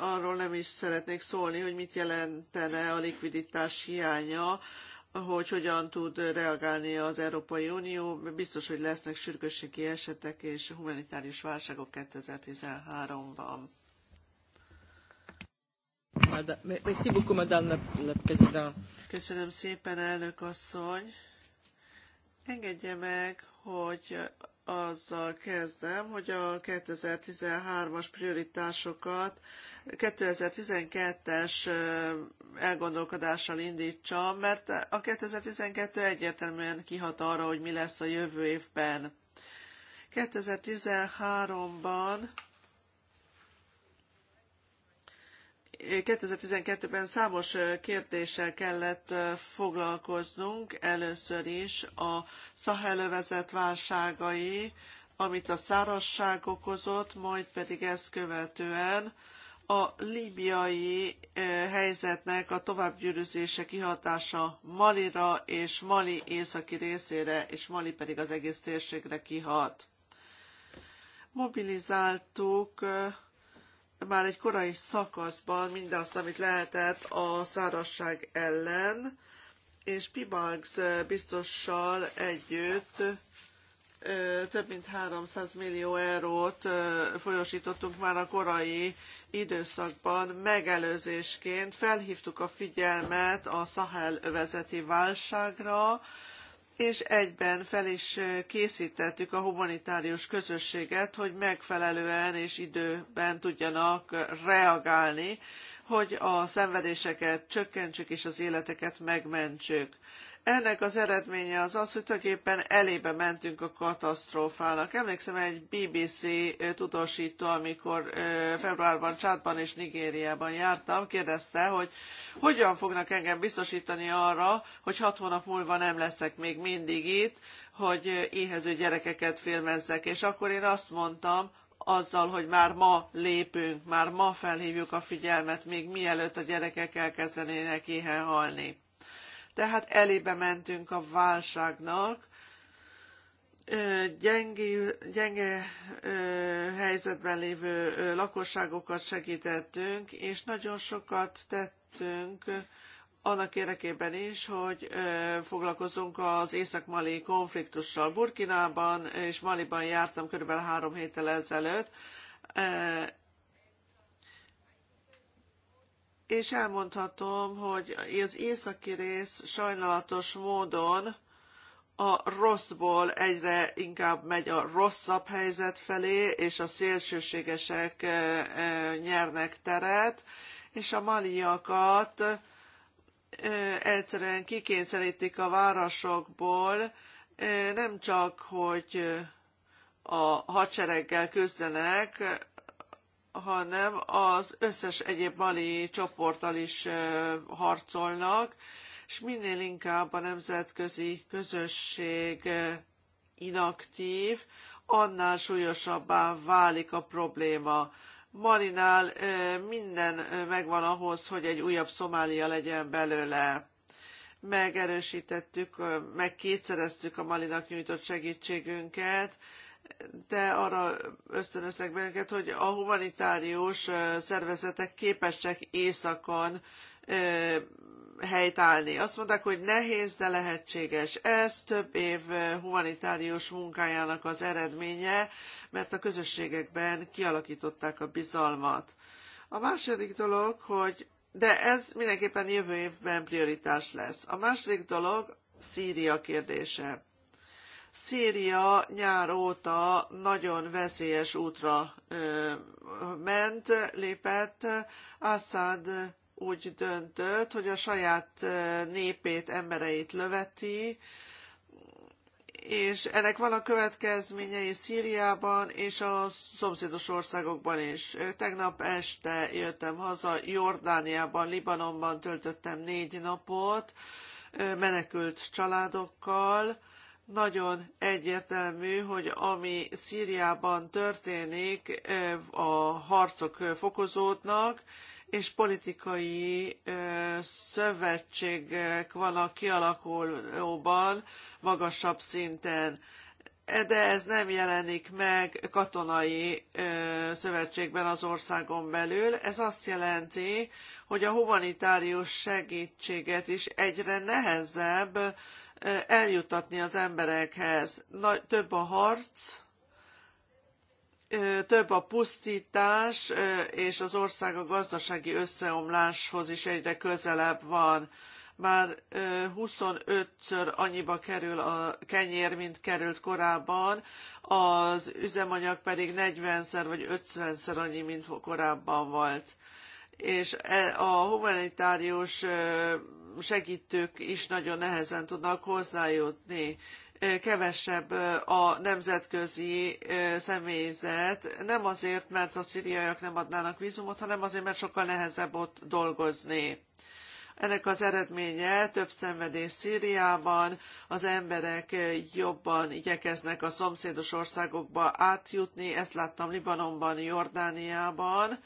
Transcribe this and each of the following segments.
arról nem is szeretnék szólni, hogy mit jelentene a likviditás hiánya, hogy hogyan tud reagálni az Európai Unió. Biztos, hogy lesznek sürgősségi esetek és humanitárius válságok 2013-ban. Köszönöm szépen, elnök asszony. Engedje meg, hogy azzal kezdem, hogy a 2013-as prioritásokat 2012-es elgondolkodással indítsam, mert a 2012 egyértelműen kihat arra, hogy mi lesz a jövő évben. 2013-ban 2012-ben számos kérdéssel kellett foglalkoznunk, először is a Szahelövezet válságai, amit a szárazság okozott, majd pedig ezt követően a líbiai helyzetnek a továbbgyűrűzése kihatása Malira és Mali északi részére, és Mali pedig az egész térségre kihat. Mobilizáltuk már egy korai szakaszban mindazt, amit lehetett a szárazság ellen, és Pibanks biztossal együtt több mint 300 millió eurót folyosítottunk már a korai időszakban megelőzésként. Felhívtuk a figyelmet a Sahel övezeti válságra, és egyben fel is készítettük a humanitárius közösséget, hogy megfelelően és időben tudjanak reagálni, hogy a szenvedéseket csökkentsük és az életeket megmentsük. Ennek az eredménye az az, hogy tulajdonképpen elébe mentünk a katasztrófának. Emlékszem egy BBC tudósító, amikor februárban Csátban és Nigériában jártam, kérdezte, hogy hogyan fognak engem biztosítani arra, hogy hat hónap múlva nem leszek még mindig itt, hogy éhező gyerekeket filmezzek. És akkor én azt mondtam, azzal, hogy már ma lépünk, már ma felhívjuk a figyelmet, még mielőtt a gyerekek elkezdenének éhen halni. Tehát elébe mentünk a válságnak, gyenge, gyenge helyzetben lévő lakosságokat segítettünk, és nagyon sokat tettünk annak érdekében is, hogy foglalkozunk az észak-mali konfliktussal. Burkinában és Maliban jártam körülbelül három héttel ezelőtt, és elmondhatom, hogy az északi rész sajnálatos módon a rosszból egyre inkább megy a rosszabb helyzet felé, és a szélsőségesek nyernek teret, és a maliakat egyszerűen kikényszerítik a városokból, nem csak, hogy a hadsereggel küzdenek, hanem az összes egyéb mali csoporttal is harcolnak, és minél inkább a nemzetközi közösség inaktív, annál súlyosabbá válik a probléma. Marinál minden megvan ahhoz, hogy egy újabb Szomália legyen belőle. Megerősítettük, megkétszereztük a Malinak nyújtott segítségünket, de arra ösztönöznek bennünket, hogy a humanitárius szervezetek képesek éjszakon helytállni. Azt mondták, hogy nehéz, de lehetséges. Ez több év humanitárius munkájának az eredménye, mert a közösségekben kialakították a bizalmat. A második dolog, hogy de ez mindenképpen jövő évben prioritás lesz. A második dolog Szíria kérdése. Szíria nyár óta nagyon veszélyes útra ment, lépett. Assad úgy döntött, hogy a saját népét, embereit löveti, és ennek a következményei Szíriában és a szomszédos országokban is. Tegnap este jöttem haza, Jordániában, Libanonban töltöttem négy napot menekült családokkal, nagyon egyértelmű, hogy ami Szíriában történik, a harcok fokozódnak, és politikai szövetségek a kialakulóban magasabb szinten. De ez nem jelenik meg katonai szövetségben az országon belül. Ez azt jelenti, hogy a humanitárius segítséget is egyre nehezebb eljutatni az emberekhez. Nagy, több a harc, több a pusztítás, és az ország a gazdasági összeomláshoz is egyre közelebb van. Már 25-ször annyiba kerül a kenyér, mint került korábban, az üzemanyag pedig 40-szer vagy 50-szer annyi, mint korábban volt. És e, a humanitárius segítők is nagyon nehezen tudnak hozzájutni. Kevesebb a nemzetközi személyzet, nem azért, mert a szíriaiak nem adnának vízumot, hanem azért, mert sokkal nehezebb ott dolgozni. Ennek az eredménye több szenvedés Szíriában, az emberek jobban igyekeznek a szomszédos országokba átjutni, ezt láttam Libanonban, Jordániában,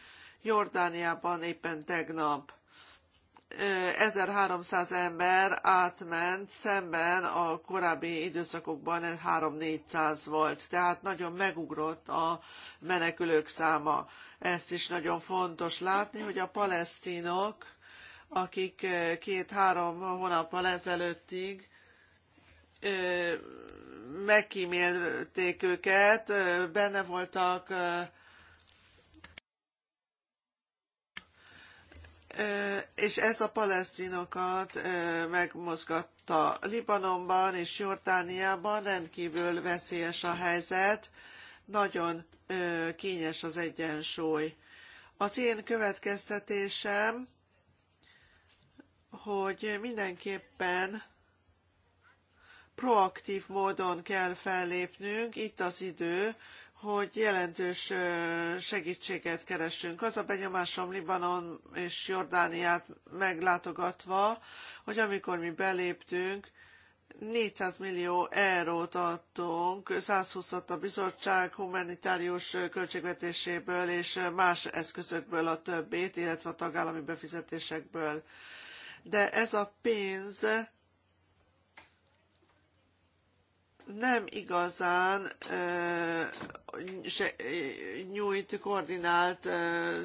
Jordániában éppen tegnap 1300 ember átment, szemben a korábbi időszakokban 3-400 volt, tehát nagyon megugrott a menekülők száma. Ezt is nagyon fontos látni, hogy a palesztinok, akik eh, két-három hónappal ezelőttig eh, megkímélték őket, eh, benne voltak és ez a palesztinokat megmozgatta. Libanonban és Jordániában rendkívül veszélyes a helyzet, nagyon kényes az egyensúly. Az én következtetésem, hogy mindenképpen proaktív módon kell fellépnünk, itt az idő, hogy jelentős segítséget keresünk. Az a benyomásom Libanon és Jordániát meglátogatva, hogy amikor mi beléptünk, 400 millió eurót adtunk, 120 a bizottság humanitárius költségvetéséből és más eszközökből a többét, illetve a tagállami befizetésekből. De ez a pénz nem igazán nyújt koordinált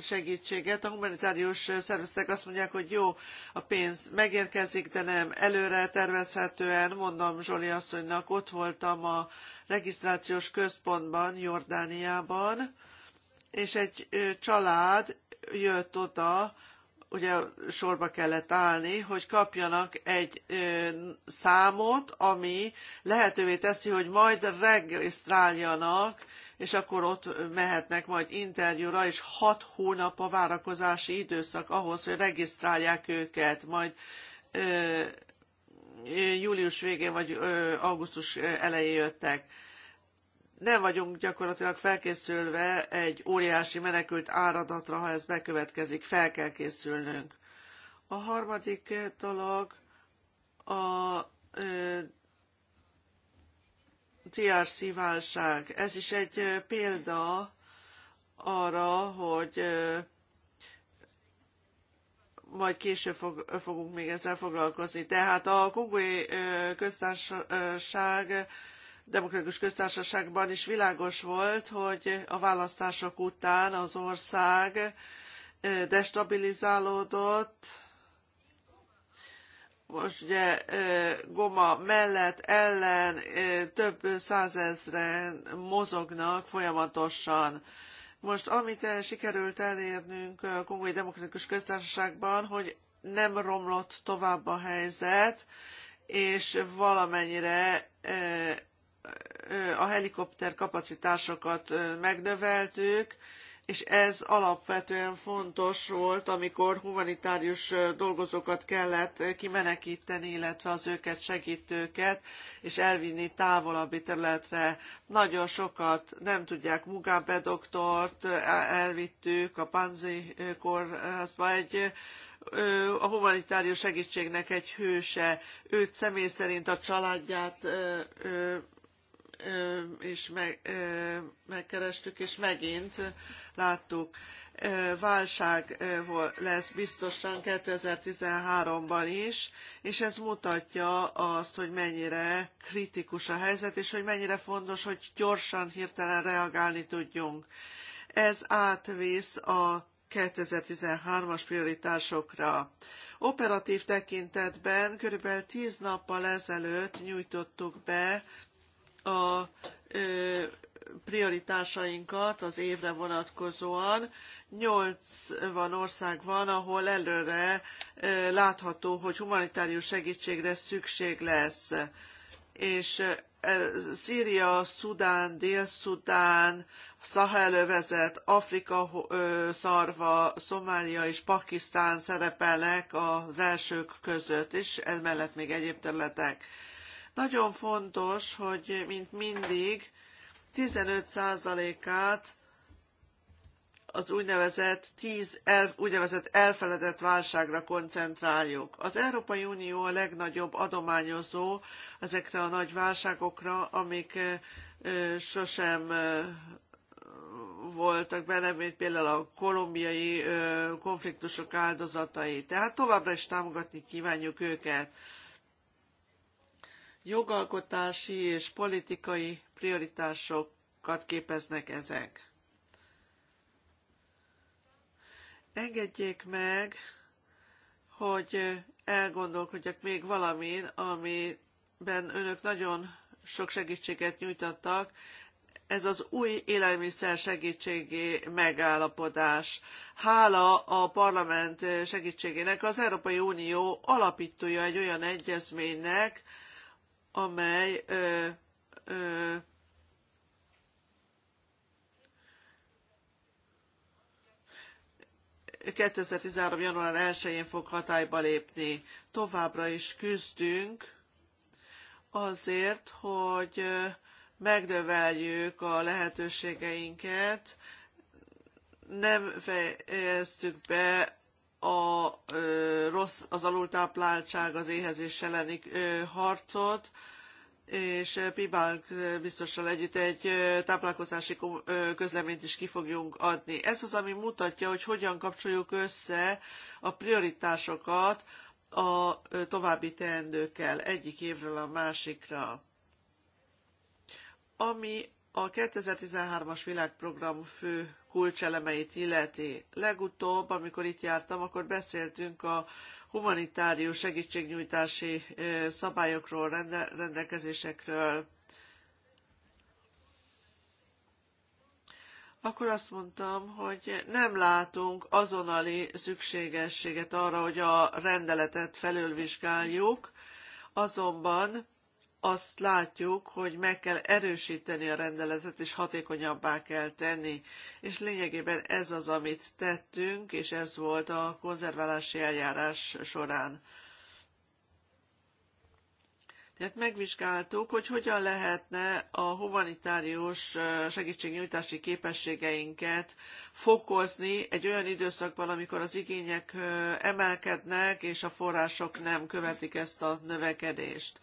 segítséget. A humanitárius szerveztek azt mondják, hogy jó, a pénz megérkezik, de nem előre tervezhetően. Mondom Zsoli asszonynak, ott voltam a regisztrációs központban, Jordániában, és egy család jött oda, ugye sorba kellett állni, hogy kapjanak egy ö, számot, ami lehetővé teszi, hogy majd regisztráljanak, és akkor ott mehetnek majd interjúra, és hat hónap a várakozási időszak ahhoz, hogy regisztrálják őket, majd ö, július végén vagy ö, augusztus elején jöttek nem vagyunk gyakorlatilag felkészülve egy óriási menekült áradatra, ha ez bekövetkezik, fel kell készülnünk. A harmadik dolog a TRC válság. Ez is egy példa arra, hogy majd később fog, fogunk még ezzel foglalkozni. Tehát a kongói köztársaság Demokratikus Köztársaságban is világos volt, hogy a választások után az ország destabilizálódott, most ugye Goma mellett, ellen több százezren mozognak folyamatosan. Most amit sikerült elérnünk a Kongói Demokratikus Köztársaságban, hogy nem romlott tovább a helyzet, és valamennyire a helikopter kapacitásokat megnöveltük, és ez alapvetően fontos volt, amikor humanitárius dolgozókat kellett kimenekíteni, illetve az őket segítőket, és elvinni távolabbi területre. Nagyon sokat nem tudják, Mugabe doktort elvittük a Panzi kórházba egy a humanitárius segítségnek egy hőse, őt személy szerint a családját is meg, megkerestük, és megint láttuk, válság lesz biztosan 2013-ban is, és ez mutatja azt, hogy mennyire kritikus a helyzet, és hogy mennyire fontos, hogy gyorsan, hirtelen reagálni tudjunk. Ez átvisz a 2013-as prioritásokra. Operatív tekintetben körülbelül 10 nappal ezelőtt nyújtottuk be a prioritásainkat az évre vonatkozóan. van ország van, ahol előre látható, hogy humanitárius segítségre szükség lesz. És Szíria, Szudán, Dél-Szudán, Szahelövezet, Afrika szarva, Szomália és Pakisztán szerepelnek az elsők között, és emellett még egyéb területek nagyon fontos, hogy mint mindig 15%-át az úgynevezett 10 el, úgynevezett elfeledett válságra koncentráljuk. Az Európai Unió a legnagyobb adományozó ezekre a nagy válságokra, amik sosem voltak benne, mint például a kolumbiai konfliktusok áldozatai. Tehát továbbra is támogatni kívánjuk őket. Jogalkotási és politikai prioritásokat képeznek ezek. Engedjék meg, hogy elgondolkodjak még valamin, amiben önök nagyon sok segítséget nyújtottak, ez az új élelmiszer segítségi megállapodás. Hála a parlament segítségének az Európai Unió alapítója egy olyan egyezménynek, amely ö, ö, ...2013. január 1-én fog hatályba lépni. Továbbra is küzdünk azért, hogy megnöveljük a lehetőségeinket, nem fejeztük be a rossz, az alultápláltság, az éhezés elleni harcot, és Pibánk biztosan együtt egy táplálkozási közleményt is ki fogjunk adni. Ez az, ami mutatja, hogy hogyan kapcsoljuk össze a prioritásokat a további teendőkkel egyik évről a másikra. Ami a 2013-as világprogram fő kulcselemeit illeti. Legutóbb, amikor itt jártam, akkor beszéltünk a humanitárius segítségnyújtási szabályokról, rendelkezésekről. Akkor azt mondtam, hogy nem látunk azonnali szükségességet arra, hogy a rendeletet felülvizsgáljuk, azonban azt látjuk, hogy meg kell erősíteni a rendeletet, és hatékonyabbá kell tenni. És lényegében ez az, amit tettünk, és ez volt a konzerválási eljárás során. Tehát megvizsgáltuk, hogy hogyan lehetne a humanitárius segítségnyújtási képességeinket fokozni egy olyan időszakban, amikor az igények emelkednek, és a források nem követik ezt a növekedést.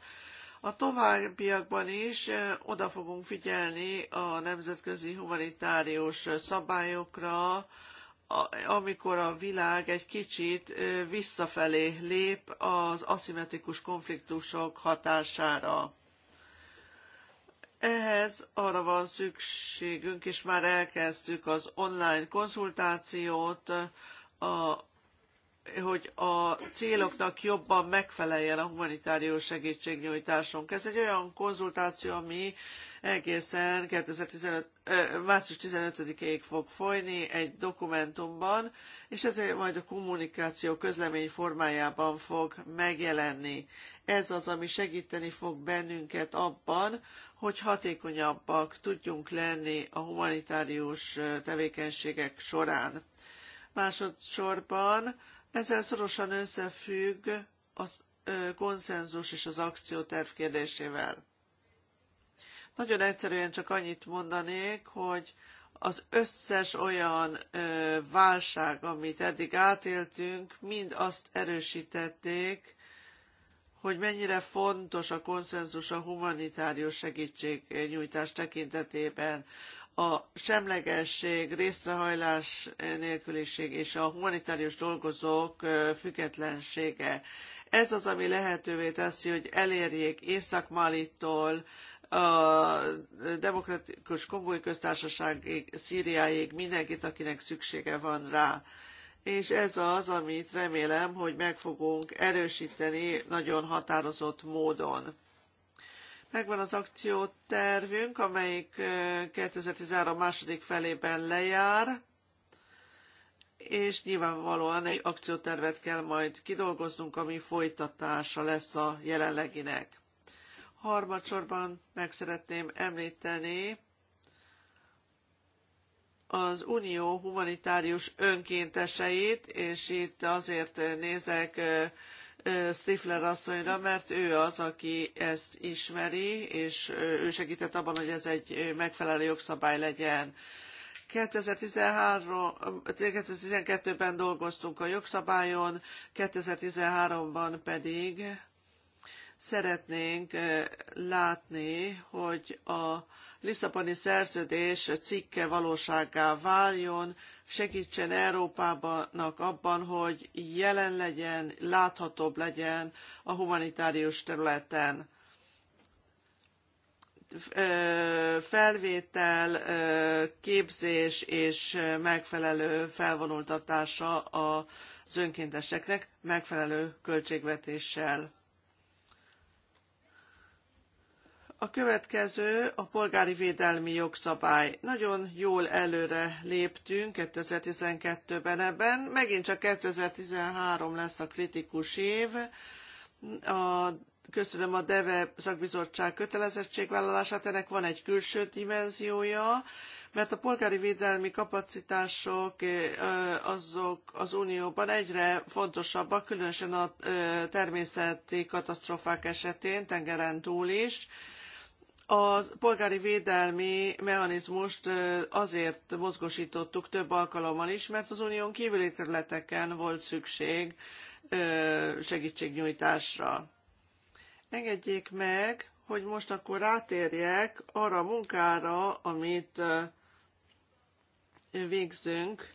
A továbbiakban is oda fogunk figyelni a nemzetközi humanitárius szabályokra, amikor a világ egy kicsit visszafelé lép az aszimmetrikus konfliktusok hatására. Ehhez arra van szükségünk, és már elkezdtük az online konzultációt a hogy a céloknak jobban megfeleljen a humanitárius segítségnyújtásunk. Ez egy olyan konzultáció, ami egészen 2015, március 15-ig fog folyni egy dokumentumban, és ez majd a kommunikáció közlemény formájában fog megjelenni. Ez az, ami segíteni fog bennünket abban, hogy hatékonyabbak tudjunk lenni a humanitárius tevékenységek során. Másodszorban ezzel szorosan összefügg a konszenzus és az akcióterv kérdésével. Nagyon egyszerűen csak annyit mondanék, hogy az összes olyan ö, válság, amit eddig átéltünk, mind azt erősítették, hogy mennyire fontos a konszenzus a humanitárius segítségnyújtás tekintetében a semlegesség, részrehajlás nélküliség és a humanitárius dolgozók függetlensége. Ez az, ami lehetővé teszi, hogy elérjék észak a Demokratikus Kongói Köztársaságig, Szíriáig mindenkit, akinek szüksége van rá és ez az, amit remélem, hogy meg fogunk erősíteni nagyon határozott módon. Megvan az akciótervünk, amelyik 2013 második felében lejár, és nyilvánvalóan egy akciótervet kell majd kidolgoznunk, ami folytatása lesz a jelenleginek. Harmadsorban meg szeretném említeni az Unió humanitárius önkénteseit, és itt azért nézek Strifler asszonyra, mert ő az, aki ezt ismeri, és ő segített abban, hogy ez egy megfelelő jogszabály legyen. 2013-2012-ben dolgoztunk a jogszabályon, 2013-ban pedig szeretnénk látni, hogy a Lisszaboni szerződés cikke valósággá váljon, segítsen Európának abban, hogy jelen legyen, láthatóbb legyen a humanitárius területen felvétel, képzés és megfelelő felvonultatása az önkénteseknek megfelelő költségvetéssel. A következő a polgári védelmi jogszabály. Nagyon jól előre léptünk 2012-ben ebben. Megint csak 2013 lesz a kritikus év. A köszönöm a DEVE szakbizottság kötelezettségvállalását, ennek van egy külső dimenziója, mert a polgári védelmi kapacitások azok az Unióban egyre fontosabbak, különösen a természeti katasztrófák esetén, tengeren túl is, a polgári védelmi mechanizmust azért mozgosítottuk több alkalommal is, mert az unión kívüli területeken volt szükség segítségnyújtásra. Engedjék meg, hogy most akkor rátérjek arra a munkára, amit végzünk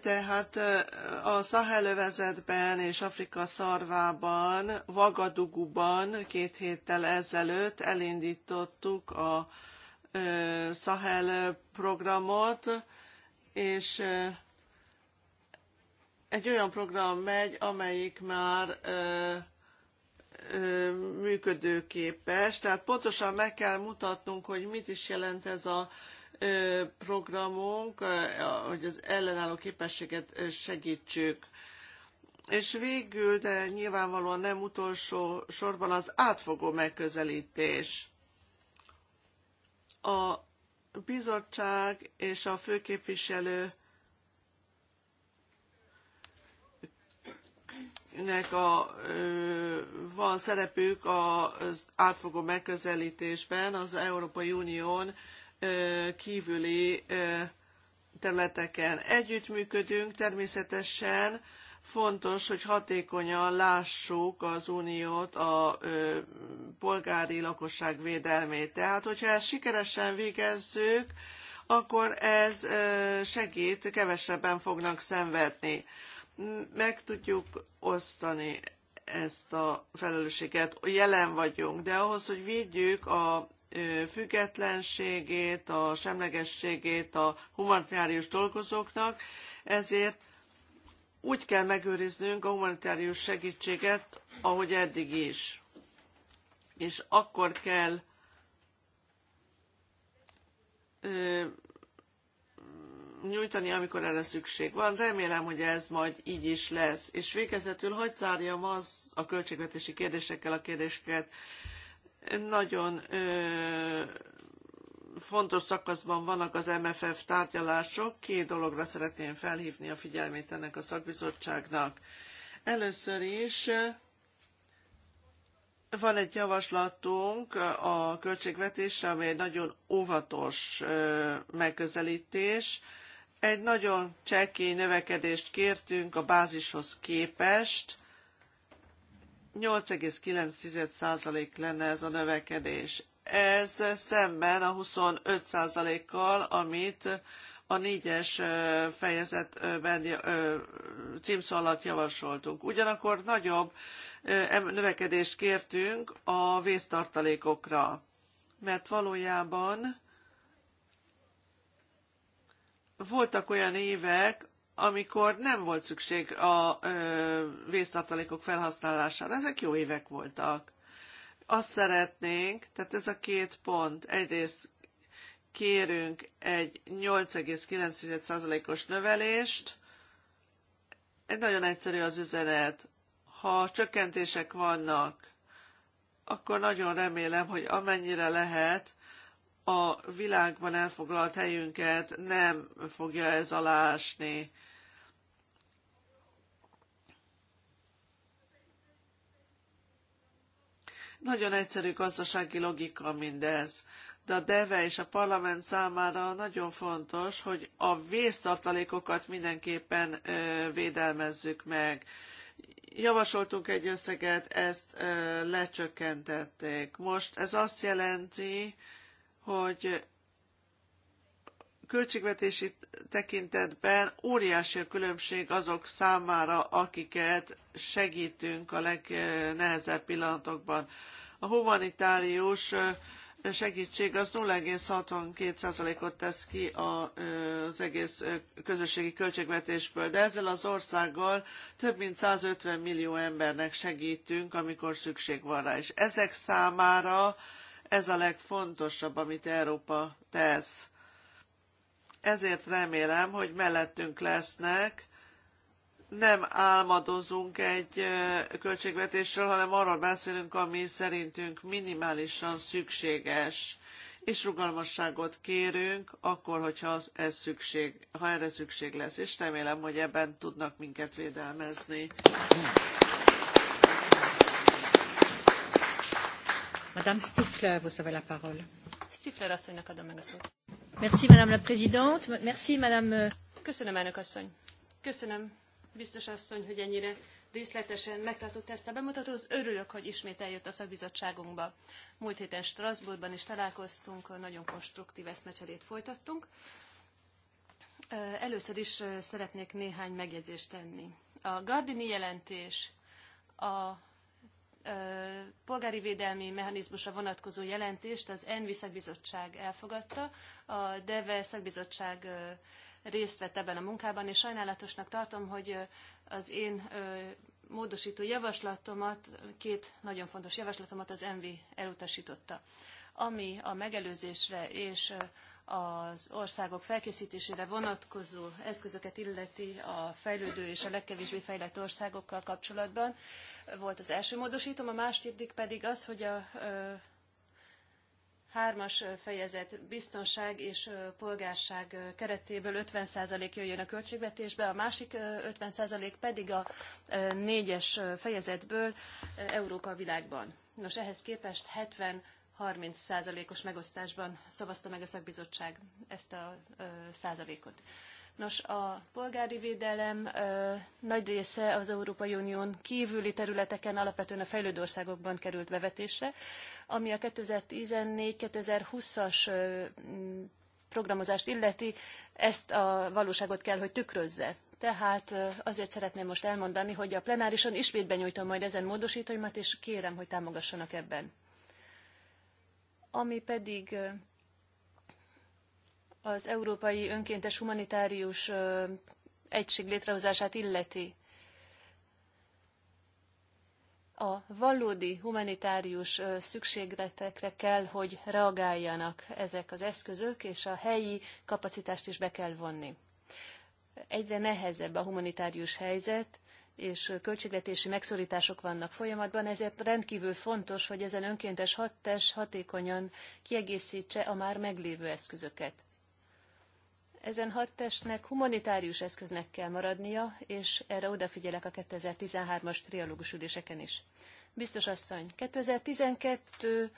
Tehát a Szahelövezetben és Afrika szarvában, Vagaduguban két héttel ezelőtt elindítottuk a Szahel programot, és egy olyan program megy, amelyik már működőképes, tehát pontosan meg kell mutatnunk, hogy mit is jelent ez a programunk, hogy az ellenálló képességet segítsük. És végül, de nyilvánvalóan nem utolsó sorban az átfogó megközelítés. A bizottság és a főképviselő nek a, van szerepük az átfogó megközelítésben az Európai Unión kívüli területeken együttműködünk, természetesen fontos, hogy hatékonyan lássuk az uniót, a polgári lakosság védelmét. Tehát, hogyha ezt sikeresen végezzük, akkor ez segít, kevesebben fognak szenvedni. Meg tudjuk osztani ezt a felelősséget. Jelen vagyunk, de ahhoz, hogy védjük a függetlenségét, a semlegességét a humanitárius dolgozóknak, ezért úgy kell megőriznünk a humanitárius segítséget, ahogy eddig is. És akkor kell ö, nyújtani, amikor erre szükség van. Remélem, hogy ez majd így is lesz. És végezetül hagyd zárjam az a költségvetési kérdésekkel a kérdéseket. Nagyon fontos szakaszban vannak az MFF tárgyalások. Két dologra szeretném felhívni a figyelmét ennek a szakbizottságnak. Először is van egy javaslatunk a költségvetésre, ami egy nagyon óvatos megközelítés. Egy nagyon csekély növekedést kértünk a bázishoz képest, 8,9% lenne ez a növekedés. Ez szemben a 25%-kal, amit a négyes fejezetben címszó alatt javasoltunk. Ugyanakkor nagyobb növekedést kértünk a vésztartalékokra, mert valójában voltak olyan évek, amikor nem volt szükség a ö, vésztartalékok felhasználására. Ezek jó évek voltak. Azt szeretnénk, tehát ez a két pont, egyrészt kérünk egy 8,9%-os növelést, egy nagyon egyszerű az üzenet. Ha csökkentések vannak, akkor nagyon remélem, hogy amennyire lehet, a világban elfoglalt helyünket nem fogja ez alásni. Nagyon egyszerű gazdasági logika mindez de a DEVE és a parlament számára nagyon fontos, hogy a vésztartalékokat mindenképpen ö, védelmezzük meg. Javasoltunk egy összeget, ezt ö, lecsökkentették. Most ez azt jelenti, hogy költségvetési tekintetben óriási a különbség azok számára, akiket segítünk a legnehezebb pillanatokban. A humanitárius segítség az 0,62%-ot tesz ki az egész közösségi költségvetésből, de ezzel az országgal több mint 150 millió embernek segítünk, amikor szükség van rá. És ezek számára ez a legfontosabb, amit Európa tesz. Ezért remélem, hogy mellettünk lesznek, nem álmodozunk egy költségvetésről, hanem arról beszélünk, ami szerintünk minimálisan szükséges, és rugalmasságot kérünk, akkor, hogyha ez szükség, ha erre szükség lesz, és remélem, hogy ebben tudnak minket védelmezni. Madame Stifler, vous avez la parole. Stifler asszonynak adom meg a szót. Madame la Présidente. Merci, Madame... Euh, Köszönöm, elnök asszony. Köszönöm, biztos asszony, hogy ennyire részletesen megtartotta ezt a bemutatót. Örülök, hogy ismét eljött a szakbizottságunkba. Múlt héten Strasbourgban is találkoztunk, nagyon konstruktív eszmecserét folytattunk. Először is szeretnék néhány megjegyzést tenni. A Gardini jelentés a polgári védelmi mechanizmusra vonatkozó jelentést az ENVI szakbizottság elfogadta, a DEVE szakbizottság részt vett ebben a munkában, és sajnálatosnak tartom, hogy az én módosító javaslatomat, két nagyon fontos javaslatomat az ENVI elutasította. Ami a megelőzésre és az országok felkészítésére vonatkozó eszközöket illeti a fejlődő és a legkevésbé fejlett országokkal kapcsolatban volt az első módosítom, a második pedig az, hogy a hármas fejezet biztonság és polgárság keretéből 50% jöjjön a költségvetésbe, a másik 50% pedig a négyes fejezetből Európa világban. Nos, ehhez képest 70 30%-os megosztásban szavazta meg a szakbizottság ezt a százalékot. Nos, a polgári védelem ö, nagy része az Európai Unión kívüli területeken, alapvetően a fejlődő országokban került bevetésre, ami a 2014-2020-as programozást illeti, ezt a valóságot kell, hogy tükrözze. Tehát azért szeretném most elmondani, hogy a plenárison ismét benyújtom majd ezen módosítóimat, és kérem, hogy támogassanak ebben. Ami pedig az Európai Önkéntes Humanitárius Egység létrehozását illeti. A valódi humanitárius szükségletekre kell, hogy reagáljanak ezek az eszközök, és a helyi kapacitást is be kell vonni. Egyre nehezebb a humanitárius helyzet, és költségvetési megszorítások vannak folyamatban, ezért rendkívül fontos, hogy ezen önkéntes hattes hatékonyan kiegészítse a már meglévő eszközöket. Ezen hadtestnek humanitárius eszköznek kell maradnia, és erre odafigyelek a 2013-as trialógus üléseken is. Biztos asszony, 2012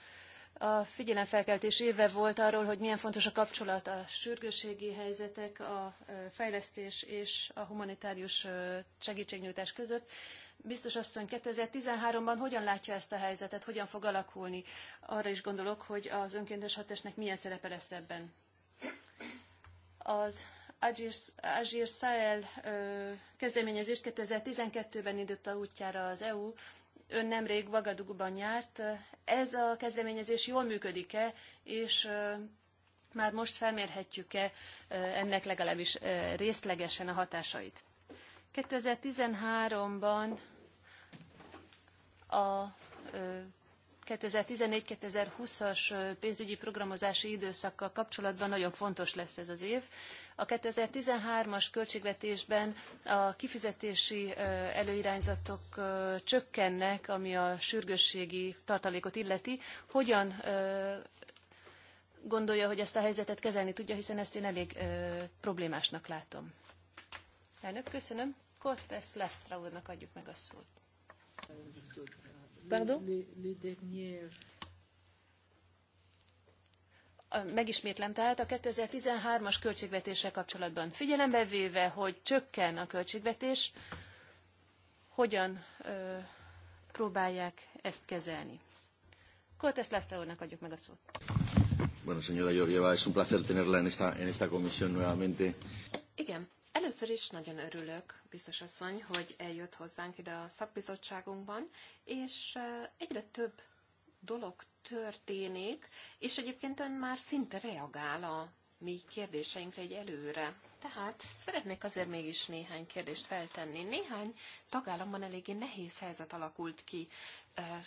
a figyelemfelkeltés éve volt arról, hogy milyen fontos a kapcsolat a sürgősségi helyzetek, a fejlesztés és a humanitárius segítségnyújtás között. Biztos asszony, 2013-ban hogyan látja ezt a helyzetet, hogyan fog alakulni? Arra is gondolok, hogy az önkéntes hatásnak milyen szerepe lesz ebben. Az Agir Sahel kezdeményezést 2012-ben indította útjára az EU, ön nemrég Vagadugban járt. Ez a kezdeményezés jól működik-e, és már most felmérhetjük-e ennek legalábbis részlegesen a hatásait? 2013-ban a 2014-2020-as pénzügyi programozási időszakkal kapcsolatban nagyon fontos lesz ez az év. A 2013-as költségvetésben a kifizetési előirányzatok csökkennek, ami a sürgősségi tartalékot illeti. Hogyan gondolja, hogy ezt a helyzetet kezelni tudja, hiszen ezt én elég problémásnak látom. Elnök, köszönöm. Kottes Lestra úrnak adjuk meg a szót. Pardon? Les, les dernières megismétlem, tehát a 2013-as költségvetéssel kapcsolatban figyelembe véve, hogy csökken a költségvetés, hogyan ö, próbálják ezt kezelni. Cortés László adjuk meg a szót. Bueno, señora Georgieva, es un placer tenerla en esta, en esta comisión nuevamente. Igen, Először is nagyon örülök, biztos asszony, hogy eljött hozzánk ide a szakbizottságunkban, és egyre több dolog történik, és egyébként ön már szinte reagál a mi kérdéseinkre egy előre. Tehát szeretnék azért mégis néhány kérdést feltenni. Néhány tagállamban eléggé nehéz helyzet alakult ki,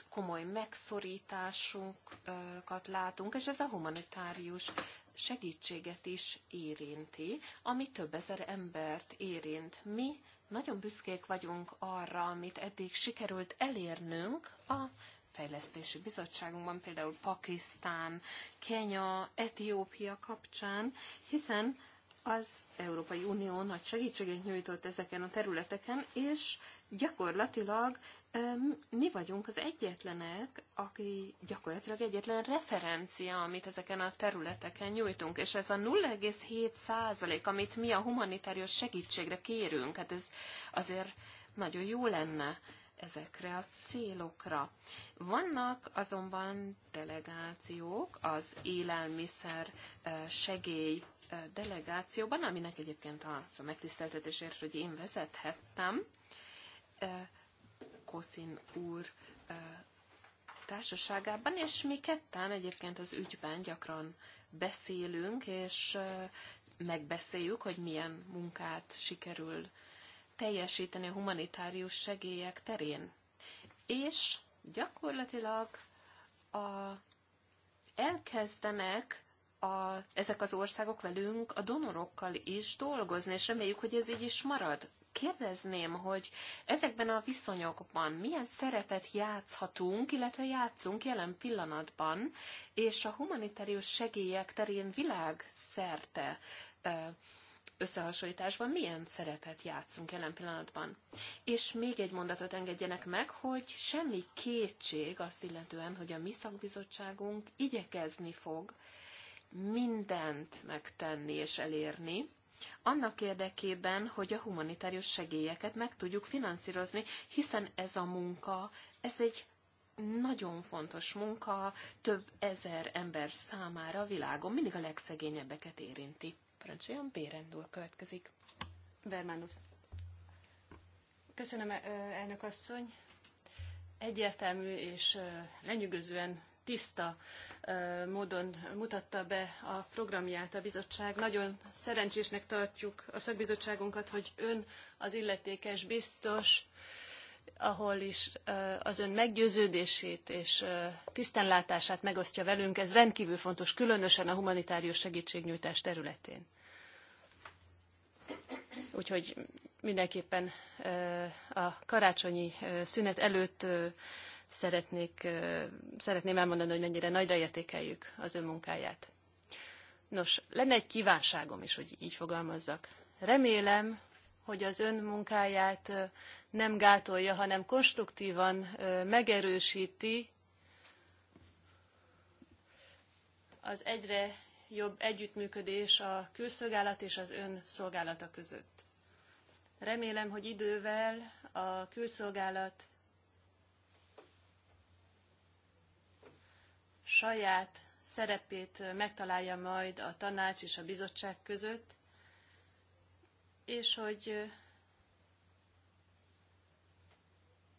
komoly megszorításunkat látunk, és ez a humanitárius segítséget is érinti, ami több ezer embert érint. Mi nagyon büszkék vagyunk arra, amit eddig sikerült elérnünk a Fejlesztési Bizottságunkban, például Pakisztán, Kenya, Etiópia kapcsán, hiszen az Európai Unió nagy segítséget nyújtott ezeken a területeken, és gyakorlatilag mi vagyunk az egyetlenek, aki gyakorlatilag egyetlen referencia, amit ezeken a területeken nyújtunk, és ez a 0,7 százalék, amit mi a humanitárius segítségre kérünk, hát ez azért nagyon jó lenne ezekre a célokra. Vannak azonban delegációk az élelmiszer segély delegációban, aminek egyébként a a megtiszteltetésért, hogy én vezethettem, Koszin úr társaságában, és mi ketten egyébként az ügyben gyakran beszélünk, és megbeszéljük, hogy milyen munkát sikerül teljesíteni a humanitárius segélyek terén. És gyakorlatilag a, elkezdenek a, ezek az országok velünk a donorokkal is dolgozni, és reméljük, hogy ez így is marad. Kérdezném, hogy ezekben a viszonyokban milyen szerepet játszhatunk, illetve játszunk jelen pillanatban, és a humanitárius segélyek terén világszerte összehasonlításban milyen szerepet játszunk jelen pillanatban. És még egy mondatot engedjenek meg, hogy semmi kétség azt illetően, hogy a mi szakbizottságunk igyekezni fog mindent megtenni és elérni, annak érdekében, hogy a humanitárius segélyeket meg tudjuk finanszírozni, hiszen ez a munka, ez egy nagyon fontos munka több ezer ember számára a világon, mindig a legszegényebbeket érinti. Parancsoljon, Bérendul következik. Bermán úr. Köszönöm, elnök asszony. Egyértelmű és lenyűgözően tiszta módon mutatta be a programját a bizottság. Nagyon szerencsésnek tartjuk a szakbizottságunkat, hogy ön az illetékes biztos, ahol is az ön meggyőződését és tisztánlátását megosztja velünk. Ez rendkívül fontos, különösen a humanitárius segítségnyújtás területén. Úgyhogy mindenképpen a karácsonyi szünet előtt szeretnék, szeretném elmondani, hogy mennyire nagyra értékeljük az ő munkáját. Nos, lenne egy kívánságom is, hogy így fogalmazzak. Remélem, hogy az ön munkáját nem gátolja, hanem konstruktívan megerősíti az egyre jobb együttműködés a külszolgálat és az ön szolgálata között. Remélem, hogy idővel a külszolgálat saját szerepét megtalálja majd a tanács és a bizottság között, és hogy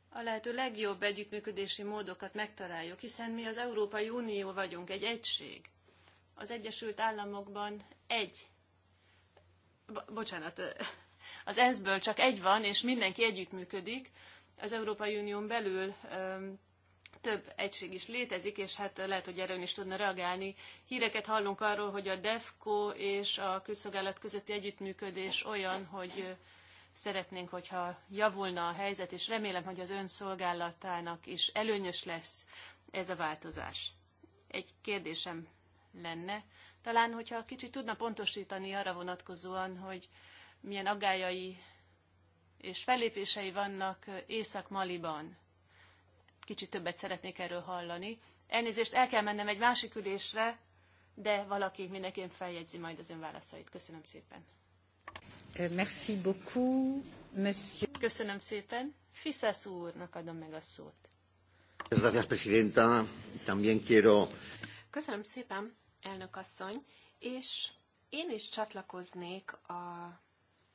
a lehető legjobb együttműködési módokat megtaláljuk, hiszen mi az Európai Unió vagyunk, egy egység. Az Egyesült Államokban egy, bo- bocsánat, az ENSZ-ből csak egy van, és mindenki együttműködik. Az Európai Unión belül több egység is létezik, és hát lehet, hogy erőn is tudna reagálni. Híreket hallunk arról, hogy a DEFCO és a közszolgálat közötti együttműködés olyan, hogy szeretnénk, hogyha javulna a helyzet, és remélem, hogy az ön szolgálatának is előnyös lesz ez a változás. Egy kérdésem lenne. Talán, hogyha kicsit tudna pontosítani arra vonatkozóan, hogy milyen aggályai és fellépései vannak Észak-Maliban kicsit többet szeretnék erről hallani. Elnézést, el kell mennem egy másik ülésre, de valaki mindenképp feljegyzi majd az ön válaszait. Köszönöm szépen. Euh, merci beaucoup, monsieur. Köszönöm szépen. Fiszesz úrnak adom meg a szót. Gracias, presidenta. También quiero... Köszönöm szépen, elnök asszony, és én is csatlakoznék a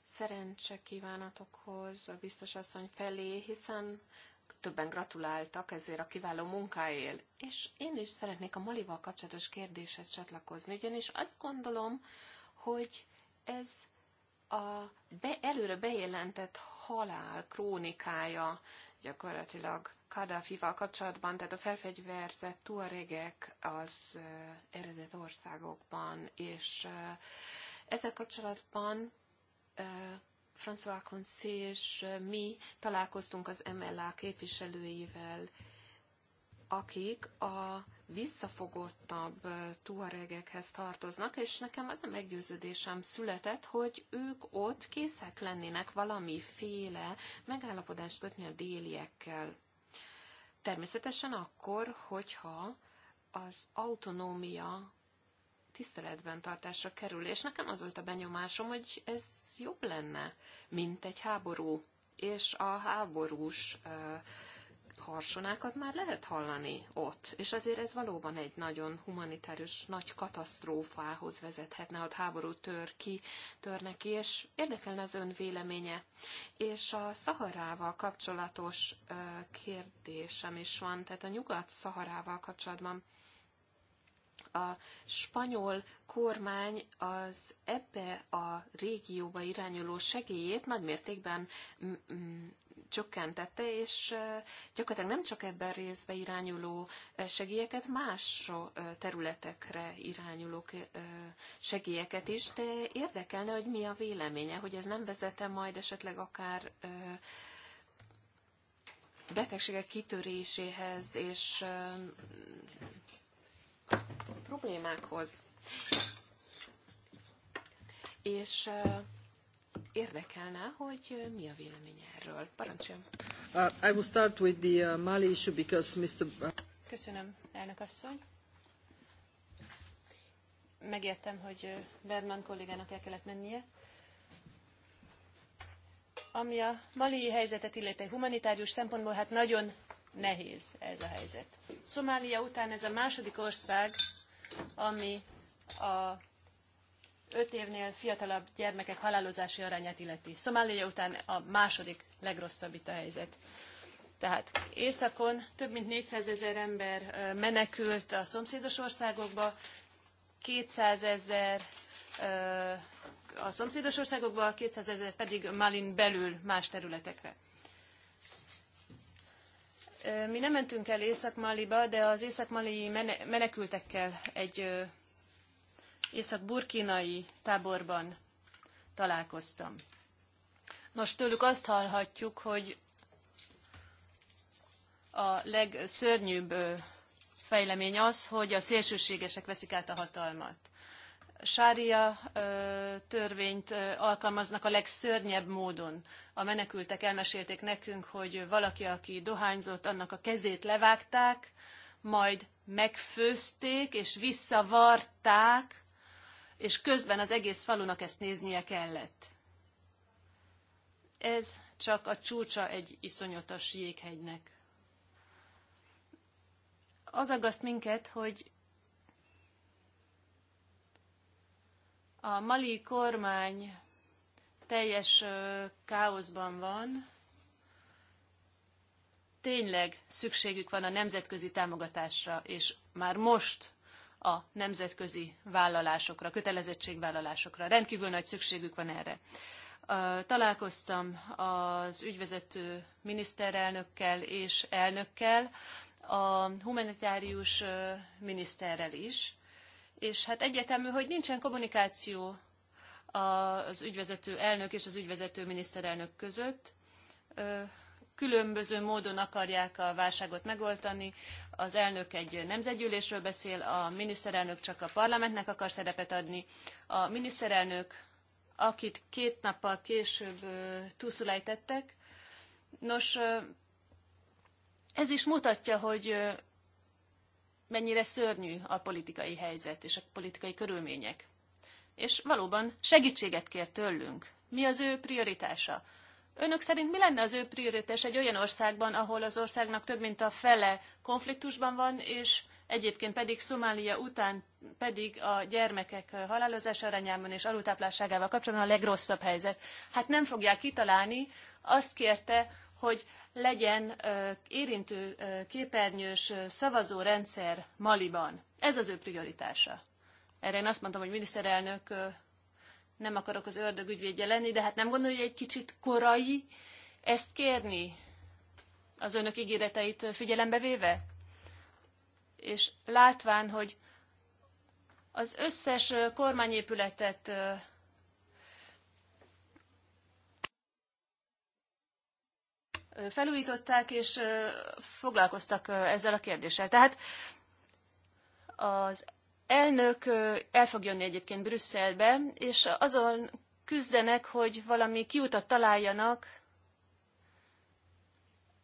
szerencse kívánatokhoz a biztos asszony felé, hiszen többen gratuláltak ezért a kiváló munkáért. És én is szeretnék a Malival kapcsolatos kérdéshez csatlakozni, ugyanis azt gondolom, hogy ez a be, előre bejelentett halál krónikája gyakorlatilag Kadhafival kapcsolatban, tehát a felfegyverzett tuaregek az eh, eredet országokban, és eh, ezzel kapcsolatban eh, François Conszé és mi találkoztunk az MLA képviselőivel, akik a visszafogottabb tuaregekhez tartoznak, és nekem az a meggyőződésem született, hogy ők ott készek lennének valamiféle megállapodást kötni a déliekkel. Természetesen akkor, hogyha az autonómia tiszteletben tartásra kerül, és nekem az volt a benyomásom, hogy ez jobb lenne, mint egy háború, és a háborús uh, harsonákat már lehet hallani ott, és azért ez valóban egy nagyon humanitárius nagy katasztrófához vezethetne, ott háború tör ki, törne ki, és érdekelne az ön véleménye. És a Szaharával kapcsolatos kérdésem is van, tehát a Nyugat-Szaharával kapcsolatban a spanyol kormány az ebbe a régióba irányuló segélyét nagymértékben mm, mm, csökkentette, és gyakorlatilag nem csak ebben részbe irányuló segélyeket, más területekre irányuló segélyeket is, de érdekelne, hogy mi a véleménye, hogy ez nem vezete majd esetleg akár betegségek kitöréséhez és problémákhoz. És érdekelne, hogy mi a véleménye erről. Parancsoljon! Uh, I will start with the uh, Mali issue because Mr. Köszönöm, elnök asszony. Megértem, hogy Bergman kollégának el kellett mennie. Ami a mali helyzetet illeti humanitárius szempontból, hát nagyon nehéz ez a helyzet. Szomália után ez a második ország, ami a öt évnél fiatalabb gyermekek halálozási arányát illeti. Szomália után a második legrosszabb itt a helyzet. Tehát északon több mint 400 ezer ember menekült a szomszédos országokba, 200 ezer a szomszédos országokba, 200 ezer pedig Malin belül más területekre. Mi nem mentünk el Észak-Maliba, de az észak-mali menekültekkel egy észak-burkinai táborban találkoztam. Nos, tőlük azt hallhatjuk, hogy a legszörnyűbb fejlemény az, hogy a szélsőségesek veszik át a hatalmat sária törvényt alkalmaznak a legszörnyebb módon. A menekültek elmesélték nekünk, hogy valaki, aki dohányzott, annak a kezét levágták, majd megfőzték és visszavarták, és közben az egész falunak ezt néznie kellett. Ez csak a csúcsa egy iszonyatos jéghegynek. Az aggaszt minket, hogy A mali kormány teljes káoszban van, tényleg szükségük van a nemzetközi támogatásra, és már most a nemzetközi vállalásokra, kötelezettségvállalásokra. Rendkívül nagy szükségük van erre. Találkoztam az ügyvezető miniszterelnökkel és elnökkel, a humanitárius miniszterrel is, és hát egyetemű, hogy nincsen kommunikáció az ügyvezető elnök és az ügyvezető miniszterelnök között. Különböző módon akarják a válságot megoldani. Az elnök egy nemzetgyűlésről beszél, a miniszterelnök csak a parlamentnek akar szerepet adni. A miniszterelnök, akit két nappal később túlszulájtettek, nos, ez is mutatja, hogy mennyire szörnyű a politikai helyzet és a politikai körülmények. És valóban segítséget kér tőlünk. Mi az ő prioritása? Önök szerint mi lenne az ő prioritás egy olyan országban, ahol az országnak több mint a fele konfliktusban van, és egyébként pedig Szomália után pedig a gyermekek halálozása arányában és alultápláltságával kapcsolatban a legrosszabb helyzet. Hát nem fogják kitalálni, azt kérte, hogy legyen érintő képernyős szavazórendszer Maliban. Ez az ő prioritása. Erre én azt mondtam, hogy miniszterelnök nem akarok az ördög ügyvédje lenni, de hát nem gondolja, hogy egy kicsit korai ezt kérni az önök ígéreteit figyelembe véve? És látván, hogy az összes kormányépületet felújították, és foglalkoztak ezzel a kérdéssel. Tehát az elnök el fog jönni egyébként Brüsszelbe, és azon küzdenek, hogy valami kiutat találjanak.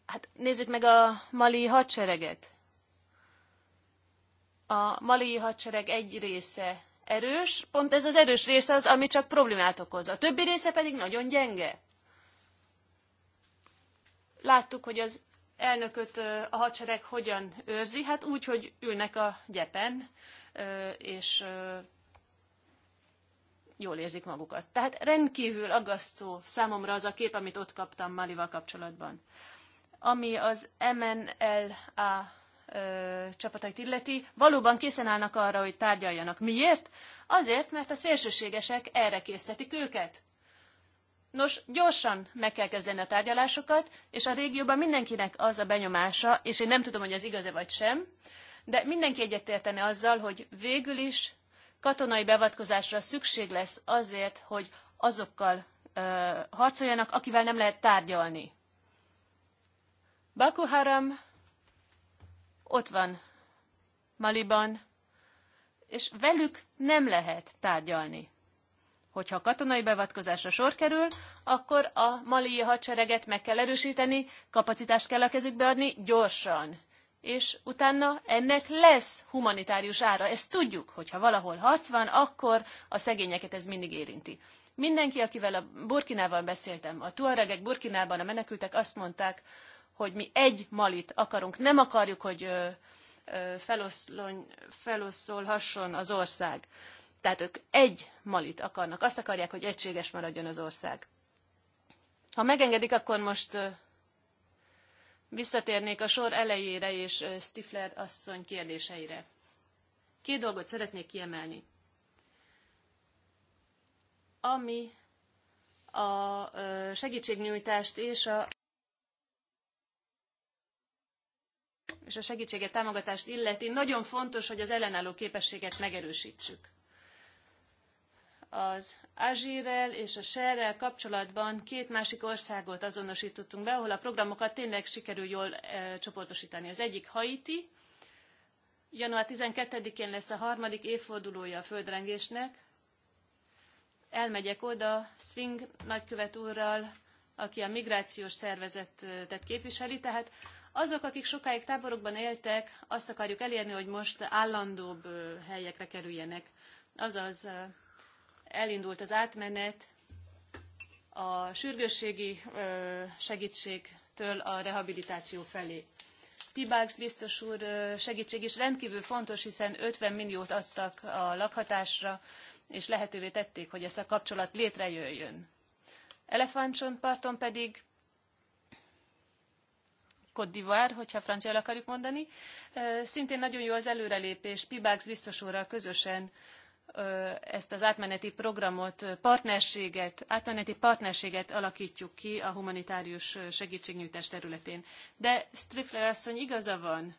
Hát nézzük meg a mali hadsereget. A mali hadsereg egy része erős, pont ez az erős része az, ami csak problémát okoz. A többi része pedig nagyon gyenge. Láttuk, hogy az elnököt a hadsereg hogyan őrzi, hát úgy, hogy ülnek a gyepen, és jól érzik magukat. Tehát rendkívül aggasztó számomra az a kép, amit ott kaptam Malival kapcsolatban. Ami az MNLA csapatait illeti, valóban készen állnak arra, hogy tárgyaljanak. Miért? Azért, mert a szélsőségesek erre késztetik őket. Nos, gyorsan meg kell kezdeni a tárgyalásokat, és a régióban mindenkinek az a benyomása, és én nem tudom, hogy ez igaz-e vagy sem, de mindenki egyetértene azzal, hogy végül is katonai beavatkozásra szükség lesz azért, hogy azokkal ö, harcoljanak, akivel nem lehet tárgyalni. Baku Haram ott van Maliban, és velük nem lehet tárgyalni hogyha ha katonai beavatkozásra sor kerül, akkor a malii hadsereget meg kell erősíteni, kapacitást kell a kezükbe adni gyorsan. És utána ennek lesz humanitárius ára. Ezt tudjuk, hogyha valahol harc van, akkor a szegényeket ez mindig érinti. Mindenki, akivel a Burkinában beszéltem, a tuaregek Burkinában, a menekültek azt mondták, hogy mi egy malit akarunk, nem akarjuk, hogy feloszolhasson az ország. Tehát ők egy malit akarnak. Azt akarják, hogy egységes maradjon az ország. Ha megengedik, akkor most visszatérnék a sor elejére és Stifler asszony kérdéseire. Két dolgot szeretnék kiemelni. Ami a segítségnyújtást és a és a segítséget, támogatást illeti, nagyon fontos, hogy az ellenálló képességet megerősítsük az Azsírrel és a Serrel kapcsolatban két másik országot azonosítottunk be, ahol a programokat tényleg sikerül jól e, csoportosítani. Az egyik Haiti, január 12-én lesz a harmadik évfordulója a földrengésnek. Elmegyek oda Swing nagykövet úrral, aki a migrációs szervezetet képviseli, tehát azok, akik sokáig táborokban éltek, azt akarjuk elérni, hogy most állandóbb eh, helyekre kerüljenek. Azaz eh, elindult az átmenet a sürgősségi segítségtől a rehabilitáció felé. Pibax biztos úr segítség is rendkívül fontos, hiszen 50 milliót adtak a lakhatásra, és lehetővé tették, hogy ez a kapcsolat létrejöjjön. Elefántcsontparton pedig Côte d'Ivoire, hogyha francia akarjuk mondani. Szintén nagyon jó az előrelépés Pibax biztos úrral közösen ezt az átmeneti programot, partnerséget, átmeneti partnerséget alakítjuk ki a humanitárius segítségnyújtás területén. De Strifler asszony igaza van.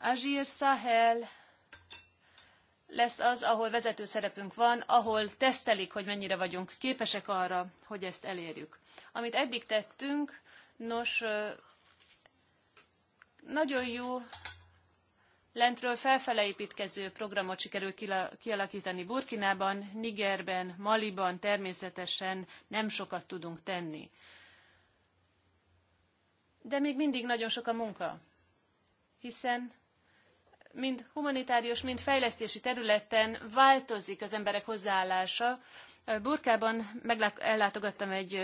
Azsír Sahel lesz az, ahol vezető szerepünk van, ahol tesztelik, hogy mennyire vagyunk képesek arra, hogy ezt elérjük. Amit eddig tettünk, nos, nagyon jó lentről felfele építkező programot sikerült kialakítani Burkinában, Nigerben, Maliban természetesen nem sokat tudunk tenni. De még mindig nagyon sok a munka, hiszen mind humanitárius, mind fejlesztési területen változik az emberek hozzáállása. Burkában ellátogattam egy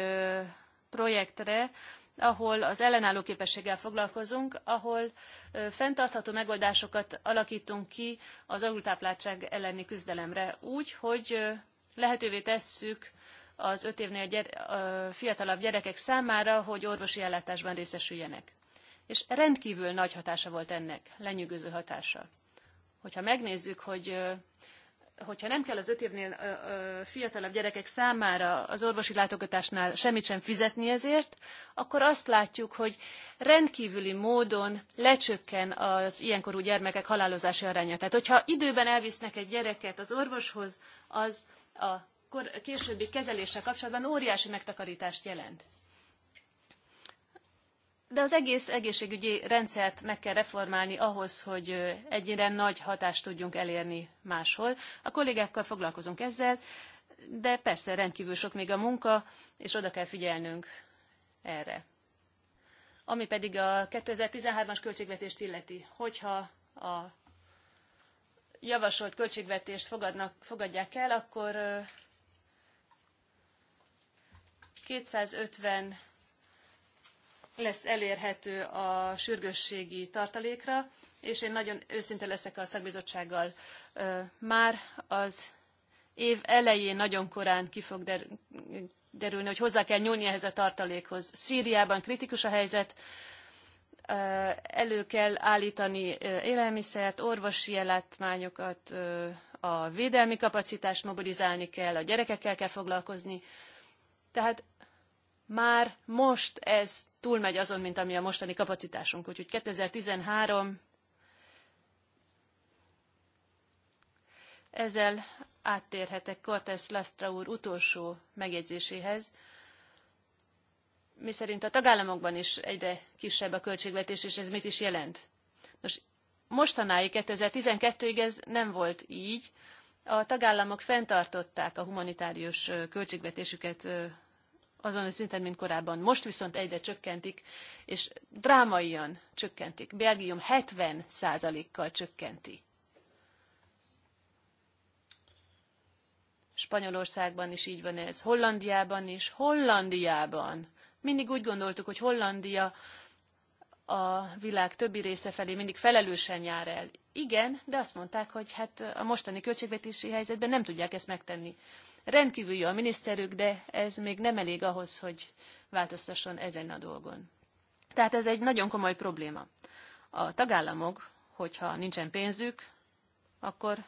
projektre, ahol az ellenálló képességgel foglalkozunk, ahol fenntartható megoldásokat alakítunk ki az alultápláltság elleni küzdelemre úgy, hogy lehetővé tesszük az öt évnél gyere, fiatalabb gyerekek számára, hogy orvosi ellátásban részesüljenek. És rendkívül nagy hatása volt ennek, lenyűgöző hatása. Hogyha megnézzük, hogy hogyha nem kell az öt évnél ö, ö, fiatalabb gyerekek számára az orvosi látogatásnál semmit sem fizetni ezért, akkor azt látjuk, hogy rendkívüli módon lecsökken az ilyenkorú gyermekek halálozási aránya. Tehát, hogyha időben elvisznek egy gyereket az orvoshoz, az a későbbi kezeléssel kapcsolatban óriási megtakarítást jelent de az egész egészségügyi rendszert meg kell reformálni ahhoz, hogy egyre nagy hatást tudjunk elérni máshol. A kollégákkal foglalkozunk ezzel, de persze rendkívül sok még a munka, és oda kell figyelnünk erre. Ami pedig a 2013-as költségvetést illeti, hogyha a javasolt költségvetést fogadnak, fogadják el, akkor 250 lesz elérhető a sürgősségi tartalékra, és én nagyon őszinte leszek a szakbizottsággal. Már az év elején nagyon korán ki fog derülni, hogy hozzá kell nyúlni ehhez a tartalékhoz. Szíriában kritikus a helyzet, elő kell állítani élelmiszert, orvosi ellátmányokat, a védelmi kapacitást mobilizálni kell, a gyerekekkel kell foglalkozni. Tehát már most ez túlmegy azon, mint ami a mostani kapacitásunk. Úgyhogy 2013 ezzel áttérhetek Cortes Lastra úr utolsó megjegyzéséhez, miszerint a tagállamokban is egyre kisebb a költségvetés, és ez mit is jelent. Nos, mostanáig 2012-ig ez nem volt így. A tagállamok fenntartották a humanitárius költségvetésüket azon a szinten, mint korábban. Most viszont egyre csökkentik, és drámaian csökkentik. Belgium 70 kal csökkenti. Spanyolországban is így van ez, Hollandiában is, Hollandiában. Mindig úgy gondoltuk, hogy Hollandia a világ többi része felé mindig felelősen jár el. Igen, de azt mondták, hogy hát a mostani költségvetési helyzetben nem tudják ezt megtenni. Rendkívül jó a miniszterük, de ez még nem elég ahhoz, hogy változtasson ezen a dolgon. Tehát ez egy nagyon komoly probléma. A tagállamok, hogyha nincsen pénzük, akkor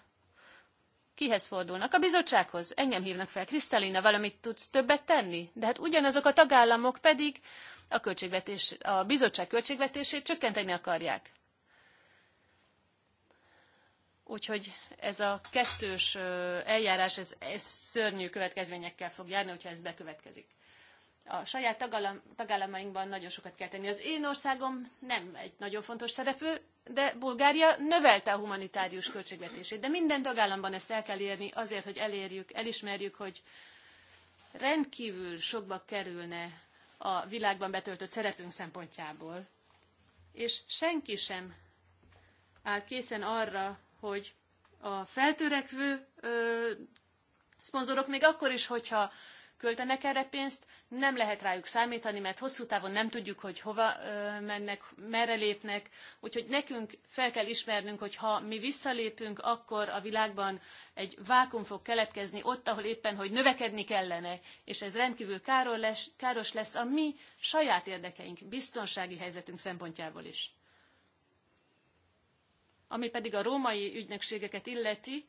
kihez fordulnak? A bizottsághoz. Engem hívnak fel. Krisztalina, valamit tudsz többet tenni? De hát ugyanazok a tagállamok pedig a, költségvetés, a bizottság költségvetését csökkenteni akarják. Úgyhogy ez a kettős eljárás, ez, ez szörnyű következményekkel fog járni, hogyha ez bekövetkezik. A saját tagállam, tagállamainkban nagyon sokat kell tenni. Az én országom nem egy nagyon fontos szereplő, de Bulgária növelte a humanitárius költségvetését. De minden tagállamban ezt el kell érni azért, hogy elérjük, elismerjük, hogy rendkívül sokba kerülne a világban betöltött szerepünk szempontjából. És senki sem áll készen arra, hogy a feltörekvő ö, szponzorok még akkor is, hogyha költenek erre pénzt, nem lehet rájuk számítani, mert hosszú távon nem tudjuk, hogy hova ö, mennek, merre lépnek. Úgyhogy nekünk fel kell ismernünk, hogy ha mi visszalépünk, akkor a világban egy vákum fog keletkezni ott, ahol éppen, hogy növekedni kellene, és ez rendkívül káros lesz, káros lesz a mi saját érdekeink, biztonsági helyzetünk szempontjából is. Ami pedig a római ügynökségeket illeti,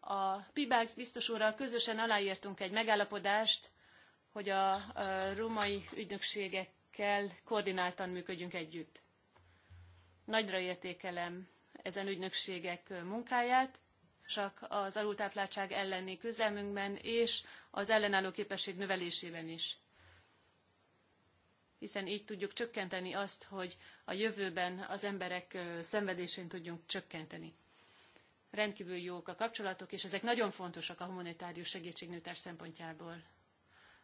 a Pibax biztos úrral közösen aláírtunk egy megállapodást, hogy a római ügynökségekkel koordináltan működjünk együtt. Nagyra értékelem ezen ügynökségek munkáját, csak az alultápláltság elleni küzdelmünkben és az ellenálló képesség növelésében is hiszen így tudjuk csökkenteni azt, hogy a jövőben az emberek szenvedésén tudjunk csökkenteni. Rendkívül jók a kapcsolatok, és ezek nagyon fontosak a humanitárius segítségnyújtás szempontjából.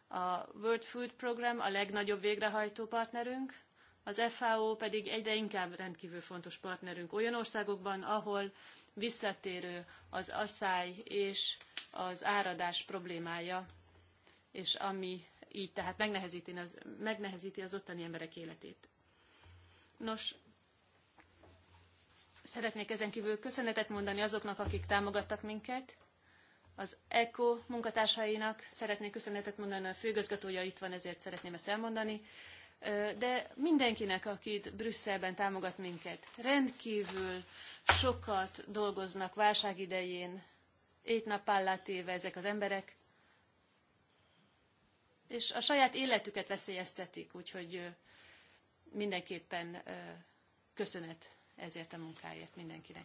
A World Food Program a legnagyobb végrehajtó partnerünk, az FAO pedig egyre inkább rendkívül fontos partnerünk olyan országokban, ahol visszatérő az asszály és az áradás problémája, és ami így tehát megnehezíti az, megnehezíti az ottani emberek életét. Nos, szeretnék ezen kívül köszönetet mondani azoknak, akik támogattak minket. Az ECO munkatársainak szeretnék köszönetet mondani, a főgazgatója itt van, ezért szeretném ezt elmondani. De mindenkinek, aki Brüsszelben támogat minket, rendkívül sokat dolgoznak válság idején, éjt éve ezek az emberek, és a saját életüket veszélyeztetik, úgyhogy mindenképpen köszönet ezért a munkáért mindenkinek.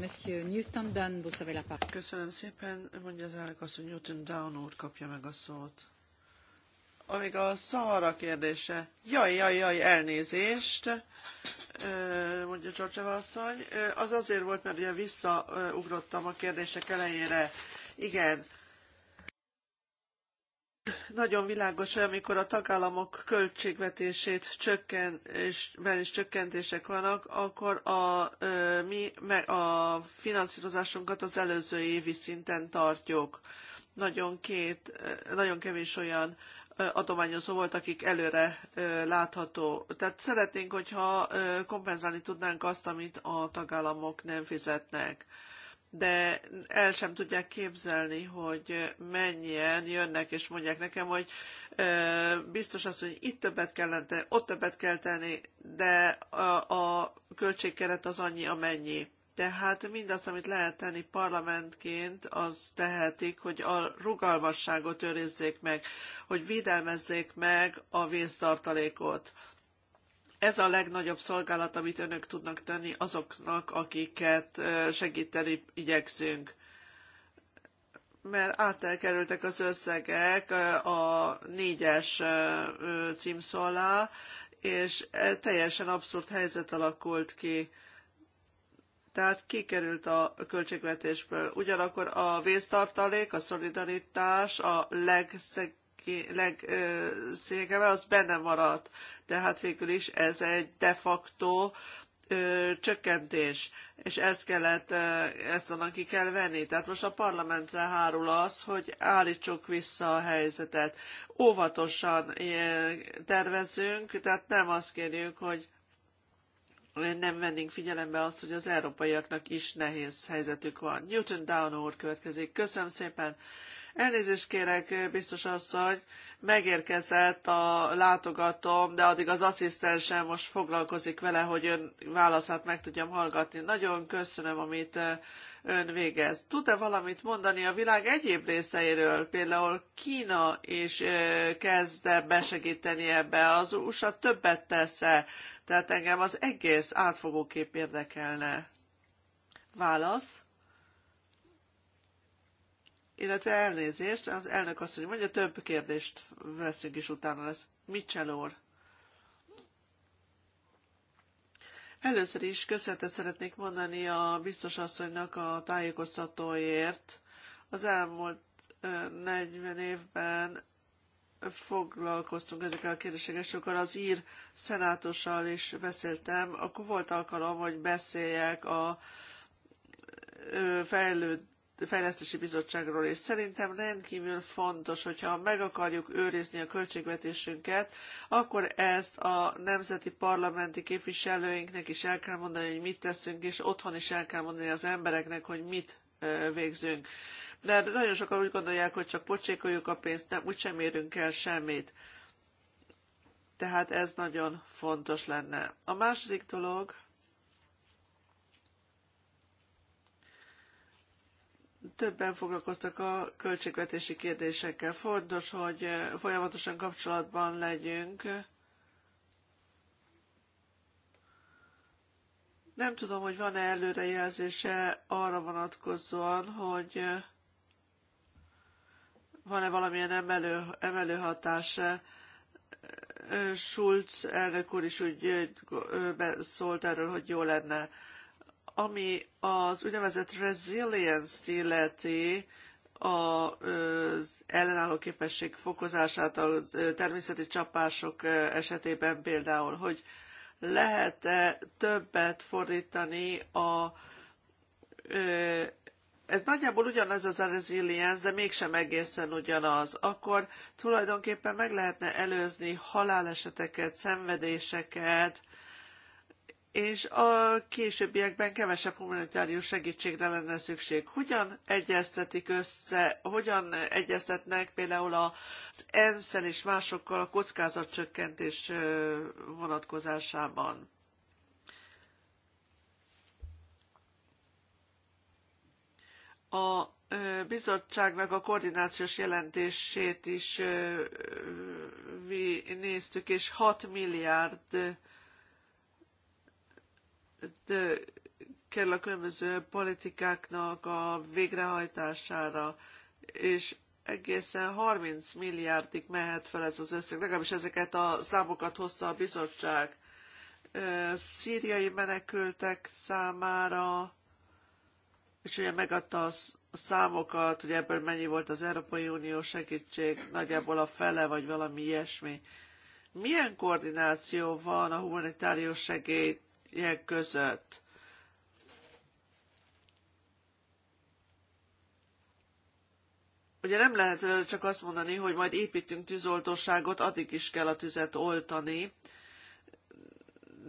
Monsieur Newton Dunn, vous avez la parole. Köszönöm szépen, mondja az elnök azt, hogy Newton Down úr kapja meg a szót. Amíg a szahara kérdése, jaj, jaj, jaj, elnézést, mondja George asszony, az azért volt, mert ugye visszaugrottam a kérdések elejére. Igen, nagyon világos, hogy amikor a tagállamok költségvetését csökken, és, is csökkentések vannak, akkor a, mi a finanszírozásunkat az előző évi szinten tartjuk. Nagyon, két, nagyon kevés olyan adományozó volt, akik előre látható. Tehát szeretnénk, hogyha kompenzálni tudnánk azt, amit a tagállamok nem fizetnek de el sem tudják képzelni, hogy mennyien jönnek és mondják nekem, hogy biztos az, hogy itt többet kell tenni, ott többet kell tenni, de a, a költségkeret az annyi, amennyi. Tehát mindazt, amit lehet tenni parlamentként, az tehetik, hogy a rugalmasságot őrizzék meg, hogy védelmezzék meg a vésztartalékot ez a legnagyobb szolgálat, amit önök tudnak tenni azoknak, akiket segíteni igyekszünk. Mert átelkerültek az összegek a négyes címsz alá, és teljesen abszurd helyzet alakult ki. Tehát kikerült a költségvetésből. Ugyanakkor a vésztartalék, a szolidaritás a legszeg legszégeve, az benne maradt. De hát végül is ez egy de facto ö, csökkentés, és ezt kellett, ezt onnan ki kell venni. Tehát most a parlamentre hárul az, hogy állítsuk vissza a helyzetet. Óvatosan tervezünk, tehát nem azt kérjük, hogy nem vennénk figyelembe azt, hogy az európaiaknak is nehéz helyzetük van. Newton Down úr következik. Köszönöm szépen. Elnézést kérek, biztos asszony, megérkezett a látogatom, de addig az asszisztensem most foglalkozik vele, hogy ön válaszát meg tudjam hallgatni. Nagyon köszönöm, amit eh, ön végez. Tud-e valamit mondani a világ egyéb részeiről? Például Kína is eh, kezd -e besegíteni ebbe, az USA többet tesz-e? Tehát engem az egész átfogó kép érdekelne. Válasz? illetve elnézést, az elnök azt mondja, mondja, több kérdést veszünk is utána lesz. Mitchell úr. Először is köszönetet szeretnék mondani a biztos asszonynak a tájékoztatóért. Az elmúlt 40 évben foglalkoztunk ezekkel a kérdésekkel, és akkor az ír szenátussal is beszéltem, akkor volt alkalom, hogy beszéljek a fejlődő Fejlesztési Bizottságról, és szerintem rendkívül fontos, hogyha meg akarjuk őrizni a költségvetésünket, akkor ezt a nemzeti parlamenti képviselőinknek is el kell mondani, hogy mit teszünk, és otthon is el kell mondani az embereknek, hogy mit végzünk. Mert nagyon sokan úgy gondolják, hogy csak pocsékoljuk a pénzt, nem, úgysem érünk el semmit. Tehát ez nagyon fontos lenne. A második dolog, többen foglalkoztak a költségvetési kérdésekkel. Fontos, hogy eh, folyamatosan kapcsolatban legyünk. Nem tudom, hogy van-e előrejelzése arra vonatkozóan, hogy eh, van-e valamilyen emelő, emelő hatása. Eh, Schulz elnök úr is úgy szólt erről, hogy jó lenne ami az úgynevezett resilience-t illeti, az ellenálló képesség fokozását a természeti csapások esetében például, hogy lehet-e többet fordítani a ez nagyjából ugyanaz az a resilience, de mégsem egészen ugyanaz, akkor tulajdonképpen meg lehetne előzni haláleseteket, szenvedéseket, és a későbbiekben kevesebb humanitárius segítségre lenne szükség. Hogyan egyeztetik össze, hogyan egyeztetnek például az ensz és másokkal a kockázatcsökkentés vonatkozásában? A bizottságnak a koordinációs jelentését is néztük, és 6 milliárd kell a különböző politikáknak a végrehajtására, és egészen 30 milliárdig mehet fel ez az összeg, legalábbis ezeket a számokat hozta a bizottság. Szíriai menekültek számára, és ugye megadta a számokat, hogy ebből mennyi volt az Európai Unió segítség, nagyjából a fele, vagy valami ilyesmi. Milyen koordináció van a humanitárius segély körülmények között. Ugye nem lehet csak azt mondani, hogy majd építünk tűzoltóságot, addig is kell a tüzet oltani,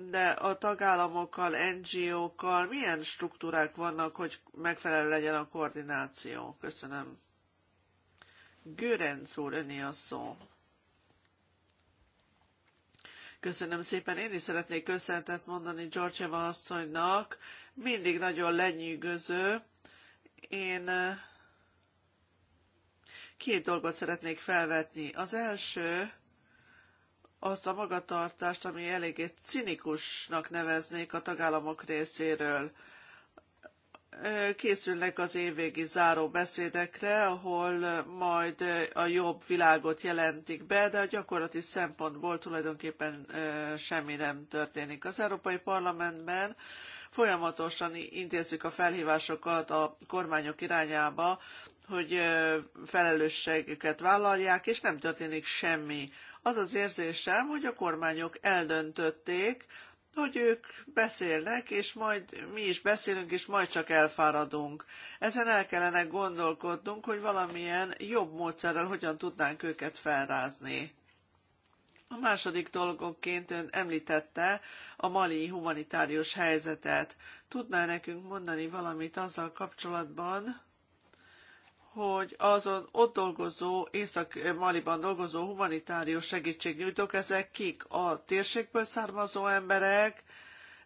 de a tagállamokkal, NGO-kkal milyen struktúrák vannak, hogy megfelelő legyen a koordináció? Köszönöm. Gőrenc úr, öné a szó. Köszönöm szépen. Én is szeretnék köszöntet mondani Georgieva asszonynak. Mindig nagyon lenyűgöző. Én két dolgot szeretnék felvetni. Az első, azt a magatartást, ami eléggé cinikusnak neveznék a tagállamok részéről készülnek az évvégi záró beszédekre, ahol majd a jobb világot jelentik be, de a gyakorlati szempontból tulajdonképpen semmi nem történik. Az Európai Parlamentben folyamatosan intézzük a felhívásokat a kormányok irányába, hogy felelősségüket vállalják, és nem történik semmi. Az az érzésem, hogy a kormányok eldöntötték, hogy ők beszélnek, és majd mi is beszélünk, és majd csak elfáradunk. Ezen el kellene gondolkodnunk, hogy valamilyen jobb módszerrel hogyan tudnánk őket felrázni. A második dolgokként ön említette a mali humanitárius helyzetet. Tudná nekünk mondani valamit azzal kapcsolatban, hogy azon ott dolgozó, Észak-Maliban dolgozó humanitárius segítségnyújtók, ezek kik? A térségből származó emberek,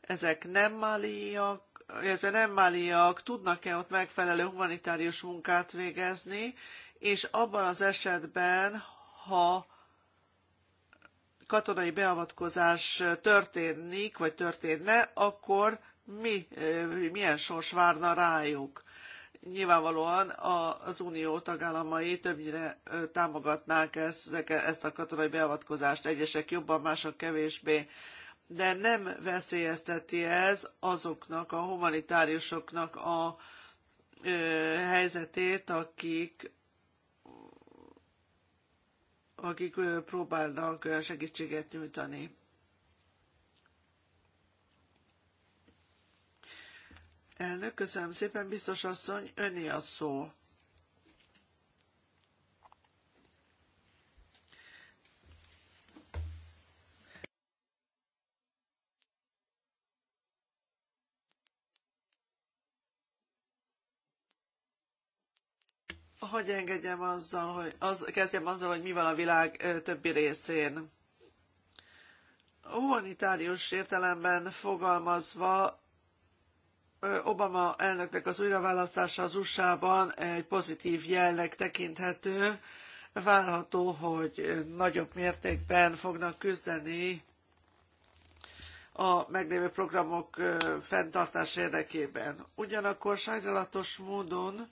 ezek nem máliak, illetve nem máliak, tudnak-e ott megfelelő humanitárius munkát végezni, és abban az esetben, ha katonai beavatkozás történik, vagy történne, akkor mi, eh, milyen sors várna rájuk? nyilvánvalóan az unió tagállamai többnyire támogatnák ezt, ezt a katonai beavatkozást, egyesek jobban, mások kevésbé de nem veszélyezteti ez azoknak a humanitáriusoknak a helyzetét, akik akik próbálnak segítséget nyújtani. Elnök, köszönöm szépen, biztos asszony, öné a szó. Hogy engedjem azzal, hogy az, kezdjem azzal, hogy mi van a világ többi részén. Humanitárius értelemben fogalmazva Obama elnöknek az újraválasztása az USA-ban egy pozitív jelnek tekinthető. Várható, hogy nagyobb mértékben fognak küzdeni a meglévő programok fenntartás érdekében. Ugyanakkor sajnálatos módon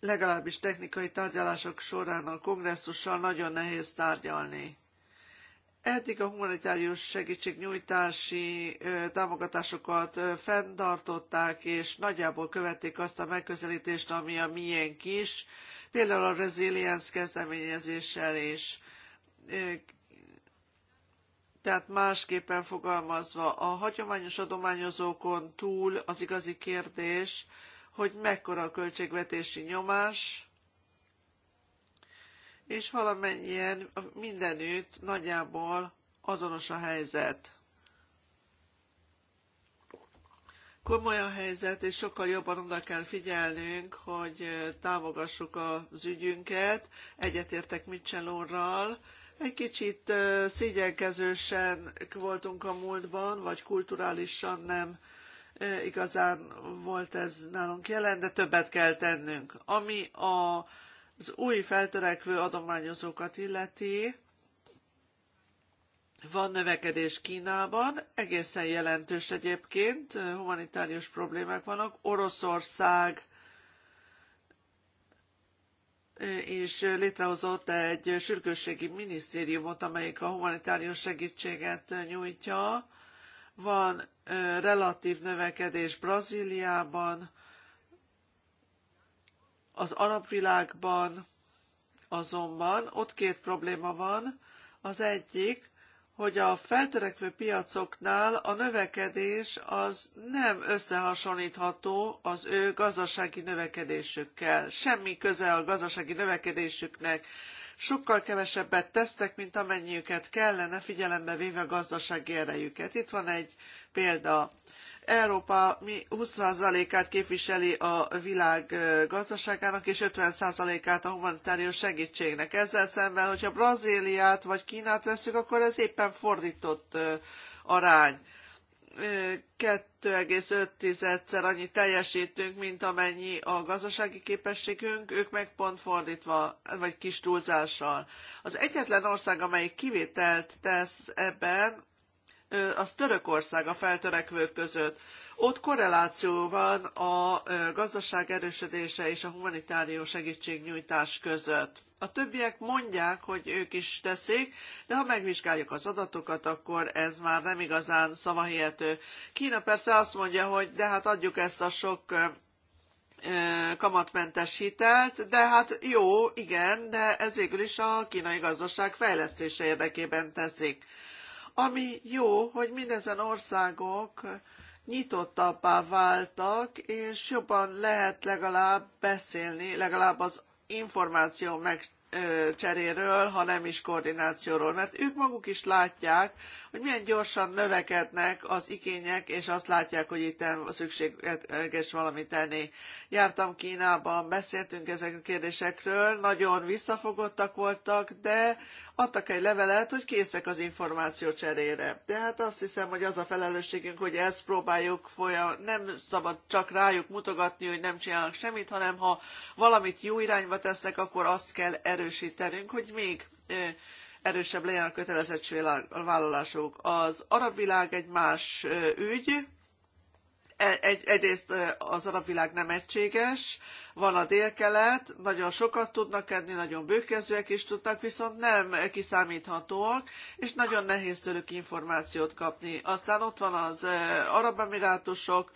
legalábbis technikai tárgyalások során a kongresszussal nagyon nehéz tárgyalni. Eddig a humanitárius segítségnyújtási támogatásokat fenntartották, és nagyjából követték azt a megközelítést, ami a miénk is, például a resilience kezdeményezéssel is. Tehát másképpen fogalmazva, a hagyományos adományozókon túl az igazi kérdés, hogy mekkora a költségvetési nyomás, és valamennyien mindenütt nagyjából azonos a helyzet. Komoly a helyzet, és sokkal jobban oda kell figyelnünk, hogy támogassuk az ügyünket. Egyetértek Mitchell úrral, egy kicsit szégyenkezősen voltunk a múltban, vagy kulturálisan nem igazán volt ez nálunk jelen, de többet kell tennünk. Ami a az új feltörekvő adományozókat illeti, van növekedés Kínában, egészen jelentős egyébként, humanitárius problémák vannak. Oroszország is létrehozott egy sürgősségi minisztériumot, amelyik a humanitárius segítséget nyújtja. Van relatív növekedés Brazíliában, az alapvilágban azonban ott két probléma van. Az egyik, hogy a feltörekvő piacoknál a növekedés az nem összehasonlítható az ő gazdasági növekedésükkel. Semmi köze a gazdasági növekedésüknek. Sokkal kevesebbet tesztek, mint amennyiüket kellene, figyelembe véve a gazdasági erejüket. Itt van egy példa. Európa 20%-át képviseli a világ gazdaságának és 50%-át a humanitárius segítségnek. Ezzel szemben, hogyha Brazíliát vagy Kínát veszük, akkor ez éppen fordított arány. 2,5-szer annyit teljesítünk, mint amennyi a gazdasági képességünk, ők meg pont fordítva, vagy kis túlzással. Az egyetlen ország, amely kivételt tesz ebben, az Törökország a feltörekvők között. Ott korreláció van a gazdaság erősödése és a humanitárius segítségnyújtás között. A többiek mondják, hogy ők is teszik, de ha megvizsgáljuk az adatokat, akkor ez már nem igazán szavahihető. Kína persze azt mondja, hogy de hát adjuk ezt a sok kamatmentes hitelt, de hát jó, igen, de ez végül is a kínai gazdaság fejlesztése érdekében teszik ami jó, hogy mindezen országok nyitottabbá váltak, és jobban lehet legalább beszélni, legalább az információ meg ha nem is koordinációról, mert ők maguk is látják, hogy milyen gyorsan növekednek az igények, és azt látják, hogy itt szükséges valamit tenni. Jártam Kínában, beszéltünk ezek a kérdésekről, nagyon visszafogottak voltak, de adtak egy levelet, hogy készek az információ cserére. Tehát azt hiszem, hogy az a felelősségünk, hogy ezt próbáljuk folyam, nem szabad csak rájuk mutogatni, hogy nem csinálnak semmit, hanem ha valamit jó irányba tesznek, akkor azt kell erősítenünk, hogy még erősebb legyen a kötelezettségvállalásuk. Az arab világ egy más ügy, e, egy, egyrészt az arab világ nem egységes, van a délkelet, nagyon sokat tudnak edni, nagyon bőkezőek is tudnak, viszont nem kiszámíthatóak, és nagyon nehéz tőlük információt kapni. Aztán ott van az arab emirátusok,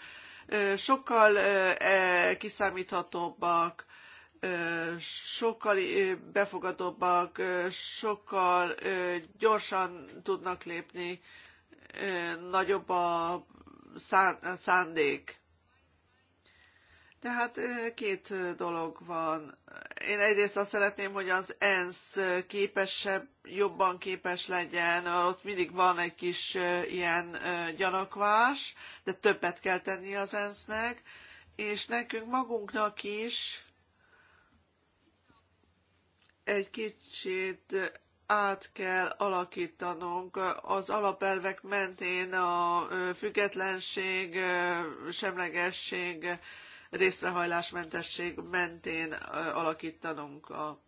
sokkal e, kiszámíthatóbbak, sokkal befogadóbbak, sokkal gyorsan tudnak lépni, nagyobb a szándék. Tehát két dolog van. Én egyrészt azt szeretném, hogy az ENSZ képesebb, jobban képes legyen, ott mindig van egy kis ilyen gyanakvás, de többet kell tenni az ENSZ-nek, és nekünk magunknak is egy kicsit át kell alakítanunk az alapelvek mentén a függetlenség, semlegesség, részrehajlásmentesség mentén alakítanunk a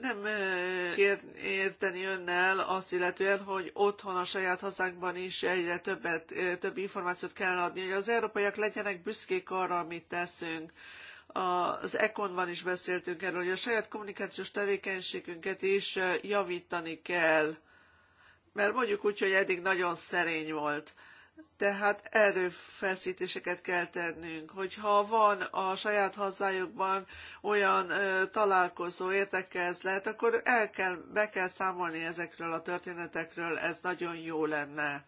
nem érteni önnel azt illetően, hogy otthon a saját hazánkban is egyre többet, több információt kell adni, hogy az európaiak legyenek büszkék arra, amit teszünk. Az Econban is beszéltünk erről, hogy a saját kommunikációs tevékenységünket is javítani kell. Mert mondjuk úgy, hogy eddig nagyon szerény volt tehát erőfeszítéseket kell tennünk, hogyha van a saját hazájukban olyan ö, találkozó értekezlet, akkor el kell, be kell számolni ezekről a történetekről, ez nagyon jó lenne.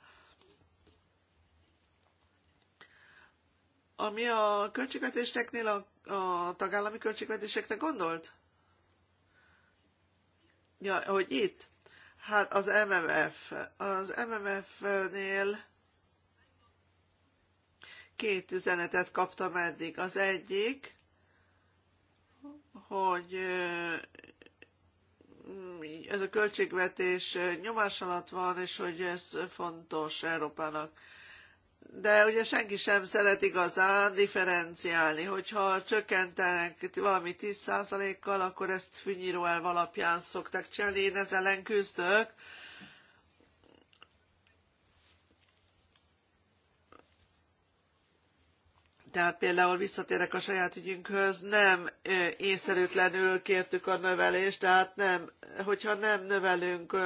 Ami a költségvetéseknél, a, a tagállami költségvetésekre gondolt? Ja, hogy itt? Hát az MMF. Az MMF-nél két üzenetet kaptam eddig. Az egyik, hogy mm, ez a költségvetés nyomás alatt van, és hogy ez fontos Európának. De ugye senki sem szeret igazán differenciálni, hogyha csökkentenek valami 10%-kal, akkor ezt fűnyíró el alapján szokták csinálni, én ezzel ellen küzdök, Tehát például visszatérek a saját ügyünkhöz, nem észszerűtlenül kértük a növelést, tehát nem, hogyha nem növelünk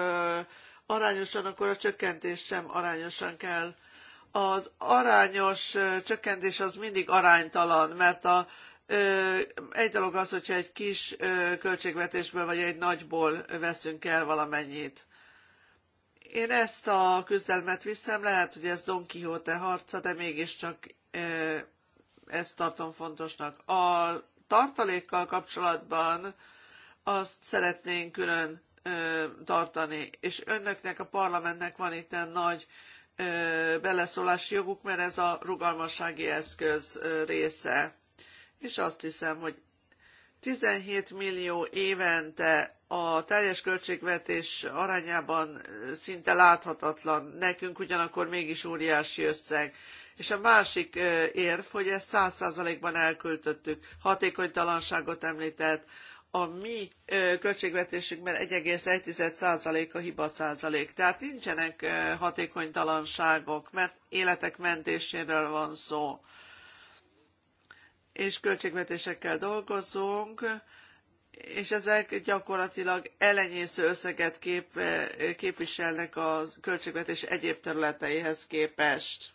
arányosan, akkor a csökkentés sem arányosan kell. Az arányos csökkentés az mindig aránytalan, mert a, egy dolog az, hogyha egy kis költségvetésből vagy egy nagyból veszünk el valamennyit. Én ezt a küzdelmet viszem, lehet, hogy ez Don Quixote harca, de mégiscsak ezt tartom fontosnak. A tartalékkal kapcsolatban azt szeretnénk külön ö, tartani, és önöknek, a parlamentnek van itt egy nagy ö, beleszólási joguk, mert ez a rugalmassági eszköz ö, része. És azt hiszem, hogy 17 millió évente a teljes költségvetés arányában szinte láthatatlan, nekünk ugyanakkor mégis óriási összeg. És a másik érv, hogy ezt száz százalékban elköltöttük. Hatékonytalanságot említett. A mi költségvetésünkben 1,1% a hiba százalék. Tehát nincsenek hatékonytalanságok, mert életek mentéséről van szó. És költségvetésekkel dolgozunk és ezek gyakorlatilag elenyésző összeget kép, képviselnek a költségvetés egyéb területeihez képest.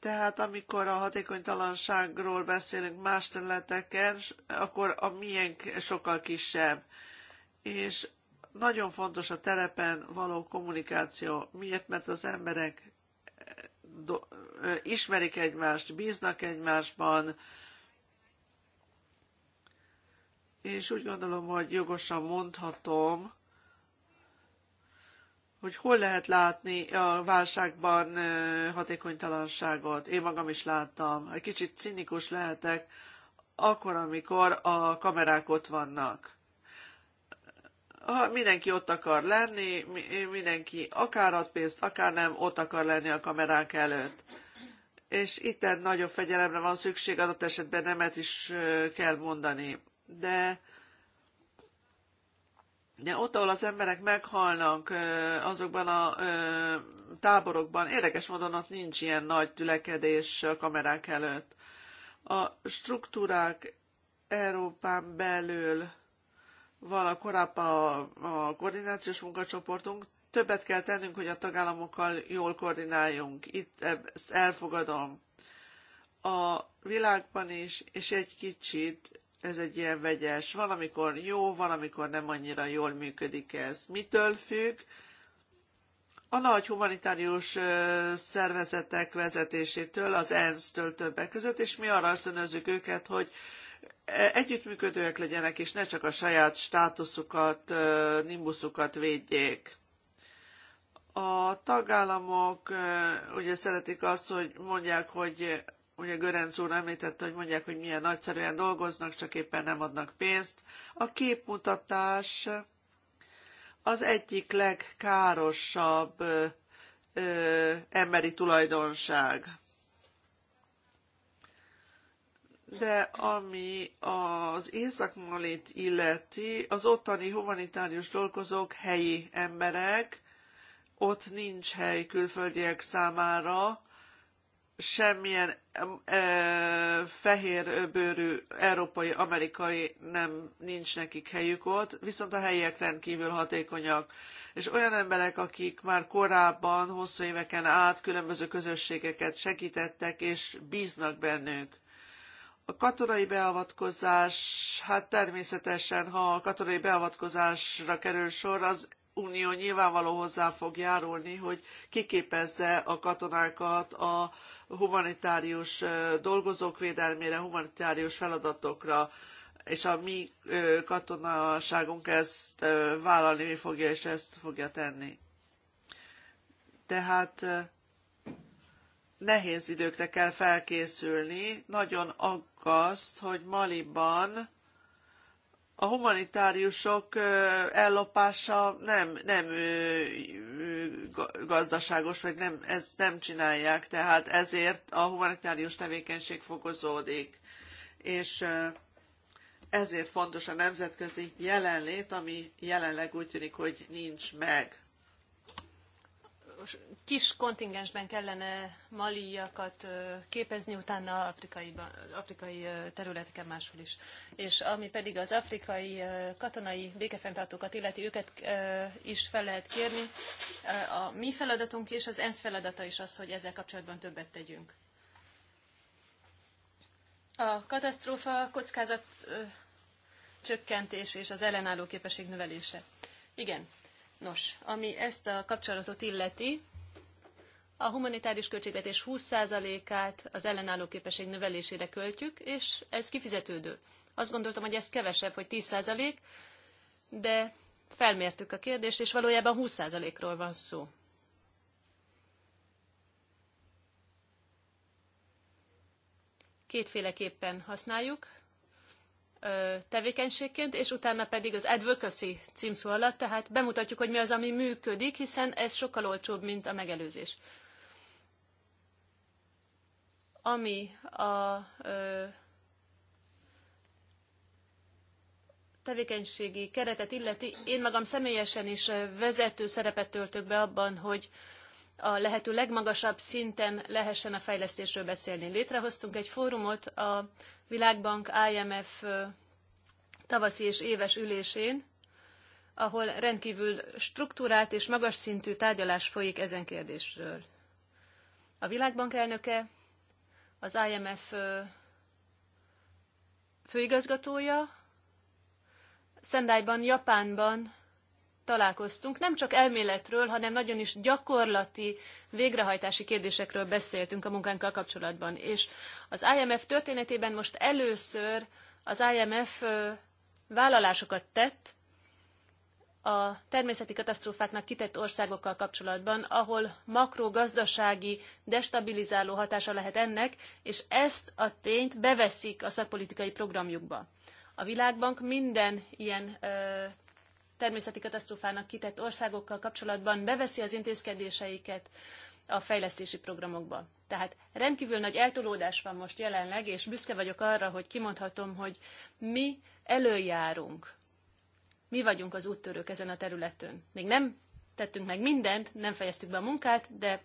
Tehát amikor a hatékonytalanságról beszélünk más területeken, akkor a miénk sokkal kisebb. És nagyon fontos a terepen való kommunikáció. Miért? Mert az emberek ismerik egymást, bíznak egymásban, és úgy gondolom, hogy jogosan mondhatom, hogy hol lehet látni a válságban hatékonytalanságot. Én magam is láttam. Egy kicsit cinikus lehetek, akkor, amikor a kamerák ott vannak. Ha mindenki ott akar lenni, mindenki akár ad pénzt, akár nem, ott akar lenni a kamerák előtt. És itt nagyobb fegyelemre van szükség, adott esetben nemet is kell mondani. De de ott, ahol az emberek meghalnak azokban a táborokban, érdekes módon ott nincs ilyen nagy tülekedés a kamerák előtt. A struktúrák Európán belül van a korábban a koordinációs munkacsoportunk, többet kell tennünk, hogy a tagállamokkal jól koordináljunk. Itt ezt elfogadom. A világban is, és egy kicsit ez egy ilyen vegyes, valamikor jó, valamikor nem annyira jól működik ez. Mitől függ? A nagy humanitárius szervezetek vezetésétől, az ENSZ-től többek között, és mi arra ösztönözzük őket, hogy együttműködőek legyenek, és ne csak a saját státuszukat, nimbuszukat védjék. A tagállamok ugye szeretik azt, hogy mondják, hogy ugye Görenc úr említette, hogy mondják, hogy milyen nagyszerűen dolgoznak, csak éppen nem adnak pénzt. A képmutatás az egyik legkárosabb ö, ö, emberi tulajdonság. De ami az észak illeti, az ottani humanitárius dolgozók helyi emberek, ott nincs hely külföldiek számára, semmilyen e, fehérbőrű európai, amerikai nem nincs nekik helyük ott, viszont a helyiek rendkívül hatékonyak. És olyan emberek, akik már korábban, hosszú éveken át különböző közösségeket segítettek, és bíznak bennük. A katonai beavatkozás, hát természetesen, ha a katonai beavatkozásra kerül sor, az Unió nyilvánvaló hozzá fog járulni, hogy kiképezze a katonákat a humanitárius dolgozók védelmére, humanitárius feladatokra, és a mi katonaságunk ezt vállalni fogja, és ezt fogja tenni. Tehát nehéz időkre kell felkészülni. Nagyon aggaszt, hogy Maliban a humanitáriusok ellopása nem, nem gazdaságos, vagy nem, ezt nem csinálják, tehát ezért a humanitárius tevékenység fokozódik. És ezért fontos a nemzetközi jelenlét, ami jelenleg úgy tűnik, hogy nincs meg kis kontingensben kellene maliakat képezni, utána afrikai, afrikai területeken máshol is. És ami pedig az afrikai katonai békefenntartókat illeti, őket is fel lehet kérni. A mi feladatunk és az ENSZ feladata is az, hogy ezzel kapcsolatban többet tegyünk. A katasztrófa kockázat csökkentés és az ellenálló képesség növelése. Igen. Nos, ami ezt a kapcsolatot illeti, a humanitárius költségvetés 20%-át az ellenálló képesség növelésére költjük, és ez kifizetődő. Azt gondoltam, hogy ez kevesebb, hogy 10%, de felmértük a kérdést, és valójában 20%-ról van szó. Kétféleképpen használjuk tevékenységként, és utána pedig az advocacy címszó alatt, tehát bemutatjuk, hogy mi az, ami működik, hiszen ez sokkal olcsóbb, mint a megelőzés ami a ö, tevékenységi keretet illeti, én magam személyesen is vezető szerepet töltök be abban, hogy a lehető legmagasabb szinten lehessen a fejlesztésről beszélni. Létrehoztunk egy fórumot a Világbank IMF tavaszi és éves ülésén, ahol rendkívül struktúrált és magas szintű tárgyalás folyik ezen kérdésről. A Világbank elnöke, az IMF főigazgatója. Szendályban, Japánban találkoztunk, nem csak elméletről, hanem nagyon is gyakorlati, végrehajtási kérdésekről beszéltünk a munkánkkal kapcsolatban. És az IMF történetében most először az IMF vállalásokat tett, a természeti katasztrófáknak kitett országokkal kapcsolatban, ahol makrogazdasági destabilizáló hatása lehet ennek, és ezt a tényt beveszik a szakpolitikai programjukba. A Világbank minden ilyen ö, természeti katasztrófának kitett országokkal kapcsolatban beveszi az intézkedéseiket a fejlesztési programokba. Tehát rendkívül nagy eltolódás van most jelenleg, és büszke vagyok arra, hogy kimondhatom, hogy mi előjárunk mi vagyunk az úttörők ezen a területen. Még nem tettünk meg mindent, nem fejeztük be a munkát, de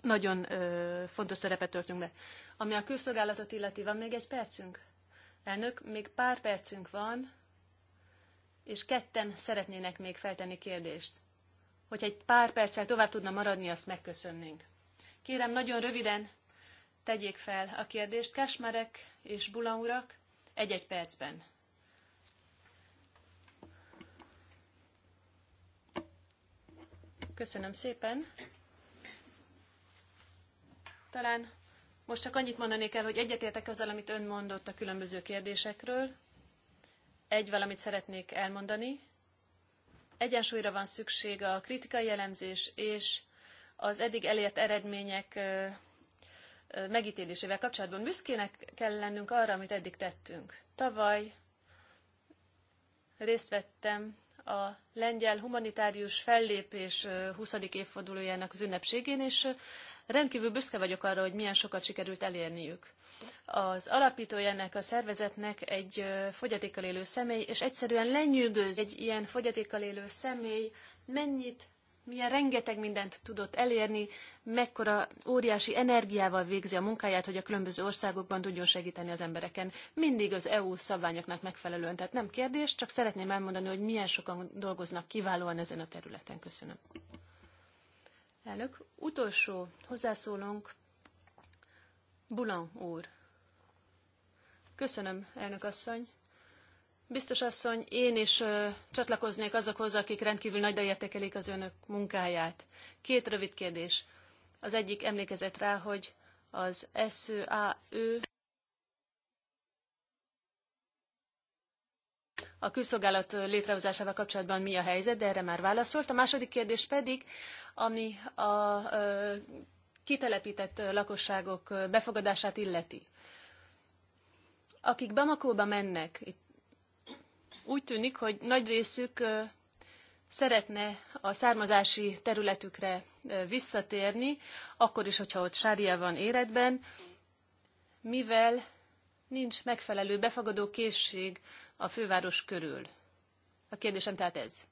nagyon ö, fontos szerepet töltünk be. Ami a külszolgálatot illeti, van még egy percünk? Elnök, még pár percünk van, és ketten szeretnének még feltenni kérdést. Hogyha egy pár perccel tovább tudna maradni, azt megköszönnénk. Kérem, nagyon röviden tegyék fel a kérdést Kesmerek és Bula urak egy-egy percben. Köszönöm szépen. Talán most csak annyit mondanék el, hogy egyetértek azzal, amit ön mondott a különböző kérdésekről. Egy valamit szeretnék elmondani. Egyensúlyra van szükség a kritikai elemzés és az eddig elért eredmények megítélésével kapcsolatban. Büszkének kell lennünk arra, amit eddig tettünk. Tavaly részt vettem a lengyel humanitárius fellépés 20. évfordulójának az ünnepségén, és rendkívül büszke vagyok arra, hogy milyen sokat sikerült elérniük. Az alapítója ennek a szervezetnek egy fogyatékkal élő személy, és egyszerűen lenyűgöz egy ilyen fogyatékkal élő személy, mennyit milyen rengeteg mindent tudott elérni, mekkora óriási energiával végzi a munkáját, hogy a különböző országokban tudjon segíteni az embereken. Mindig az EU szabványoknak megfelelően, tehát nem kérdés, csak szeretném elmondani, hogy milyen sokan dolgoznak kiválóan ezen a területen. Köszönöm. Elnök, utolsó hozzászólónk, Bulan úr. Köszönöm, elnök asszony. Biztos asszony, én is ö, csatlakoznék azokhoz, akik rendkívül nagyra értékelik az önök munkáját. Két rövid kérdés. Az egyik emlékezett rá, hogy az SZAÖ a külszolgálat létrehozásával kapcsolatban mi a helyzet, de erre már válaszolt. A második kérdés pedig, ami a ö, kitelepített lakosságok befogadását illeti. Akik Bamakóba mennek, itt úgy tűnik, hogy nagy részük szeretne a származási területükre visszatérni, akkor is, hogyha ott sária van életben, mivel nincs megfelelő befogadó készség a főváros körül. A kérdésem tehát ez.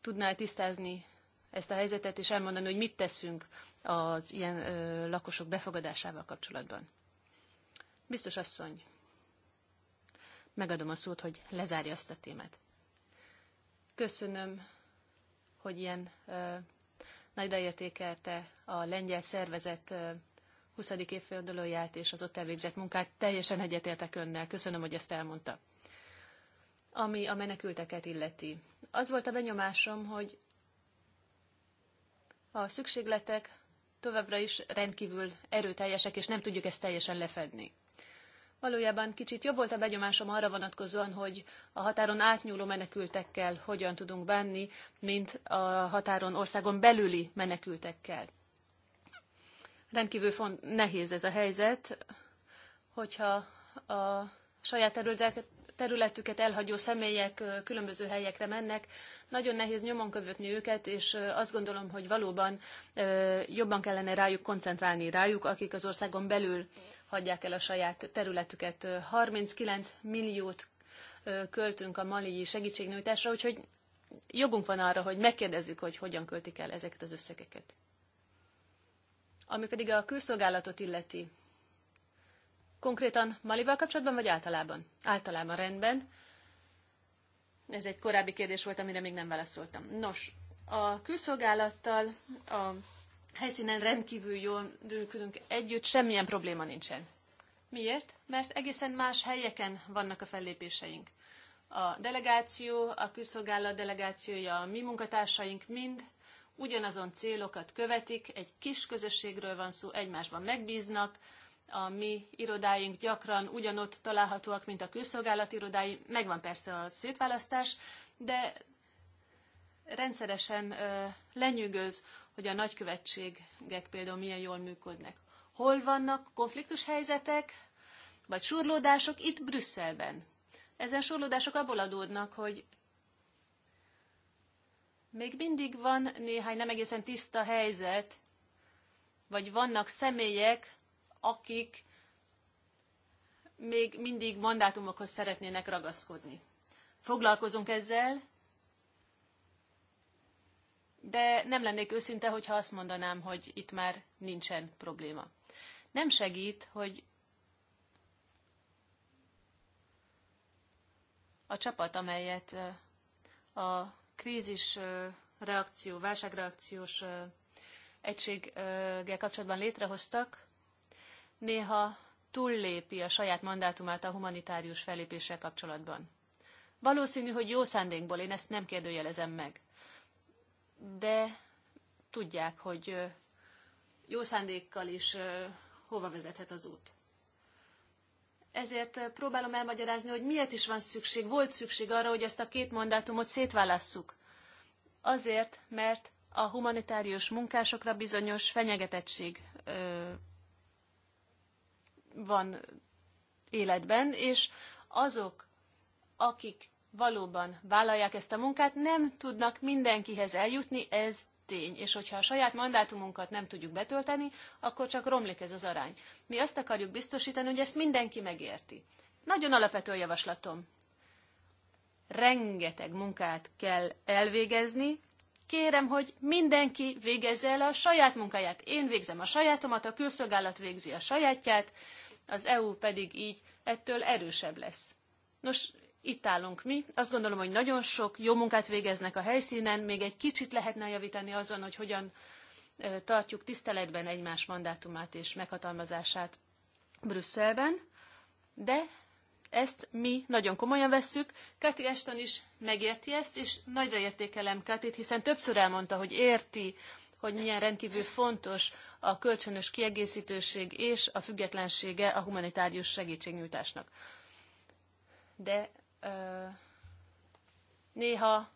Tudnál tisztázni ezt a helyzetet, és elmondani, hogy mit teszünk az ilyen ö, lakosok befogadásával kapcsolatban? Biztos asszony, megadom a szót, hogy lezárja azt a témát. Köszönöm, hogy ilyen ö, nagy értékelte a lengyel szervezet ö, 20. évfordulóját és az ott elvégzett munkát. Teljesen egyetértek önnel. Köszönöm, hogy ezt elmondta. Ami a menekülteket illeti. Az volt a benyomásom, hogy a szükségletek továbbra is rendkívül erőteljesek, és nem tudjuk ezt teljesen lefedni. Valójában kicsit jobb volt a begyomásom arra vonatkozóan, hogy a határon átnyúló menekültekkel hogyan tudunk bánni, mint a határon országon belüli menekültekkel. Rendkívül font, nehéz ez a helyzet, hogyha a saját területüket elhagyó személyek különböző helyekre mennek. Nagyon nehéz nyomon követni őket, és azt gondolom, hogy valóban jobban kellene rájuk koncentrálni, rájuk, akik az országon belül hagyják el a saját területüket. 39 milliót költünk a mali segítségnyújtásra, úgyhogy jogunk van arra, hogy megkérdezzük, hogy hogyan költik el ezeket az összegeket. Ami pedig a külszolgálatot illeti, Konkrétan Malival kapcsolatban, vagy általában? Általában rendben. Ez egy korábbi kérdés volt, amire még nem válaszoltam. Nos, a külszolgálattal a helyszínen rendkívül jól működünk együtt, semmilyen probléma nincsen. Miért? Mert egészen más helyeken vannak a fellépéseink. A delegáció, a külszolgálat delegációja, a mi munkatársaink mind ugyanazon célokat követik, egy kis közösségről van szó, egymásban megbíznak, a mi irodáink gyakran ugyanott találhatóak, mint a külszolgálati irodái. Megvan persze a szétválasztás, de rendszeresen ö, lenyűgöz, hogy a nagykövetségek például milyen jól működnek. Hol vannak konfliktus helyzetek, vagy surlódások? Itt Brüsszelben. Ezen surlódások abból adódnak, hogy még mindig van néhány nem egészen tiszta helyzet, vagy vannak személyek, akik még mindig mandátumokhoz szeretnének ragaszkodni. Foglalkozunk ezzel, de nem lennék őszinte, hogyha azt mondanám, hogy itt már nincsen probléma. Nem segít, hogy a csapat, amelyet a krízis reakció, válságreakciós egységgel kapcsolatban létrehoztak, néha túllépi a saját mandátumát a humanitárius fellépéssel kapcsolatban. Valószínű, hogy jó szándékból én ezt nem kérdőjelezem meg. De tudják, hogy jó szándékkal is hova vezethet az út. Ezért próbálom elmagyarázni, hogy miért is van szükség, volt szükség arra, hogy ezt a két mandátumot szétválasszuk. Azért, mert a humanitárius munkásokra bizonyos fenyegetettség van életben, és azok, akik valóban vállalják ezt a munkát, nem tudnak mindenkihez eljutni, ez tény. És hogyha a saját mandátumunkat nem tudjuk betölteni, akkor csak romlik ez az arány. Mi azt akarjuk biztosítani, hogy ezt mindenki megérti. Nagyon alapvető javaslatom. Rengeteg munkát kell elvégezni. Kérem, hogy mindenki végezze el a saját munkáját. Én végzem a sajátomat, a külszolgálat végzi a sajátját, az EU pedig így ettől erősebb lesz. Nos, itt állunk mi. Azt gondolom, hogy nagyon sok jó munkát végeznek a helyszínen, még egy kicsit lehetne javítani azon, hogy hogyan tartjuk tiszteletben egymás mandátumát és meghatalmazását Brüsszelben, de ezt mi nagyon komolyan vesszük. Kati Eston is megérti ezt, és nagyra értékelem Katit, hiszen többször elmondta, hogy érti, hogy milyen rendkívül fontos a kölcsönös kiegészítőség és a függetlensége a humanitárius segítségnyújtásnak. De néha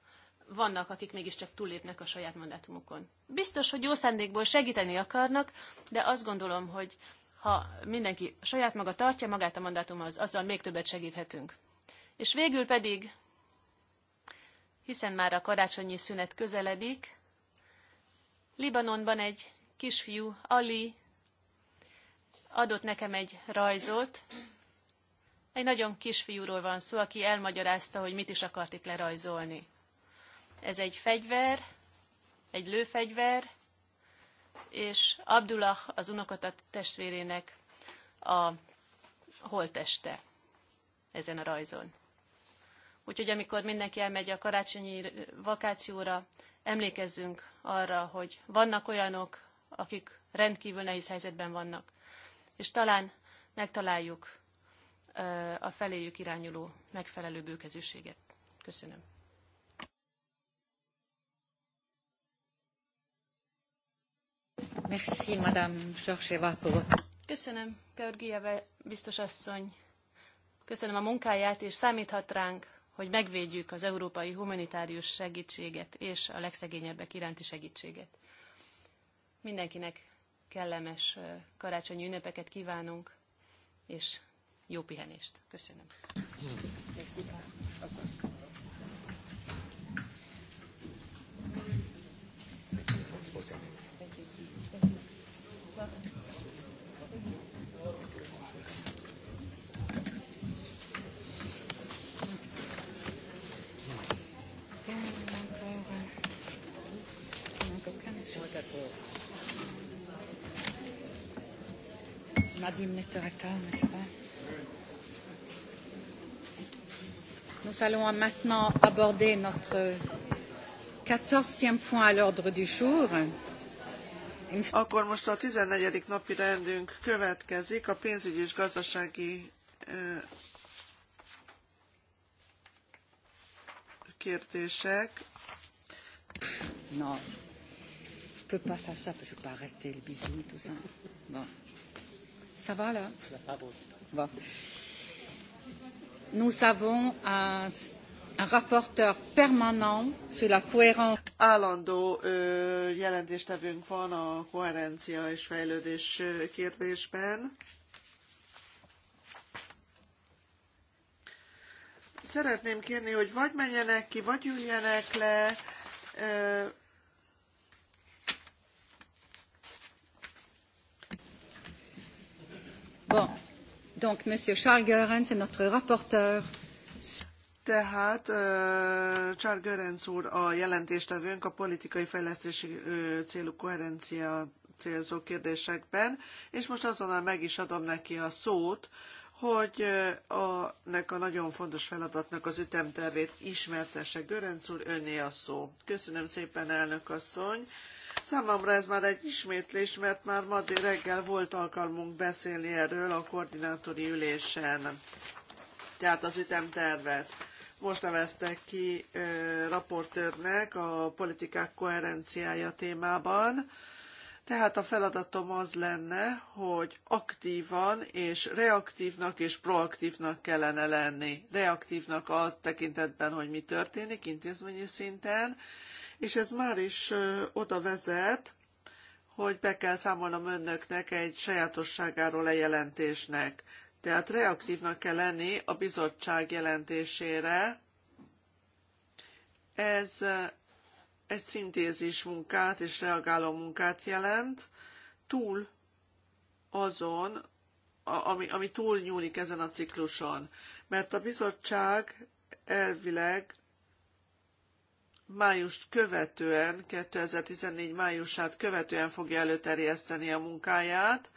vannak, akik mégiscsak túllépnek a saját mandátumukon. Biztos, hogy jó szándékból segíteni akarnak, de azt gondolom, hogy ha mindenki saját maga tartja magát a mandátumhoz, azzal még többet segíthetünk. És végül pedig, hiszen már a karácsonyi szünet közeledik, Libanonban egy kisfiú Ali adott nekem egy rajzot. Egy nagyon kisfiúról van szó, aki elmagyarázta, hogy mit is akart itt lerajzolni. Ez egy fegyver, egy lőfegyver, és Abdullah az unokatat testvérének a holteste ezen a rajzon. Úgyhogy amikor mindenki elmegy a karácsonyi vakációra, emlékezzünk arra, hogy vannak olyanok, akik rendkívül nehéz helyzetben vannak. És talán megtaláljuk a feléjük irányuló megfelelő bőkezűséget. Köszönöm. Merci, Madame Georgieva. Köszönöm, Georgieva biztos asszony. Köszönöm a munkáját, és számíthat ránk, hogy megvédjük az európai humanitárius segítséget és a legszegényebbek iránti segítséget. Mindenkinek kellemes karácsonyi ünnepeket kívánunk, és jó pihenést. Köszönöm. Thank you. On a 10 minutes de Nous allons maintenant aborder notre quatorzième point à l'ordre du jour. Akkor most a 14. napi rendünk következik, a pénzügyi és gazdasági kérdések. Non, je peux pas faire ça parce que je peux arrêter le bisou et tout ça. Bon. Ça va là bon. Nous avons un, un rapporteur permanent sur la cohérence. Állandó ö, jelentéstevőnk van a koherencia és fejlődés kérdésben. Szeretném kérni, hogy vagy menjenek ki, vagy üljenek le. Ö, Bon. Donc, Charles notre rapporteur. Tehát uh, Charles Görens úr a jelentéstevőnk a politikai fejlesztési uh, célú koherencia célzó kérdésekben, és most azonnal meg is adom neki a szót, hogy a, nek a nagyon fontos feladatnak az ütemtervét ismertesse. Görens úr, önné a szó. Köszönöm szépen, elnök asszony. Számomra ez már egy ismétlés, mert már ma reggel volt alkalmunk beszélni erről a koordinátori ülésen, tehát az ütemtervet. Most neveztek ki ö, raportőrnek a politikák koherenciája témában, tehát a feladatom az lenne, hogy aktívan és reaktívnak és proaktívnak kellene lenni. Reaktívnak a tekintetben, hogy mi történik intézményi szinten, és ez már is oda vezet, hogy be kell számolnom önöknek egy sajátosságáról a jelentésnek. Tehát reaktívnak kell lenni a bizottság jelentésére. Ez egy szintézis munkát és reagáló munkát jelent, túl azon, ami, ami túl nyúlik ezen a cikluson. Mert a bizottság elvileg májust követően, 2014 májusát követően fogja előterjeszteni a munkáját,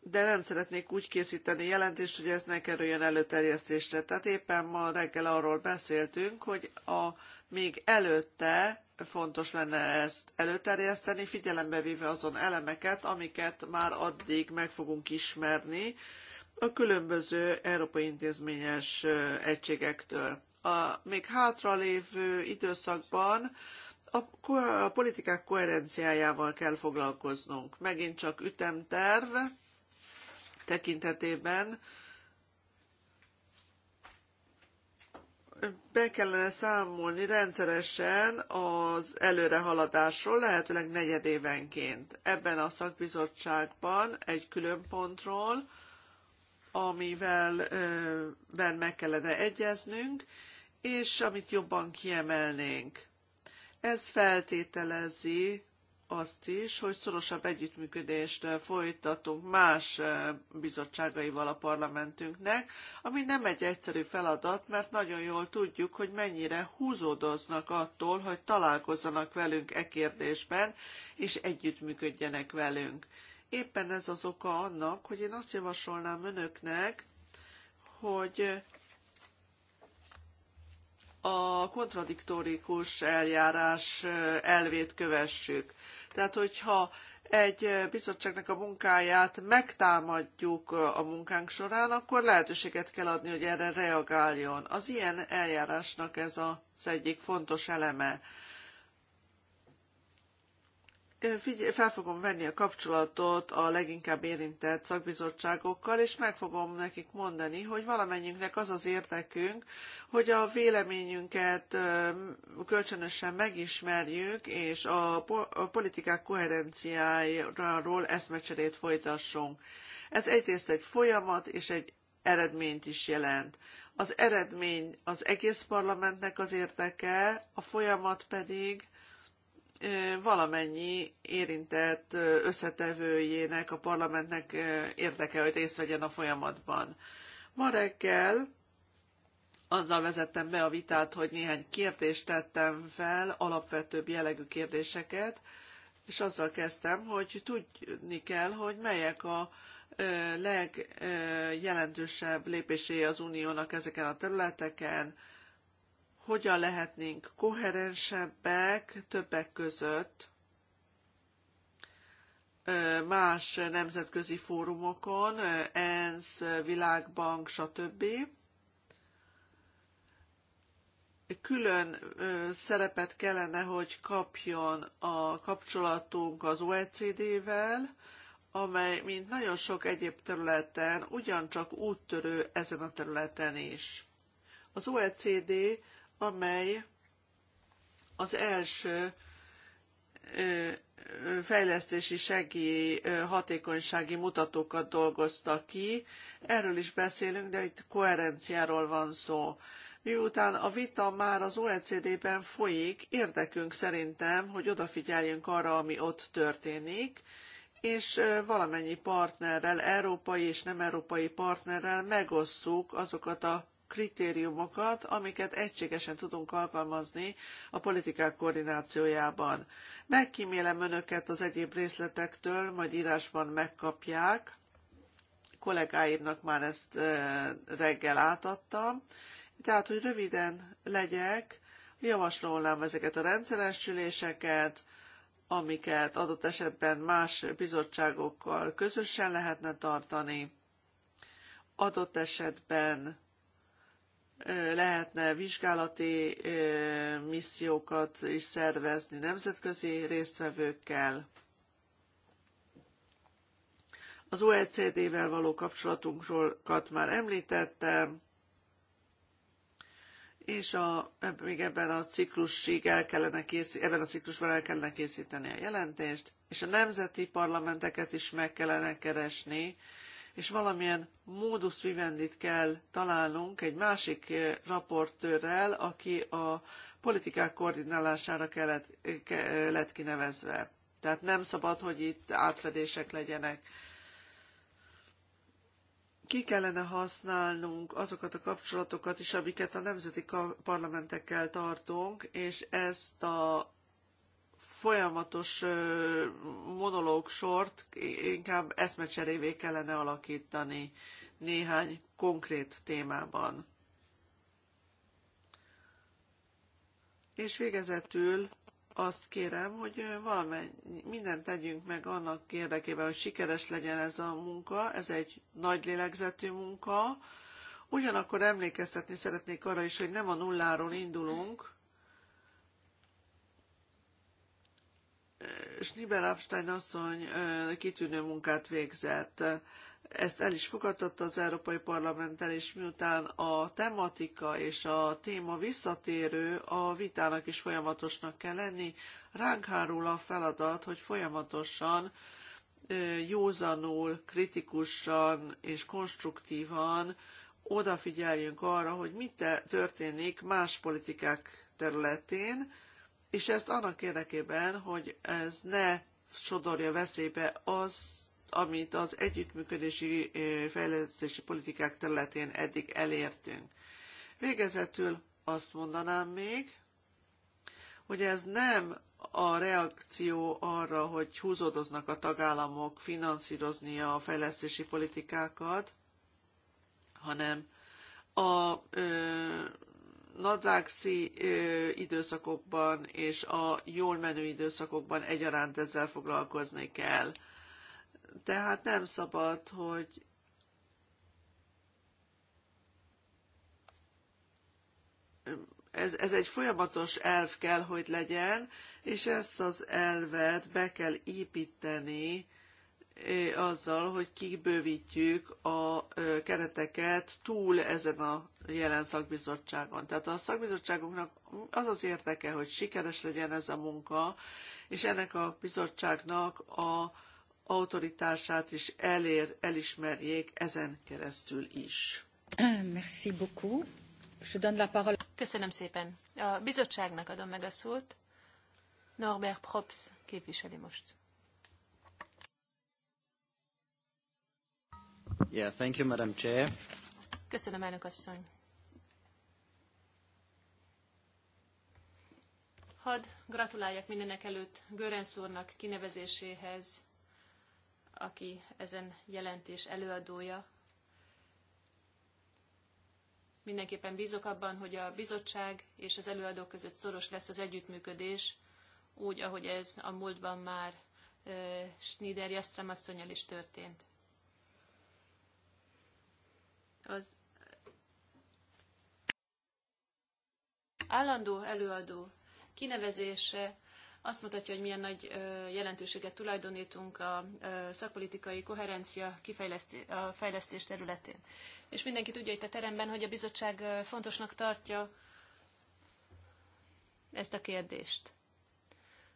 de nem szeretnék úgy készíteni jelentést, hogy ez ne kerüljön előterjesztésre. Tehát éppen ma reggel arról beszéltünk, hogy a még előtte fontos lenne ezt előterjeszteni, figyelembe véve azon elemeket, amiket már addig meg fogunk ismerni a különböző európai intézményes egységektől a még hátralévő időszakban a, politikák koherenciájával kell foglalkoznunk. Megint csak ütemterv tekintetében be kellene számolni rendszeresen az előrehaladásról, lehetőleg negyedévenként. Ebben a szakbizottságban egy külön pontról, amivel ben meg kellene egyeznünk, és amit jobban kiemelnénk. Ez feltételezi azt is, hogy szorosabb együttműködést eh, folytatunk más eh, bizottságaival a parlamentünknek, ami nem egy egyszerű feladat, mert nagyon jól tudjuk, hogy mennyire húzódoznak attól, hogy találkozzanak velünk e kérdésben, és együttműködjenek velünk. Éppen ez az oka annak, hogy én azt javasolnám önöknek, hogy a kontradiktorikus eljárás elvét kövessük. Tehát, hogyha egy bizottságnak a munkáját megtámadjuk a munkánk során, akkor lehetőséget kell adni, hogy erre reagáljon. Az ilyen eljárásnak ez az egyik fontos eleme fel fogom venni a kapcsolatot a leginkább érintett szakbizottságokkal, és meg fogom nekik mondani, hogy valamennyünknek az az érdekünk, hogy a véleményünket kölcsönösen megismerjük, és a politikák koherenciájáról eszmecserét folytassunk. Ez egyrészt egy folyamat, és egy eredményt is jelent. Az eredmény az egész parlamentnek az érdeke, a folyamat pedig valamennyi érintett összetevőjének, a parlamentnek érdeke, hogy részt vegyen a folyamatban. Ma reggel azzal vezettem be a vitát, hogy néhány kérdést tettem fel, alapvetőbb jellegű kérdéseket, és azzal kezdtem, hogy tudni kell, hogy melyek a legjelentősebb lépései az uniónak ezeken a területeken, hogyan lehetnénk koherensebbek többek között más nemzetközi fórumokon, ENSZ, Világbank, stb. Külön szerepet kellene, hogy kapjon a kapcsolatunk az OECD-vel, amely, mint nagyon sok egyéb területen, ugyancsak úttörő ezen a területen is. Az OECD amely az első fejlesztési segély hatékonysági mutatókat dolgozta ki. Erről is beszélünk, de itt koherenciáról van szó. Miután a vita már az OECD-ben folyik, érdekünk szerintem, hogy odafigyeljünk arra, ami ott történik, és valamennyi partnerrel, európai és nem európai partnerrel megosszuk azokat a kritériumokat, amiket egységesen tudunk alkalmazni a politikák koordinációjában. Megkímélem önöket az egyéb részletektől, majd írásban megkapják. Kollégáimnak már ezt reggel átadtam. Tehát, hogy röviden legyek, javasolnám ezeket a rendszeres üléseket, amiket adott esetben más bizottságokkal közösen lehetne tartani. Adott esetben lehetne vizsgálati missziókat is szervezni nemzetközi résztvevőkkel. Az OECD-vel való kapcsolatunkról már említettem, és a, még ebben a ciklusig el kellene készíteni, ebben a ciklusban el kellene készíteni a jelentést, és a nemzeti parlamenteket is meg kellene keresni, és valamilyen módus vivendit kell találnunk egy másik eh, raportőrrel, aki a politikák koordinálására kellett, eh, ke, lett kinevezve. Tehát nem szabad, hogy itt átfedések legyenek. Ki kellene használnunk azokat a kapcsolatokat is, amiket a nemzeti parlamentekkel tartunk, és ezt a folyamatos monológ sort inkább eszmecserévé kellene alakítani néhány konkrét témában. És végezetül azt kérem, hogy valamennyi, mindent tegyünk meg annak érdekében, hogy sikeres legyen ez a munka. Ez egy nagy lélegzetű munka. Ugyanakkor emlékeztetni szeretnék arra is, hogy nem a nulláról indulunk, Schnibel Abstein asszony kitűnő munkát végzett. Ezt el is fogadtatta az Európai Parlamenttel, és miután a tematika és a téma visszatérő, a vitának is folyamatosnak kell lenni, ránk hárul a feladat, hogy folyamatosan józanul, kritikusan és konstruktívan odafigyeljünk arra, hogy mi történik más politikák területén, és ezt annak érdekében, hogy ez ne sodorja veszélybe az, amit az együttműködési fejlesztési politikák területén eddig elértünk. Végezetül azt mondanám még, hogy ez nem a reakció arra, hogy húzódoznak a tagállamok finanszírozni a fejlesztési politikákat, hanem a ö, nadrágszi időszakokban és a jól menő időszakokban egyaránt ezzel foglalkozni kell. Tehát nem szabad, hogy ez, ez egy folyamatos elv kell, hogy legyen, és ezt az elvet be kell építeni azzal, hogy kibővítjük a kereteket túl ezen a jelen szakbizottságon. Tehát a szakbizottságunknak az az érdeke, hogy sikeres legyen ez a munka, és ennek a bizottságnak a autoritását is elér, elismerjék ezen keresztül is. Merci beaucoup. Je donne la parole. Köszönöm szépen. A bizottságnak adom meg a szót. Norbert Props képviseli most. Yeah, thank you, Madam Chair. Köszönöm, elnök asszony. Hadd gratuláljak mindenek előtt úrnak kinevezéséhez, aki ezen jelentés előadója. Mindenképpen bízok abban, hogy a bizottság és az előadók között szoros lesz az együttműködés, úgy, ahogy ez a múltban már eh, Schneider Jastram asszonyal is történt. Az állandó előadó kinevezése azt mutatja, hogy milyen nagy jelentőséget tulajdonítunk a szakpolitikai koherencia a fejlesztés területén. És mindenki tudja itt a teremben, hogy a bizottság fontosnak tartja ezt a kérdést.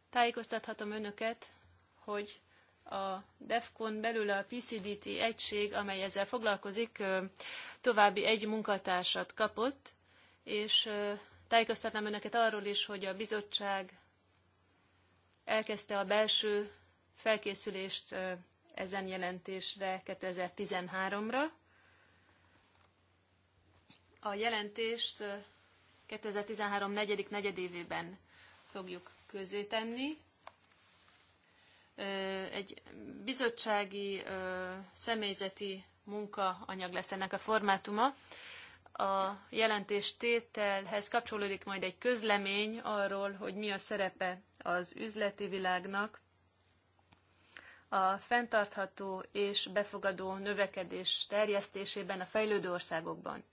Tájékoztathatom önöket, hogy a DEFCON belül a PCDT egység, amely ezzel foglalkozik, további egy munkatársat kapott, és tájékoztatnám önöket arról is, hogy a bizottság elkezdte a belső felkészülést ezen jelentésre 2013-ra. A jelentést 2013 negyedik negyedévében fogjuk közétenni, egy bizottsági személyzeti munkaanyag lesz ennek a formátuma. A jelentés tételhez kapcsolódik majd egy közlemény arról, hogy mi a szerepe az üzleti világnak a fenntartható és befogadó növekedés terjesztésében a fejlődő országokban.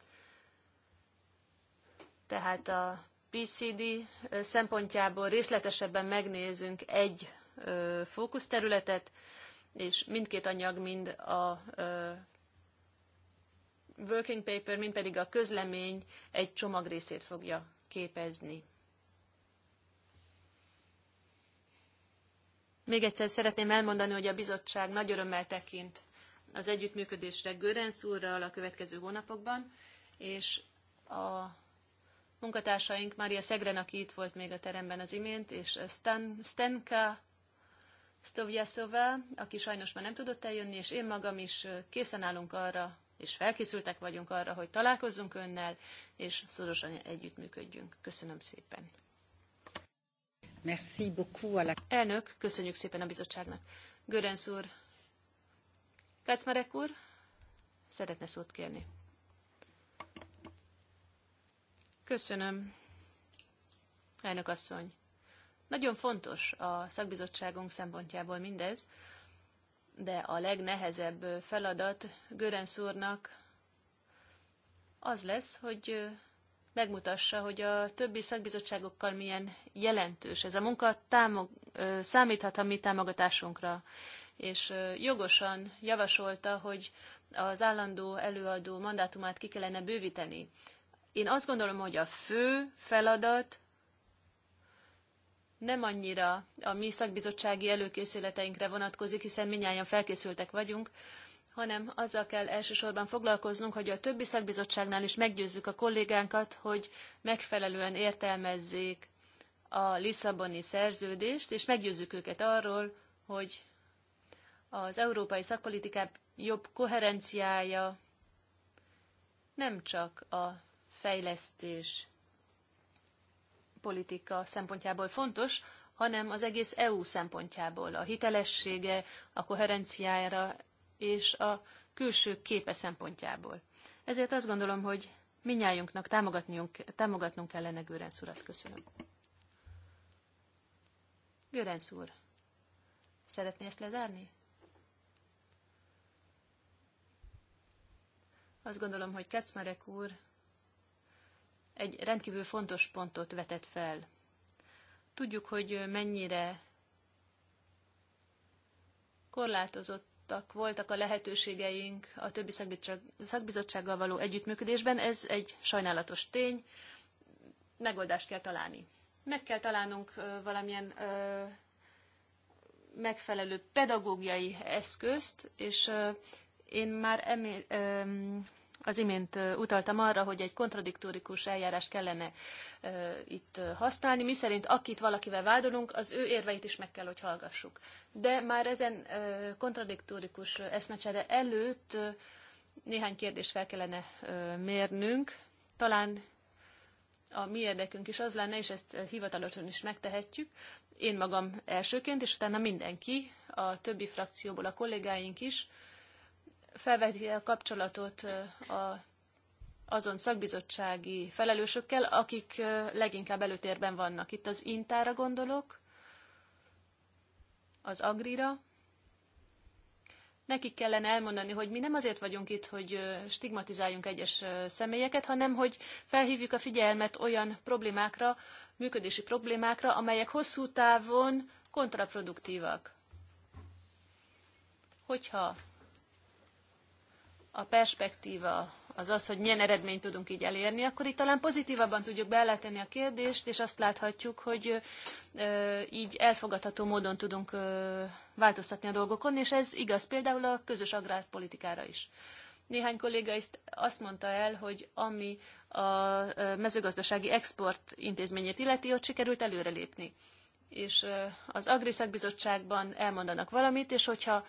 Tehát a PCD szempontjából részletesebben megnézünk egy fókuszterületet, és mindkét anyag mind a working paper, mind pedig a közlemény egy csomag részét fogja képezni. Még egyszer szeretném elmondani, hogy a bizottság nagy örömmel tekint az együttműködésre Görenc úrral a következő hónapokban, és a munkatársaink, Mária Szegren, aki itt volt még a teremben az imént, és Stan, Stenka Stovjaszova, aki sajnos már nem tudott eljönni, és én magam is készen állunk arra, és felkészültek vagyunk arra, hogy találkozzunk önnel, és szorosan együttműködjünk. Köszönöm szépen. Merci beaucoup la... Elnök, köszönjük szépen a bizottságnak. Görenc úr, Kacmarek úr, szeretne szót kérni. Köszönöm, elnök asszony. Nagyon fontos a szakbizottságunk szempontjából mindez, de a legnehezebb feladat Görensz úrnak az lesz, hogy megmutassa, hogy a többi szakbizottságokkal milyen jelentős ez a munka, támog, számíthat a mi támogatásunkra. És jogosan javasolta, hogy az állandó előadó mandátumát ki kellene bővíteni. Én azt gondolom, hogy a fő feladat nem annyira a mi szakbizottsági előkészületeinkre vonatkozik, hiszen minnyáján felkészültek vagyunk, hanem azzal kell elsősorban foglalkoznunk, hogy a többi szakbizottságnál is meggyőzzük a kollégánkat, hogy megfelelően értelmezzék a Lisszaboni szerződést, és meggyőzzük őket arról, hogy az európai szakpolitikák jobb koherenciája nem csak a fejlesztés politika szempontjából fontos, hanem az egész EU szempontjából, a hitelessége, a koherenciájára és a külső képe szempontjából. Ezért azt gondolom, hogy minnyájunknak támogatnunk, kellene Görenc urat. Köszönöm. Görenc úr, szeretné ezt lezárni? Azt gondolom, hogy Kecmarek úr egy rendkívül fontos pontot vetett fel. Tudjuk, hogy mennyire korlátozottak voltak a lehetőségeink a többi szakbizottsággal való együttműködésben. Ez egy sajnálatos tény. Megoldást kell találni. Meg kell találnunk valamilyen megfelelő pedagógiai eszközt, és én már emé- az imént utaltam arra, hogy egy kontradiktórikus eljárást kellene itt használni, miszerint akit valakivel vádolunk, az ő érveit is meg kell, hogy hallgassuk. De már ezen e, kontradiktórikus eszmecsere előtt néhány kérdést fel kellene e, mérnünk. Talán a mi érdekünk is az lenne, és ezt hivatalosan is megtehetjük, én magam elsőként, és utána mindenki, a többi frakcióból a kollégáink is, felveti a kapcsolatot a, azon szakbizottsági felelősökkel, akik leginkább előtérben vannak. Itt az Intára gondolok, az Agrira. Nekik kellene elmondani, hogy mi nem azért vagyunk itt, hogy stigmatizáljunk egyes személyeket, hanem hogy felhívjuk a figyelmet olyan problémákra, működési problémákra, amelyek hosszú távon kontraproduktívak. Hogyha a perspektíva az az, hogy milyen eredményt tudunk így elérni, akkor itt talán pozitívabban tudjuk beállítani a kérdést, és azt láthatjuk, hogy így elfogadható módon tudunk változtatni a dolgokon, és ez igaz például a közös agrárpolitikára is. Néhány kolléga ezt azt mondta el, hogy ami a mezőgazdasági export intézményét illeti, ott sikerült előrelépni és az Agriszakbizottságban elmondanak valamit, és hogyha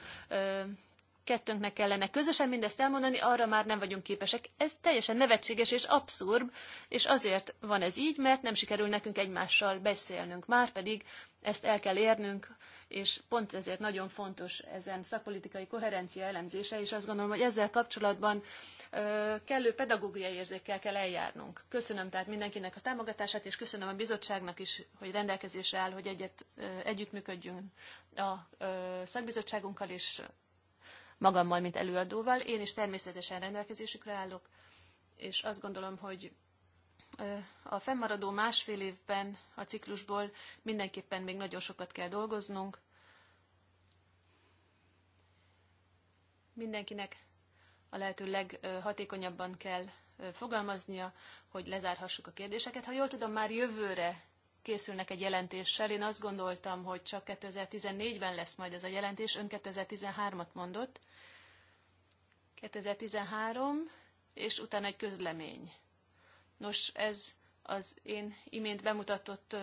kettőnknek kellene közösen mindezt elmondani, arra már nem vagyunk képesek. Ez teljesen nevetséges és abszurd, és azért van ez így, mert nem sikerül nekünk egymással beszélnünk. Márpedig ezt el kell érnünk, és pont ezért nagyon fontos ezen szakpolitikai koherencia elemzése, és azt gondolom, hogy ezzel kapcsolatban kellő pedagógiai érzékkel kell eljárnunk. Köszönöm tehát mindenkinek a támogatását, és köszönöm a bizottságnak is, hogy rendelkezésre áll, hogy egyet, együttműködjünk a szakbizottságunkkal, és magammal, mint előadóval. Én is természetesen rendelkezésükre állok, és azt gondolom, hogy a fennmaradó másfél évben a ciklusból mindenképpen még nagyon sokat kell dolgoznunk. Mindenkinek a lehető leghatékonyabban kell fogalmaznia, hogy lezárhassuk a kérdéseket. Ha jól tudom, már jövőre készülnek egy jelentéssel. Én azt gondoltam, hogy csak 2014-ben lesz majd ez a jelentés, ön 2013-at mondott. 2013, és utána egy közlemény. Nos, ez az én imént bemutatott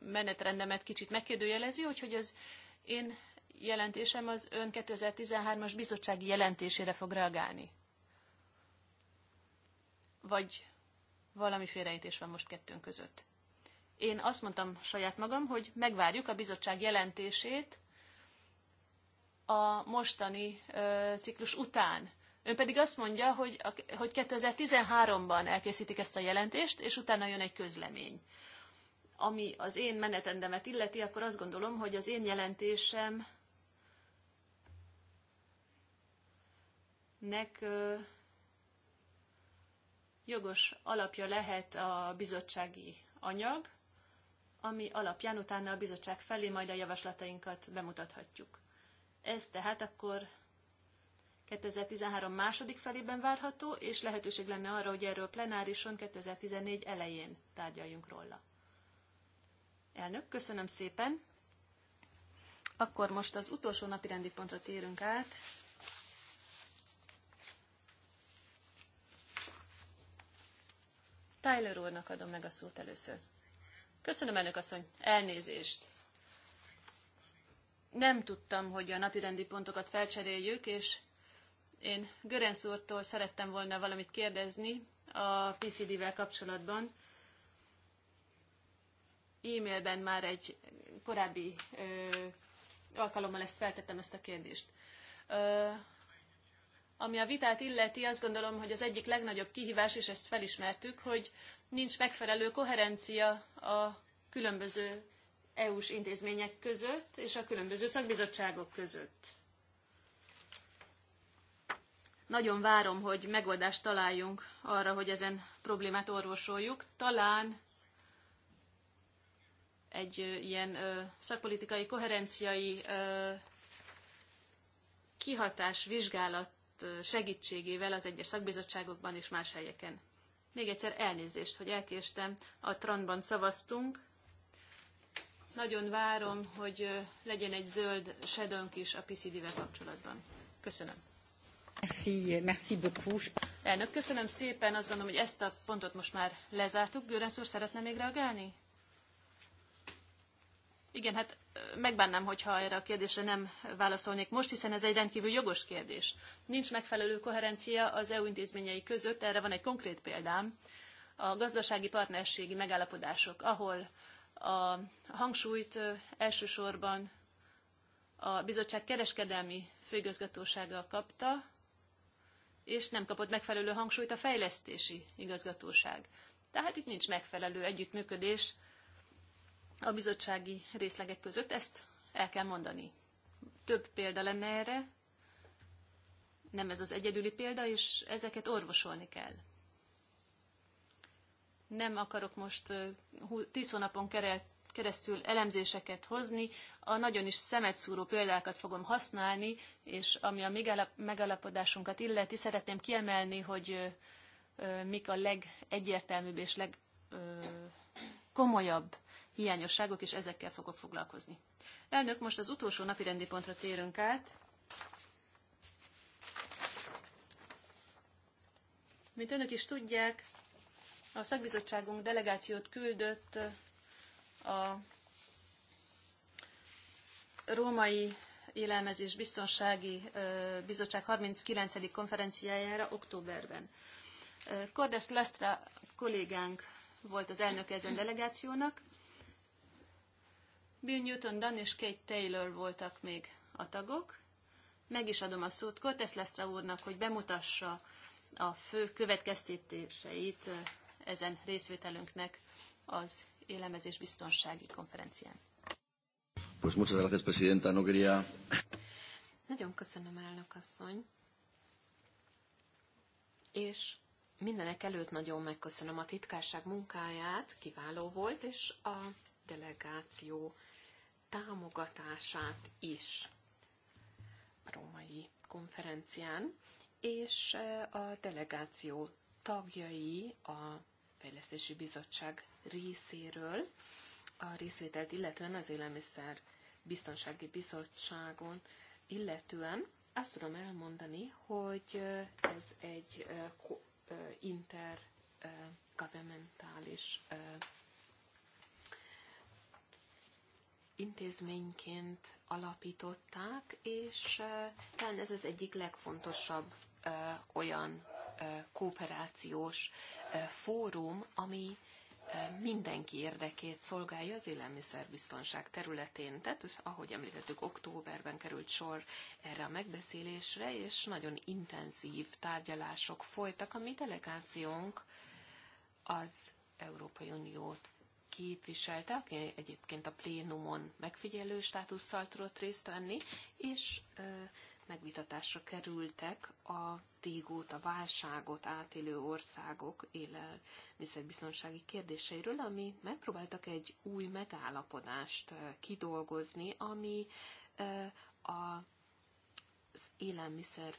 menetrendemet kicsit megkérdőjelezi, úgyhogy az én jelentésem az ön 2013-as bizottsági jelentésére fog reagálni. Vagy valami félreértés van most kettőnk között. Én azt mondtam saját magam, hogy megvárjuk a bizottság jelentését a mostani ö, ciklus után. Ön pedig azt mondja, hogy, hogy 2013-ban elkészítik ezt a jelentést, és utána jön egy közlemény. Ami az én menetendemet illeti, akkor azt gondolom, hogy az én jelentésem nek jogos alapja lehet a bizottsági anyag, ami alapján utána a bizottság felé majd a javaslatainkat bemutathatjuk. Ez tehát akkor 2013 második felében várható, és lehetőség lenne arra, hogy erről plenárison 2014 elején tárgyaljunk róla. Elnök, köszönöm szépen! Akkor most az utolsó napi rendi pontra térünk át. Tyler úrnak adom meg a szót először. Köszönöm, elnök asszony. Elnézést. Nem tudtam, hogy a napirendi pontokat felcseréljük, és én Görenc úrtól szerettem volna valamit kérdezni a PCD-vel kapcsolatban. E-mailben már egy korábbi ö, alkalommal ezt feltettem ezt a kérdést. Ö, ami a vitát illeti, azt gondolom, hogy az egyik legnagyobb kihívás, és ezt felismertük, hogy nincs megfelelő koherencia a különböző EU-s intézmények között és a különböző szakbizottságok között. Nagyon várom, hogy megoldást találjunk arra, hogy ezen problémát orvosoljuk. Talán egy ilyen szakpolitikai koherenciai kihatás vizsgálat segítségével az egyes szakbizottságokban és más helyeken. Még egyszer elnézést, hogy elkéstem. A Tranban szavaztunk. Nagyon várom, hogy legyen egy zöld sedönk is a PCD-vel kapcsolatban. Köszönöm. Merci, merci beaucoup. Elnök, köszönöm szépen. Azt gondolom, hogy ezt a pontot most már lezártuk. Görensz szeretne még reagálni? Igen, hát megbánnám, hogyha erre a kérdésre nem válaszolnék most, hiszen ez egy rendkívül jogos kérdés. Nincs megfelelő koherencia az EU intézményei között, erre van egy konkrét példám, a gazdasági partnerségi megállapodások, ahol a hangsúlyt elsősorban a bizottság kereskedelmi főigazgatósága kapta, és nem kapott megfelelő hangsúlyt a fejlesztési igazgatóság. Tehát itt nincs megfelelő együttműködés a bizottsági részlegek között. Ezt el kell mondani. Több példa lenne erre, nem ez az egyedüli példa, és ezeket orvosolni kell. Nem akarok most tíz hónapon keresztül elemzéseket hozni, a nagyon is szemetszúró példákat fogom használni, és ami a megalapodásunkat illeti, szeretném kiemelni, hogy mik a legegyértelműbb és legkomolyabb hiányosságok, és ezekkel fogok foglalkozni. Elnök, most az utolsó napi rendi pontra térünk át. Mint önök is tudják, a szakbizottságunk delegációt küldött a római élelmezés biztonsági bizottság 39. konferenciájára októberben. Cordes Lastra kollégánk volt az elnök ezen delegációnak, Bill Newton Dan és Kate Taylor voltak még a tagok. Meg is adom a szót Cortez Lestra úrnak, hogy bemutassa a fő következtetéseit ezen részvételünknek az élemezés biztonsági konferencián. Pues muchas gracias, presidenta. No quería... Nagyon köszönöm, elnök asszony. És mindenek előtt nagyon megköszönöm a titkárság munkáját, kiváló volt, és a delegáció támogatását is a római konferencián, és e, a delegáció tagjai a Fejlesztési Bizottság részéről a részvételt illetően az Élelmiszer Biztonsági Bizottságon illetően azt tudom elmondani, hogy e, ez egy e, intergovernmentális intézményként alapították, és talán ez az egyik legfontosabb olyan kooperációs fórum, ami mindenki érdekét szolgálja az élelmiszerbiztonság területén. Tehát, ahogy említettük, októberben került sor erre a megbeszélésre, és nagyon intenzív tárgyalások folytak. A mi delegációnk az Európai Uniót képviselte, aki egyébként a plénumon megfigyelő státusszal tudott részt venni, és megvitatásra kerültek a régóta válságot átélő országok élelmiszerbiztonsági kérdéseiről, ami megpróbáltak egy új megállapodást kidolgozni, ami az élelmiszer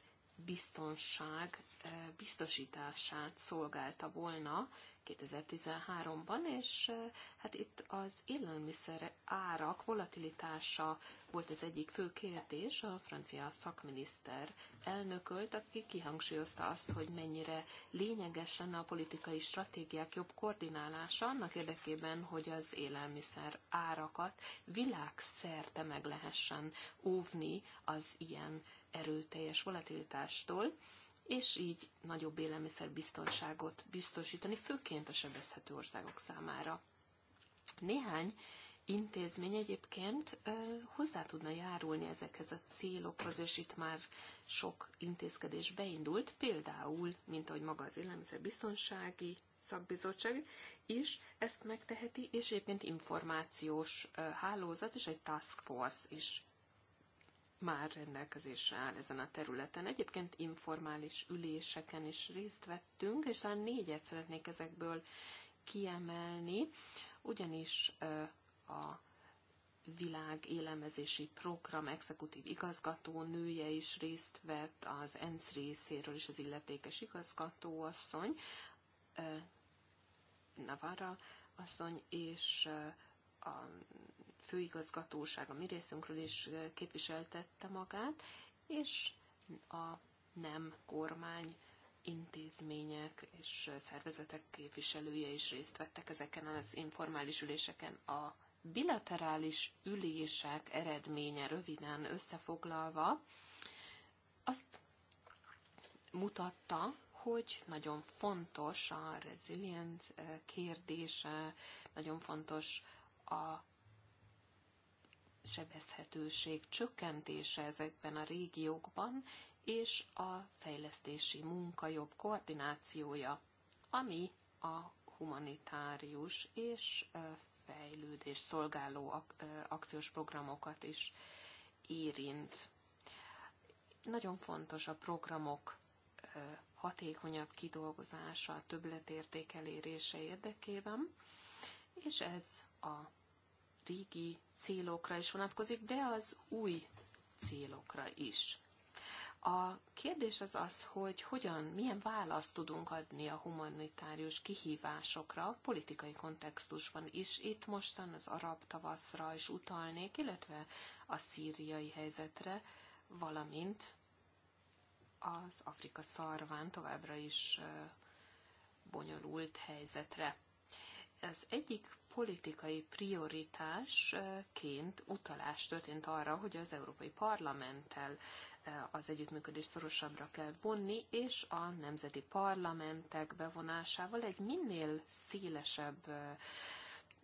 biztonság biztosítását szolgálta volna, 2013-ban, és hát itt az élelmiszer árak volatilitása volt az egyik fő kérdés. A francia szakminiszter elnökölt, aki kihangsúlyozta azt, hogy mennyire lényeges lenne a politikai stratégiák jobb koordinálása annak érdekében, hogy az élelmiszer árakat világszerte meg lehessen óvni az ilyen erőteljes volatilitástól és így nagyobb élelmiszerbiztonságot biztosítani, főként a sebezhető országok számára. Néhány intézmény egyébként ö, hozzá tudna járulni ezekhez a célokhoz, és itt már sok intézkedés beindult, például, mint ahogy maga az élelmiszerbiztonsági szakbizottság is ezt megteheti, és egyébként információs hálózat és egy task force is már rendelkezésre áll ezen a területen. Egyébként informális üléseken is részt vettünk, és talán négyet szeretnék ezekből kiemelni, ugyanis a világ élelmezési program exekutív igazgató nője is részt vett, az ENSZ részéről is az illetékes igazgató asszony, Navarra asszony, és a főigazgatóság a mi részünkről is képviseltette magát, és a nem kormány intézmények és szervezetek képviselője is részt vettek ezeken az informális üléseken. A bilaterális ülések eredménye röviden összefoglalva azt mutatta, hogy nagyon fontos a rezilienc kérdése, nagyon fontos a sebezhetőség csökkentése ezekben a régiókban, és a fejlesztési munka jobb koordinációja, ami a humanitárius és fejlődés szolgáló akciós programokat is érint. Nagyon fontos a programok hatékonyabb kidolgozása, többletérték elérése érdekében, és ez a régi célokra is vonatkozik, de az új célokra is. A kérdés az az, hogy hogyan, milyen választ tudunk adni a humanitárius kihívásokra politikai kontextusban is. Itt mostan az arab tavaszra is utalnék, illetve a szíriai helyzetre, valamint az Afrika szarván továbbra is bonyolult helyzetre az egyik politikai prioritásként utalás történt arra, hogy az Európai Parlamenttel eh, az együttműködés szorosabbra kell vonni, és a nemzeti parlamentek bevonásával egy minél szélesebb eh,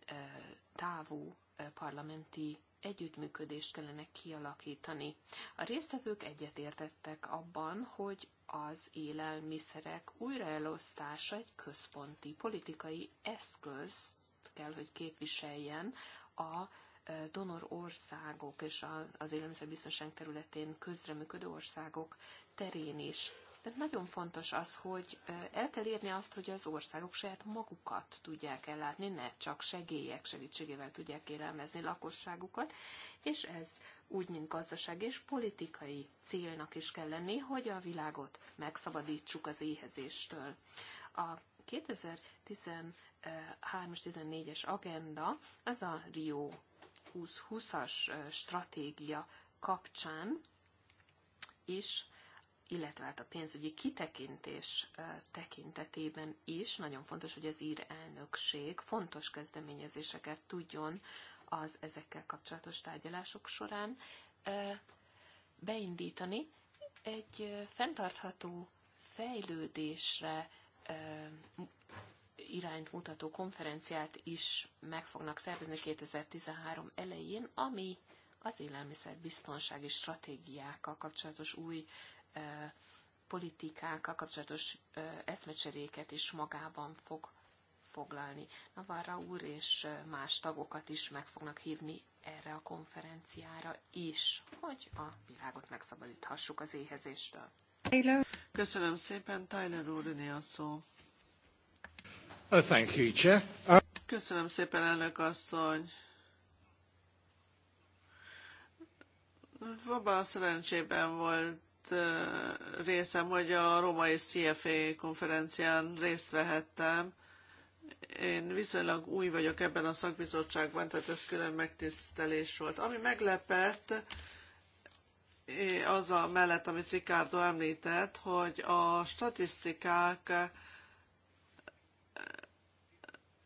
eh, távú parlamenti együttműködést kellene kialakítani. A résztvevők egyetértettek abban, hogy az élelmiszerek újraelosztása egy központi politikai eszközt kell, hogy képviseljen a donor országok és az élelmiszerbiztonság területén közreműködő országok terén is. Tehát nagyon fontos az, hogy el kell érni azt, hogy az országok saját magukat tudják ellátni, ne csak segélyek segítségével tudják élelmezni lakosságukat, és ez úgy, mint gazdaság és politikai célnak is kell lenni, hogy a világot megszabadítsuk az éhezéstől. A 2013-14-es agenda az a Rio 2020-as stratégia kapcsán is illetve hát a pénzügyi kitekintés tekintetében is nagyon fontos, hogy az ír elnökség fontos kezdeményezéseket tudjon az ezekkel kapcsolatos tárgyalások során beindítani. Egy fenntartható fejlődésre irányt mutató konferenciát is meg fognak szervezni 2013 elején, ami az élelmiszer biztonsági stratégiákkal kapcsolatos új politikákkal kapcsolatos eszmecseréket is magában fog foglalni. Navarra úr és más tagokat is meg fognak hívni erre a konferenciára is, hogy a világot megszabadíthassuk az éhezéstől. Köszönöm szépen, Tyler úr, a szó. Oh, thank you, Chair. Uh, Köszönöm szépen, elnök asszony. Abban a szerencsében volt részem, hogy a romai CFA konferencián részt vehettem. Én viszonylag új vagyok ebben a szakbizottságban, tehát ez külön megtisztelés volt. Ami meglepett, az a mellett, amit Ricardo említett, hogy a statisztikák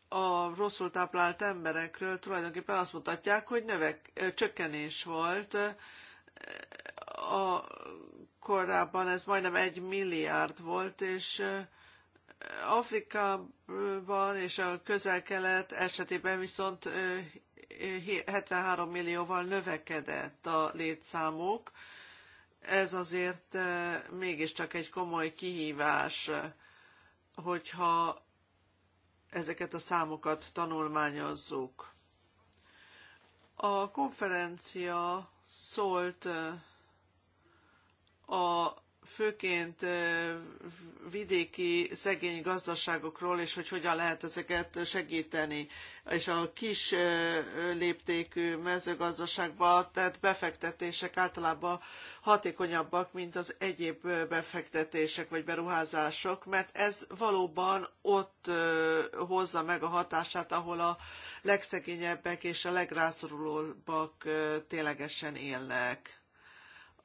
a rosszul táplált emberekről tulajdonképpen azt mutatják, hogy növek, csökkenés volt a korábban ez majdnem egy milliárd volt, és Afrikában és a közel-kelet esetében viszont 73 millióval növekedett a létszámuk. Ez azért mégiscsak egy komoly kihívás, hogyha ezeket a számokat tanulmányozzuk. A konferencia szólt a főként vidéki szegény gazdaságokról, és hogy hogyan lehet ezeket segíteni. És a kis léptékű mezőgazdaságba tett befektetések általában hatékonyabbak, mint az egyéb befektetések vagy beruházások, mert ez valóban ott hozza meg a hatását, ahol a legszegényebbek és a legrászorulóbbak ténylegesen élnek.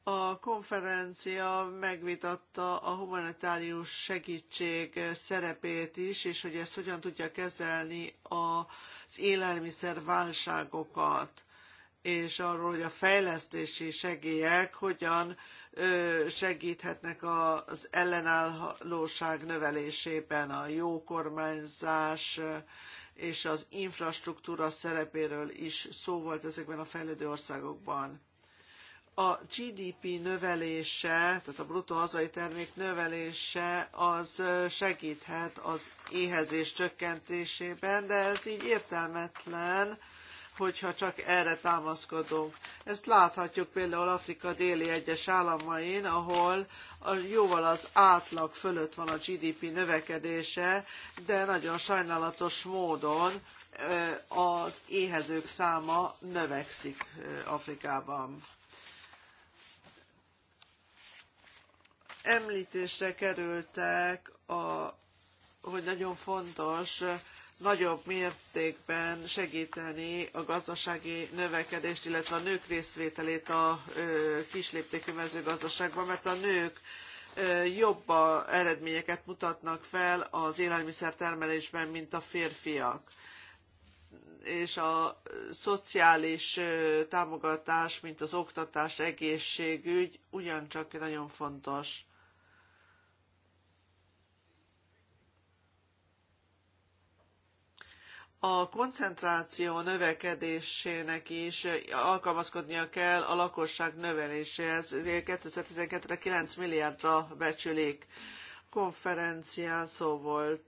A konferencia megvitatta a humanitárius segítség szerepét is, és hogy ez hogyan tudja kezelni az élelmiszer válságokat és arról, hogy a fejlesztési segélyek hogyan segíthetnek az ellenállóság növelésében, a jó kormányzás és az infrastruktúra szerepéről is szó volt ezekben a fejlődő országokban a GDP növelése, tehát a bruttó hazai termék növelése az segíthet az éhezés csökkentésében, de ez így értelmetlen, hogyha csak erre támaszkodunk. Ezt láthatjuk például Afrika déli egyes államain, ahol a, jóval az átlag fölött van a GDP növekedése, de nagyon sajnálatos módon az éhezők száma növekszik Afrikában. Említésre kerültek, a, hogy nagyon fontos nagyobb mértékben segíteni a gazdasági növekedést, illetve a nők részvételét a kisléptékű mezőgazdaságban, mert a nők jobb eredményeket mutatnak fel az élelmiszertermelésben, mint a férfiak és a szociális támogatás, mint az oktatás, egészségügy ugyancsak nagyon fontos. a koncentráció növekedésének is alkalmazkodnia kell a lakosság növeléséhez. 2012-re 9 milliárdra becsülik. Konferencián szó volt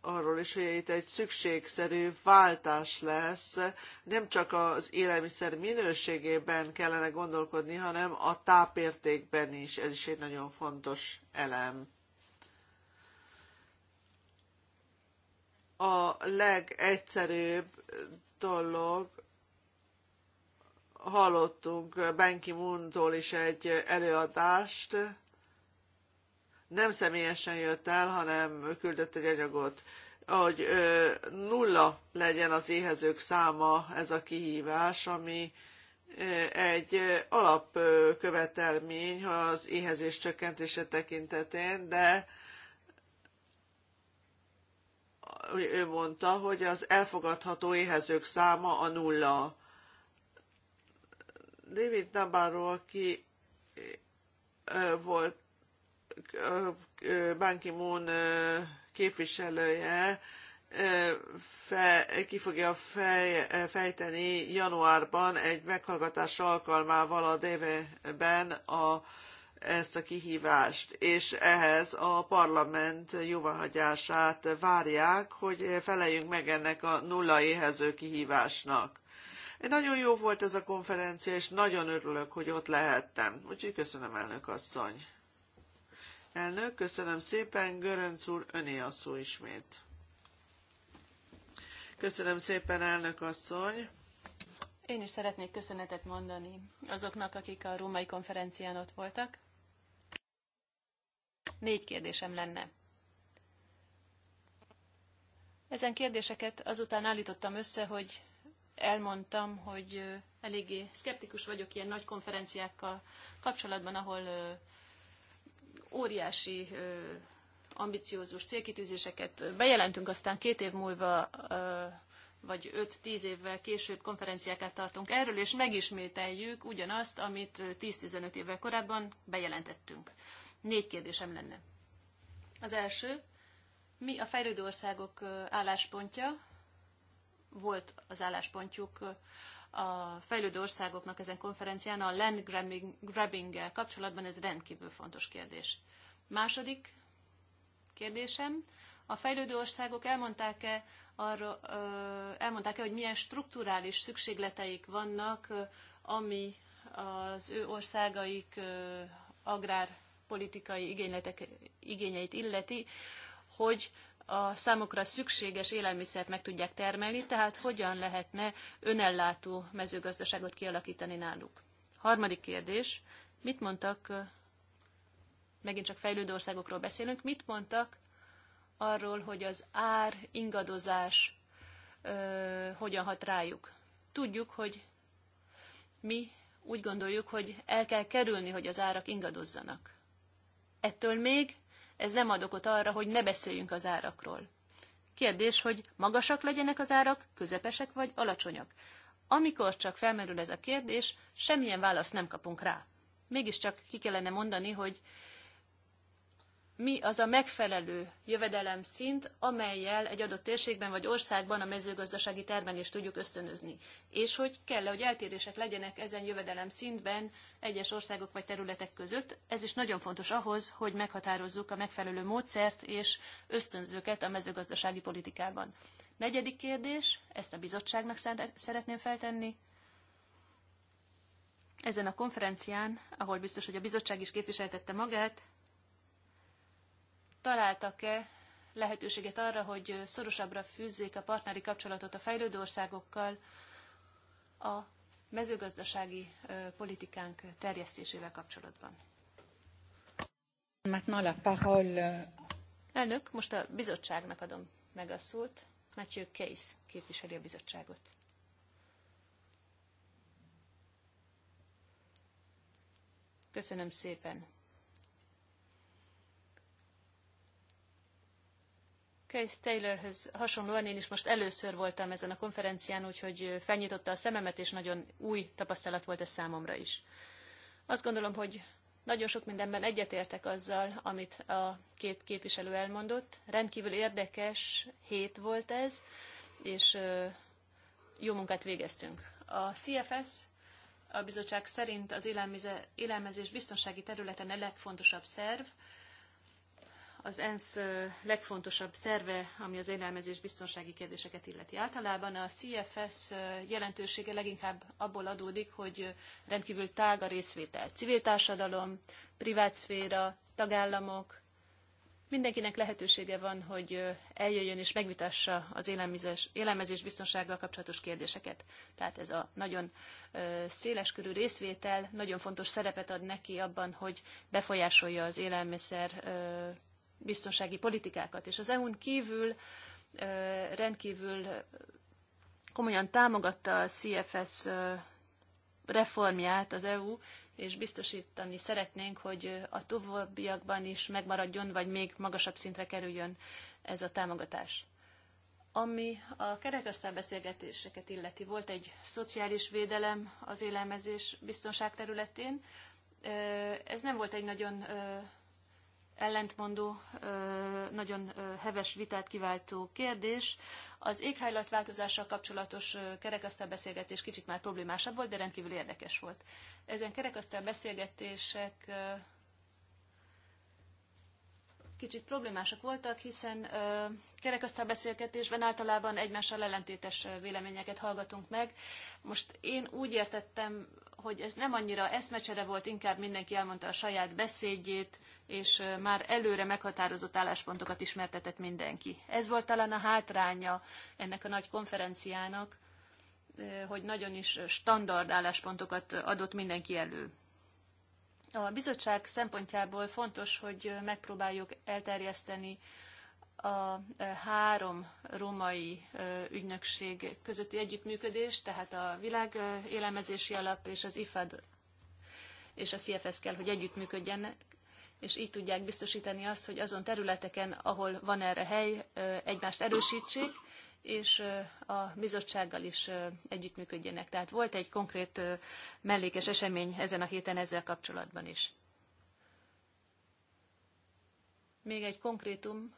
arról is, hogy itt egy szükségszerű váltás lesz. Nem csak az élelmiszer minőségében kellene gondolkodni, hanem a tápértékben is. Ez is egy nagyon fontos elem. a legegyszerűbb dolog, hallottunk Benki Mundtól is egy előadást, nem személyesen jött el, hanem küldött egy anyagot, hogy nulla legyen az éhezők száma, ez a kihívás, ami egy alapkövetelmény az éhezés csökkentése tekintetén, de ő mondta, hogy az elfogadható éhezők száma a nulla. David Nabarro, aki volt Ban Ki-moon képviselője, fe, ki fogja fej, fejteni januárban egy meghallgatás alkalmával a DV-ben a ezt a kihívást, és ehhez a parlament jóváhagyását várják, hogy feleljünk meg ennek a nulla éhező kihívásnak. Nagyon jó volt ez a konferencia, és nagyon örülök, hogy ott lehettem. Úgyhogy köszönöm, elnök asszony. Elnök, köszönöm szépen, Görönc úr, öné a szó ismét. Köszönöm szépen, elnök asszony. Én is szeretnék köszönetet mondani azoknak, akik a római konferencián ott voltak. Négy kérdésem lenne. Ezen kérdéseket azután állítottam össze, hogy elmondtam, hogy eléggé szkeptikus vagyok ilyen nagy konferenciákkal kapcsolatban, ahol óriási ambiciózus célkitűzéseket bejelentünk, aztán két év múlva vagy 5-10 évvel később konferenciákat tartunk erről, és megismételjük ugyanazt, amit 10-15 évvel korábban bejelentettünk. Négy kérdésem lenne. Az első, mi a fejlődő országok álláspontja? Volt az álláspontjuk a fejlődő országoknak ezen konferencián a land grabbing, kapcsolatban, ez rendkívül fontos kérdés. Második kérdésem, a fejlődő országok elmondták-e, arra, elmondták-e, hogy milyen strukturális szükségleteik vannak, ami az ő országaik agrár politikai igényeit illeti, hogy a számukra szükséges élelmiszert meg tudják termelni, tehát hogyan lehetne önellátó mezőgazdaságot kialakítani náluk. Harmadik kérdés, mit mondtak, megint csak fejlődő országokról beszélünk, mit mondtak arról, hogy az ár ingadozás ö, hogyan hat rájuk. Tudjuk, hogy mi úgy gondoljuk, hogy el kell kerülni, hogy az árak ingadozzanak ettől még ez nem ad okot arra, hogy ne beszéljünk az árakról. Kérdés, hogy magasak legyenek az árak, közepesek vagy alacsonyak. Amikor csak felmerül ez a kérdés, semmilyen választ nem kapunk rá. Mégiscsak ki kellene mondani, hogy mi az a megfelelő jövedelemszint, amelyel egy adott térségben vagy országban a mezőgazdasági termelést tudjuk ösztönözni. És hogy kell -e, hogy eltérések legyenek ezen jövedelem szintben egyes országok vagy területek között. Ez is nagyon fontos ahhoz, hogy meghatározzuk a megfelelő módszert és ösztönzőket a mezőgazdasági politikában. Negyedik kérdés, ezt a bizottságnak szeretném feltenni. Ezen a konferencián, ahol biztos, hogy a bizottság is képviseltette magát, találtak-e lehetőséget arra, hogy szorosabbra fűzzék a partneri kapcsolatot a fejlődő országokkal a mezőgazdasági politikánk terjesztésével kapcsolatban. Maintenant la parole. Euh, Elnök, most a bizottságnak adom meg a szót. Matthew Case képviseli a bizottságot. Köszönöm szépen. Case Taylorhöz hasonlóan én is most először voltam ezen a konferencián, úgyhogy felnyitotta a szememet, és nagyon új tapasztalat volt ez számomra is. Azt gondolom, hogy nagyon sok mindenben egyetértek azzal, amit a két képviselő elmondott. Rendkívül érdekes hét volt ez, és jó munkát végeztünk. A CFS a bizottság szerint az élelmezés biztonsági területen a legfontosabb szerv, az ENSZ legfontosabb szerve, ami az élelmezés biztonsági kérdéseket illeti. Általában a CFS jelentősége leginkább abból adódik, hogy rendkívül tág a részvétel. Civil társadalom, privát szféra, tagállamok, mindenkinek lehetősége van, hogy eljöjjön és megvitassa az élelmezés, élelmezés biztonsággal kapcsolatos kérdéseket. Tehát ez a nagyon széleskörű részvétel nagyon fontos szerepet ad neki abban, hogy befolyásolja az élelmiszer biztonsági politikákat. És az EU-n kívül rendkívül komolyan támogatta a CFS reformját az EU, és biztosítani szeretnénk, hogy a továbbiakban is megmaradjon, vagy még magasabb szintre kerüljön ez a támogatás. Ami a kerekasztal beszélgetéseket illeti, volt egy szociális védelem az élelmezés biztonság területén. Ez nem volt egy nagyon ellentmondó, nagyon heves vitát kiváltó kérdés. Az éghajlatváltozással kapcsolatos kerekasztal beszélgetés kicsit már problémásabb volt, de rendkívül érdekes volt. Ezen kerekasztal beszélgetések kicsit problémásak voltak, hiszen kerekasztal beszélgetésben általában egymással ellentétes véleményeket hallgatunk meg. Most én úgy értettem hogy ez nem annyira eszmecsere volt, inkább mindenki elmondta a saját beszédjét, és már előre meghatározott álláspontokat ismertetett mindenki. Ez volt talán a hátránya ennek a nagy konferenciának, hogy nagyon is standard álláspontokat adott mindenki elő. A bizottság szempontjából fontos, hogy megpróbáljuk elterjeszteni a három római ügynökség közötti együttműködés, tehát a világ élelmezési alap és az IFAD és a CFS kell, hogy együttműködjenek, és így tudják biztosítani azt, hogy azon területeken, ahol van erre hely, egymást erősítsék, és a bizottsággal is együttműködjenek. Tehát volt egy konkrét mellékes esemény ezen a héten ezzel kapcsolatban is. Még egy konkrétum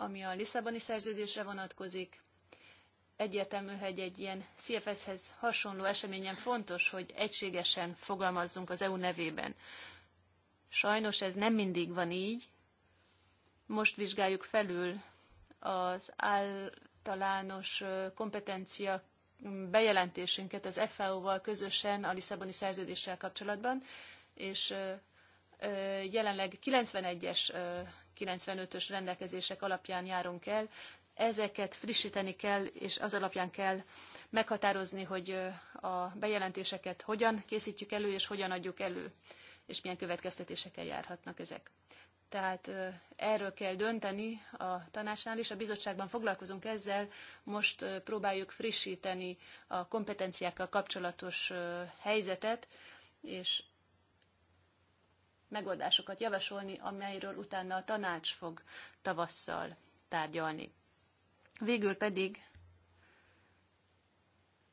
ami a Lisszaboni szerződésre vonatkozik. Egyértelmű, hogy egy ilyen CFS-hez hasonló eseményen fontos, hogy egységesen fogalmazzunk az EU nevében. Sajnos ez nem mindig van így. Most vizsgáljuk felül az általános kompetencia bejelentésünket az FAO-val közösen a Lisszaboni szerződéssel kapcsolatban, és jelenleg 91-es 95-ös rendelkezések alapján járunk el. Ezeket frissíteni kell, és az alapján kell meghatározni, hogy a bejelentéseket hogyan készítjük elő, és hogyan adjuk elő, és milyen következtetésekkel járhatnak ezek. Tehát erről kell dönteni a tanácsnál is. A bizottságban foglalkozunk ezzel, most próbáljuk frissíteni a kompetenciákkal kapcsolatos helyzetet, és megoldásokat javasolni, amelyről utána a tanács fog tavasszal tárgyalni. Végül pedig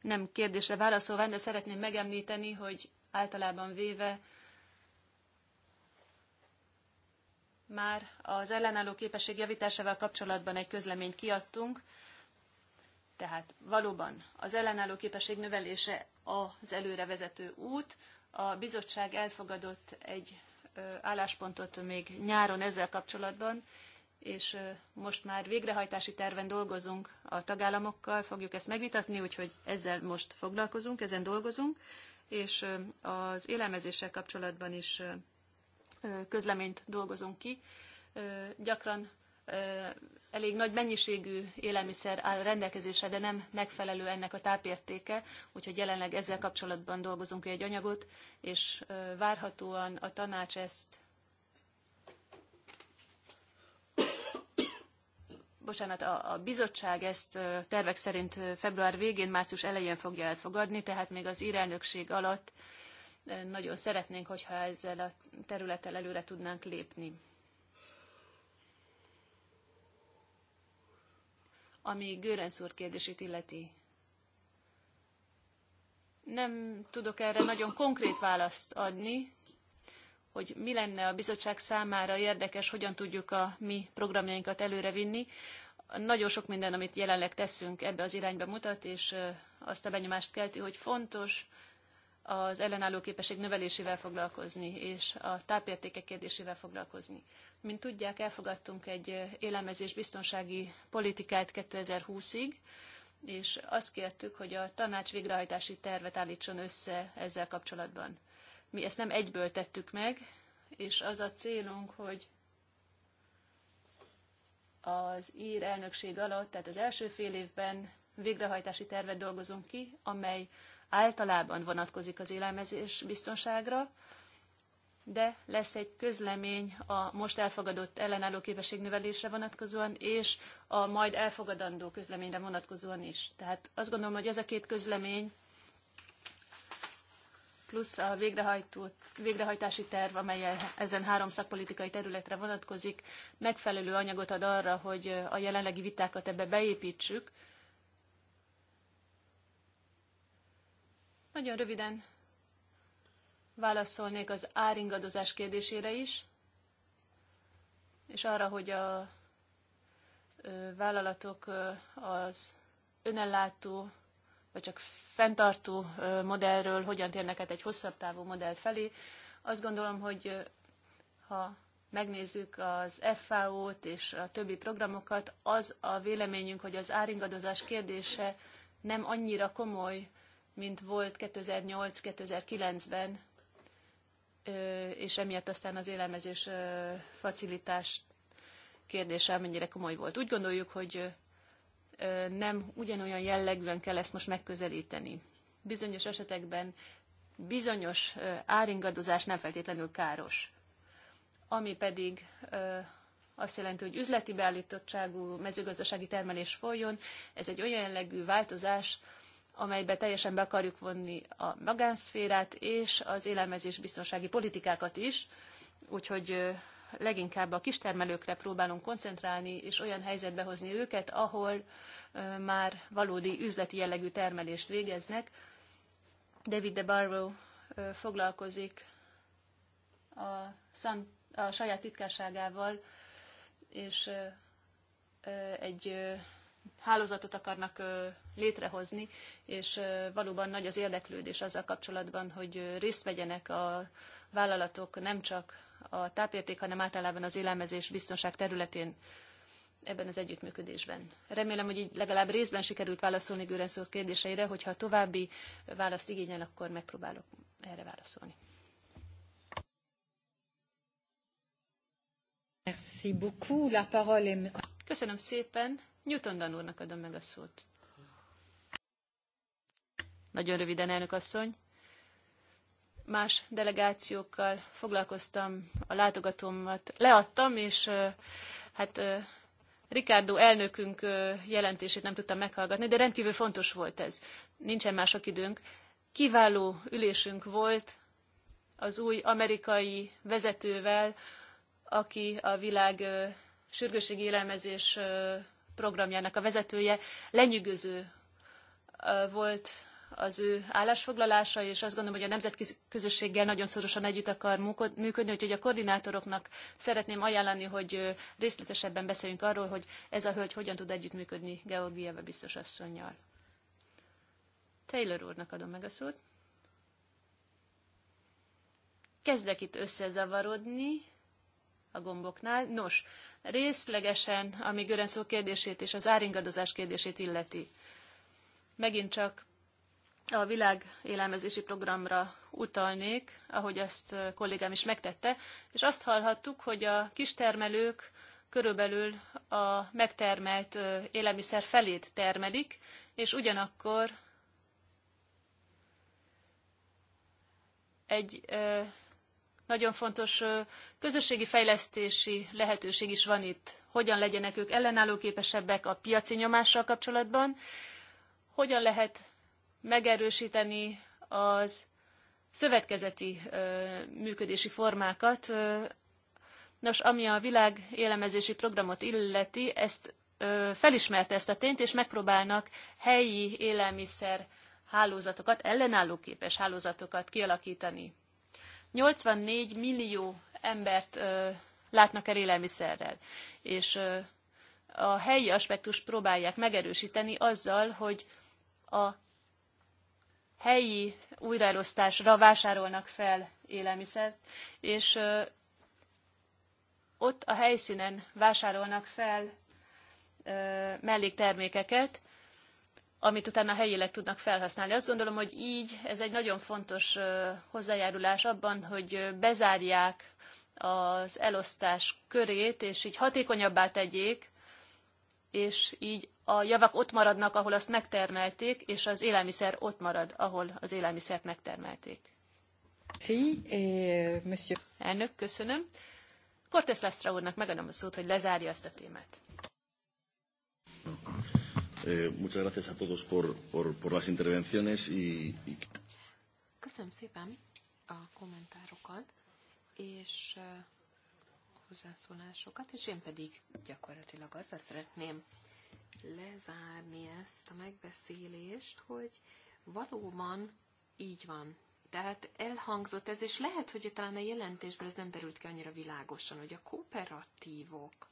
nem kérdésre válaszolva, de szeretném megemlíteni, hogy általában véve már az ellenálló képesség javításával kapcsolatban egy közleményt kiadtunk, tehát valóban az ellenálló képesség növelése az előrevezető út. A bizottság elfogadott egy álláspontot még nyáron ezzel kapcsolatban, és most már végrehajtási terven dolgozunk a tagállamokkal, fogjuk ezt megvitatni, úgyhogy ezzel most foglalkozunk, ezen dolgozunk, és az élelmezéssel kapcsolatban is közleményt dolgozunk ki. Gyakran elég nagy mennyiségű élelmiszer áll rendelkezésre, de nem megfelelő ennek a tápértéke, úgyhogy jelenleg ezzel kapcsolatban dolgozunk ki egy anyagot, és várhatóan a tanács ezt bocsánat, a, bizottság ezt tervek szerint február végén, március elején fogja elfogadni, tehát még az írelnökség alatt nagyon szeretnénk, hogyha ezzel a területtel előre tudnánk lépni. ami Görensz úr kérdését illeti. Nem tudok erre nagyon konkrét választ adni, hogy mi lenne a bizottság számára érdekes, hogyan tudjuk a mi programjainkat előrevinni. Nagyon sok minden, amit jelenleg teszünk, ebbe az irányba mutat, és azt a benyomást kelti, hogy fontos az ellenálló képesség növelésével foglalkozni, és a tápértékek kérdésével foglalkozni. Mint tudják, elfogadtunk egy élelmezés biztonsági politikát 2020-ig, és azt kértük, hogy a tanács végrehajtási tervet állítson össze ezzel kapcsolatban. Mi ezt nem egyből tettük meg, és az a célunk, hogy az ír elnökség alatt, tehát az első fél évben végrehajtási tervet dolgozunk ki, amely általában vonatkozik az élelmezés biztonságra, de lesz egy közlemény a most elfogadott ellenálló képességnövelésre vonatkozóan, és a majd elfogadandó közleményre vonatkozóan is. Tehát azt gondolom, hogy ez a két közlemény plusz a végrehajtó, végrehajtási terv, amely ezen három szakpolitikai területre vonatkozik, megfelelő anyagot ad arra, hogy a jelenlegi vitákat ebbe beépítsük, Nagyon röviden válaszolnék az áringadozás kérdésére is, és arra, hogy a vállalatok az önellátó vagy csak fenntartó modellről hogyan térnek át egy hosszabb távú modell felé. Azt gondolom, hogy ha megnézzük az FAO-t és a többi programokat, az a véleményünk, hogy az áringadozás kérdése nem annyira komoly mint volt 2008-2009-ben, és emiatt aztán az élelmezés facilitás kérdése mennyire komoly volt. Úgy gondoljuk, hogy nem ugyanolyan jellegűen kell ezt most megközelíteni. Bizonyos esetekben bizonyos áringadozás nem feltétlenül káros, ami pedig azt jelenti, hogy üzleti beállítottságú mezőgazdasági termelés folyjon. Ez egy olyan jellegű változás, amelybe teljesen be akarjuk vonni a magánszférát és az élelmezés biztonsági politikákat is, úgyhogy leginkább a kistermelőkre próbálunk koncentrálni, és olyan helyzetbe hozni őket, ahol már valódi üzleti jellegű termelést végeznek. David de Barrow foglalkozik a, szan, a saját titkárságával, és egy hálózatot akarnak létrehozni, és valóban nagy az érdeklődés azzal kapcsolatban, hogy részt vegyenek a vállalatok nem csak a tápérték, hanem általában az élelmezés biztonság területén ebben az együttműködésben. Remélem, hogy így legalább részben sikerült válaszolni Gőrenszó kérdéseire, hogyha további választ igényel, akkor megpróbálok erre válaszolni. Köszönöm szépen. Newton Dan úrnak adom meg a szót. Nagyon röviden, elnök asszony. Más delegációkkal foglalkoztam, a látogatómat leadtam, és hát Ricardo elnökünk jelentését nem tudtam meghallgatni, de rendkívül fontos volt ez. Nincsen mások időnk. Kiváló ülésünk volt az új amerikai vezetővel, aki a világ sürgőségi élelmezés programjának a vezetője, lenyűgöző volt az ő állásfoglalása, és azt gondolom, hogy a nemzetközi közösséggel nagyon szorosan együtt akar működni, úgyhogy a koordinátoroknak szeretném ajánlani, hogy részletesebben beszéljünk arról, hogy ez a hölgy hogyan tud együttműködni Georgieva biztos asszonynal. Taylor úrnak adom meg a szót. Kezdek itt összezavarodni a gomboknál. Nos, részlegesen, ami Görenszó kérdését és az áringadozás kérdését illeti. Megint csak a világ élelmezési programra utalnék, ahogy azt kollégám is megtette, és azt hallhattuk, hogy a kistermelők körülbelül a megtermelt élelmiszer felét termelik, és ugyanakkor egy nagyon fontos közösségi fejlesztési lehetőség is van itt. Hogyan legyenek ők ellenállóképesebbek a piaci nyomással kapcsolatban, hogyan lehet megerősíteni az szövetkezeti működési formákat. Nos, ami a világ élemezési programot illeti, ezt felismerte ezt a tényt, és megpróbálnak helyi élelmiszer hálózatokat, ellenállóképes hálózatokat kialakítani. 84 millió embert ö, látnak el élelmiszerrel, és ö, a helyi aspektust próbálják megerősíteni azzal, hogy a helyi újraelosztásra vásárolnak fel élelmiszert, és ö, ott a helyszínen vásárolnak fel ö, melléktermékeket, amit utána helyileg tudnak felhasználni. Azt gondolom, hogy így ez egy nagyon fontos hozzájárulás abban, hogy bezárják az elosztás körét, és így hatékonyabbá tegyék, és így a javak ott maradnak, ahol azt megtermelték, és az élelmiszer ott marad, ahol az élelmiszert megtermelték. Sí, monsieur. Elnök, köszönöm. Cortes Lastra úrnak megadom a szót, hogy lezárja ezt a témát. Eh, muchas gracias a todos por, por, por las intervenciones y, y... Köszönöm szépen a kommentárokat és eh, hozzászólásokat, és én pedig gyakorlatilag azzal szeretném lezárni ezt a megbeszélést, hogy valóban így van. Tehát elhangzott ez, és lehet, hogy talán a jelentésből ez nem derült ki annyira világosan, hogy a kooperatívok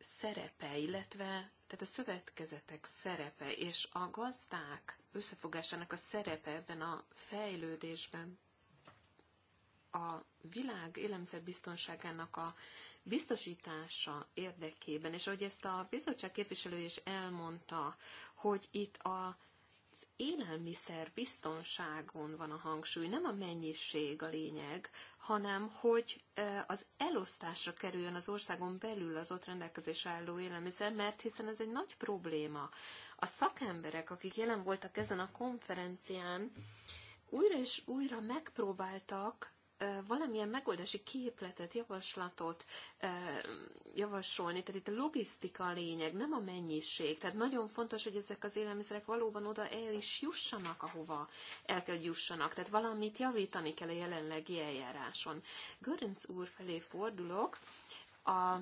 szerepe, illetve tehát a szövetkezetek szerepe és a gazdák összefogásának a szerepe ebben a fejlődésben a világ élelmiszerbiztonságának a biztosítása érdekében, és ahogy ezt a bizottság képviselő is elmondta, hogy itt a az élelmiszer biztonságon van a hangsúly, nem a mennyiség a lényeg, hanem hogy az elosztásra kerüljön az országon belül az ott rendelkezésre álló élelmiszer, mert hiszen ez egy nagy probléma. A szakemberek, akik jelen voltak ezen a konferencián, újra és újra megpróbáltak valamilyen megoldási képletet, javaslatot javasolni. Tehát itt a logisztika a lényeg, nem a mennyiség. Tehát nagyon fontos, hogy ezek az élelmiszerek valóban oda el is jussanak, ahova el kell jussanak. Tehát valamit javítani kell a jelenlegi eljáráson. Görönc úr felé fordulok. A,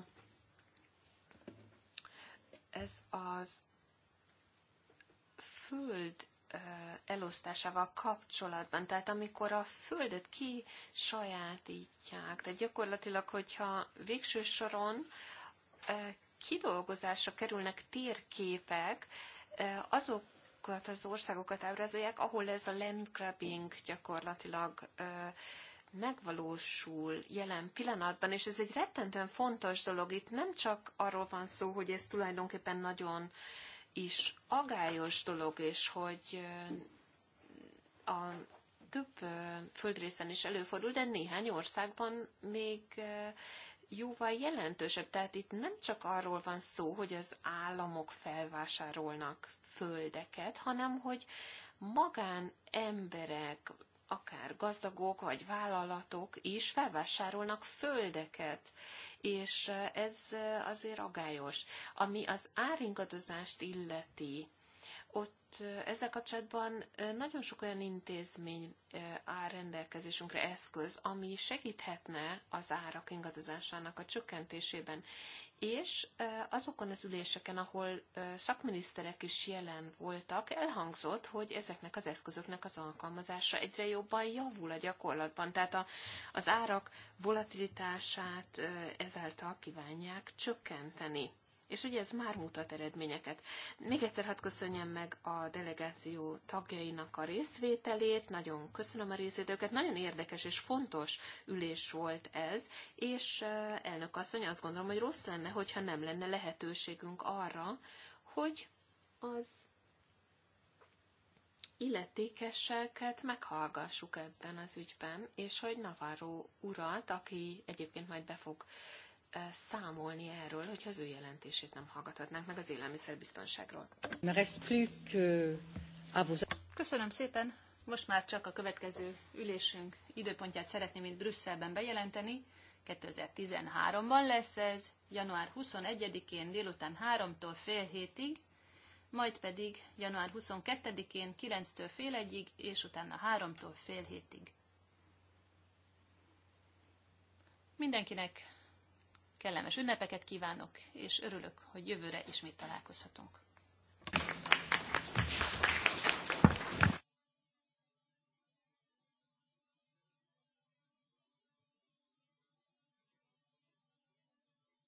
ez az föld elosztásával kapcsolatban. Tehát amikor a földet ki sajátítják, tehát gyakorlatilag, hogyha végső soron kidolgozásra kerülnek térképek, azok az országokat ábrázolják, ahol ez a landgrabbing gyakorlatilag megvalósul jelen pillanatban, és ez egy rettentően fontos dolog. Itt nem csak arról van szó, hogy ez tulajdonképpen nagyon is agályos dolog, és hogy a több földrészen is előfordul, de néhány országban még jóval jelentősebb. Tehát itt nem csak arról van szó, hogy az államok felvásárolnak földeket, hanem hogy magán emberek, akár gazdagok vagy vállalatok is felvásárolnak földeket és ez azért agályos. Ami az áringadozást illeti, ott ezzel kapcsolatban nagyon sok olyan intézmény áll rendelkezésünkre eszköz, ami segíthetne az árak ingadozásának a csökkentésében. És azokon az üléseken, ahol szakminiszterek is jelen voltak, elhangzott, hogy ezeknek az eszközöknek az alkalmazása egyre jobban javul a gyakorlatban. Tehát a, az árak volatilitását ezáltal kívánják csökkenteni és ugye ez már mutat eredményeket. Még egyszer hadd köszönjem meg a delegáció tagjainak a részvételét, nagyon köszönöm a részvételőket, nagyon érdekes és fontos ülés volt ez, és elnök asszony azt gondolom, hogy rossz lenne, hogyha nem lenne lehetőségünk arra, hogy az illetékeseket meghallgassuk ebben az ügyben, és hogy Navarro urat, aki egyébként majd be fog számolni erről, hogy az ő jelentését nem hallgathatnánk meg az élelmiszerbiztonságról. Köszönöm szépen! Most már csak a következő ülésünk időpontját szeretném itt Brüsszelben bejelenteni. 2013-ban lesz ez, január 21-én délután 3-tól fél hétig, majd pedig január 22-én 9-től fél egyig, és utána 3-tól fél hétig. Mindenkinek Kellemes ünnepeket kívánok, és örülök, hogy jövőre ismét találkozhatunk.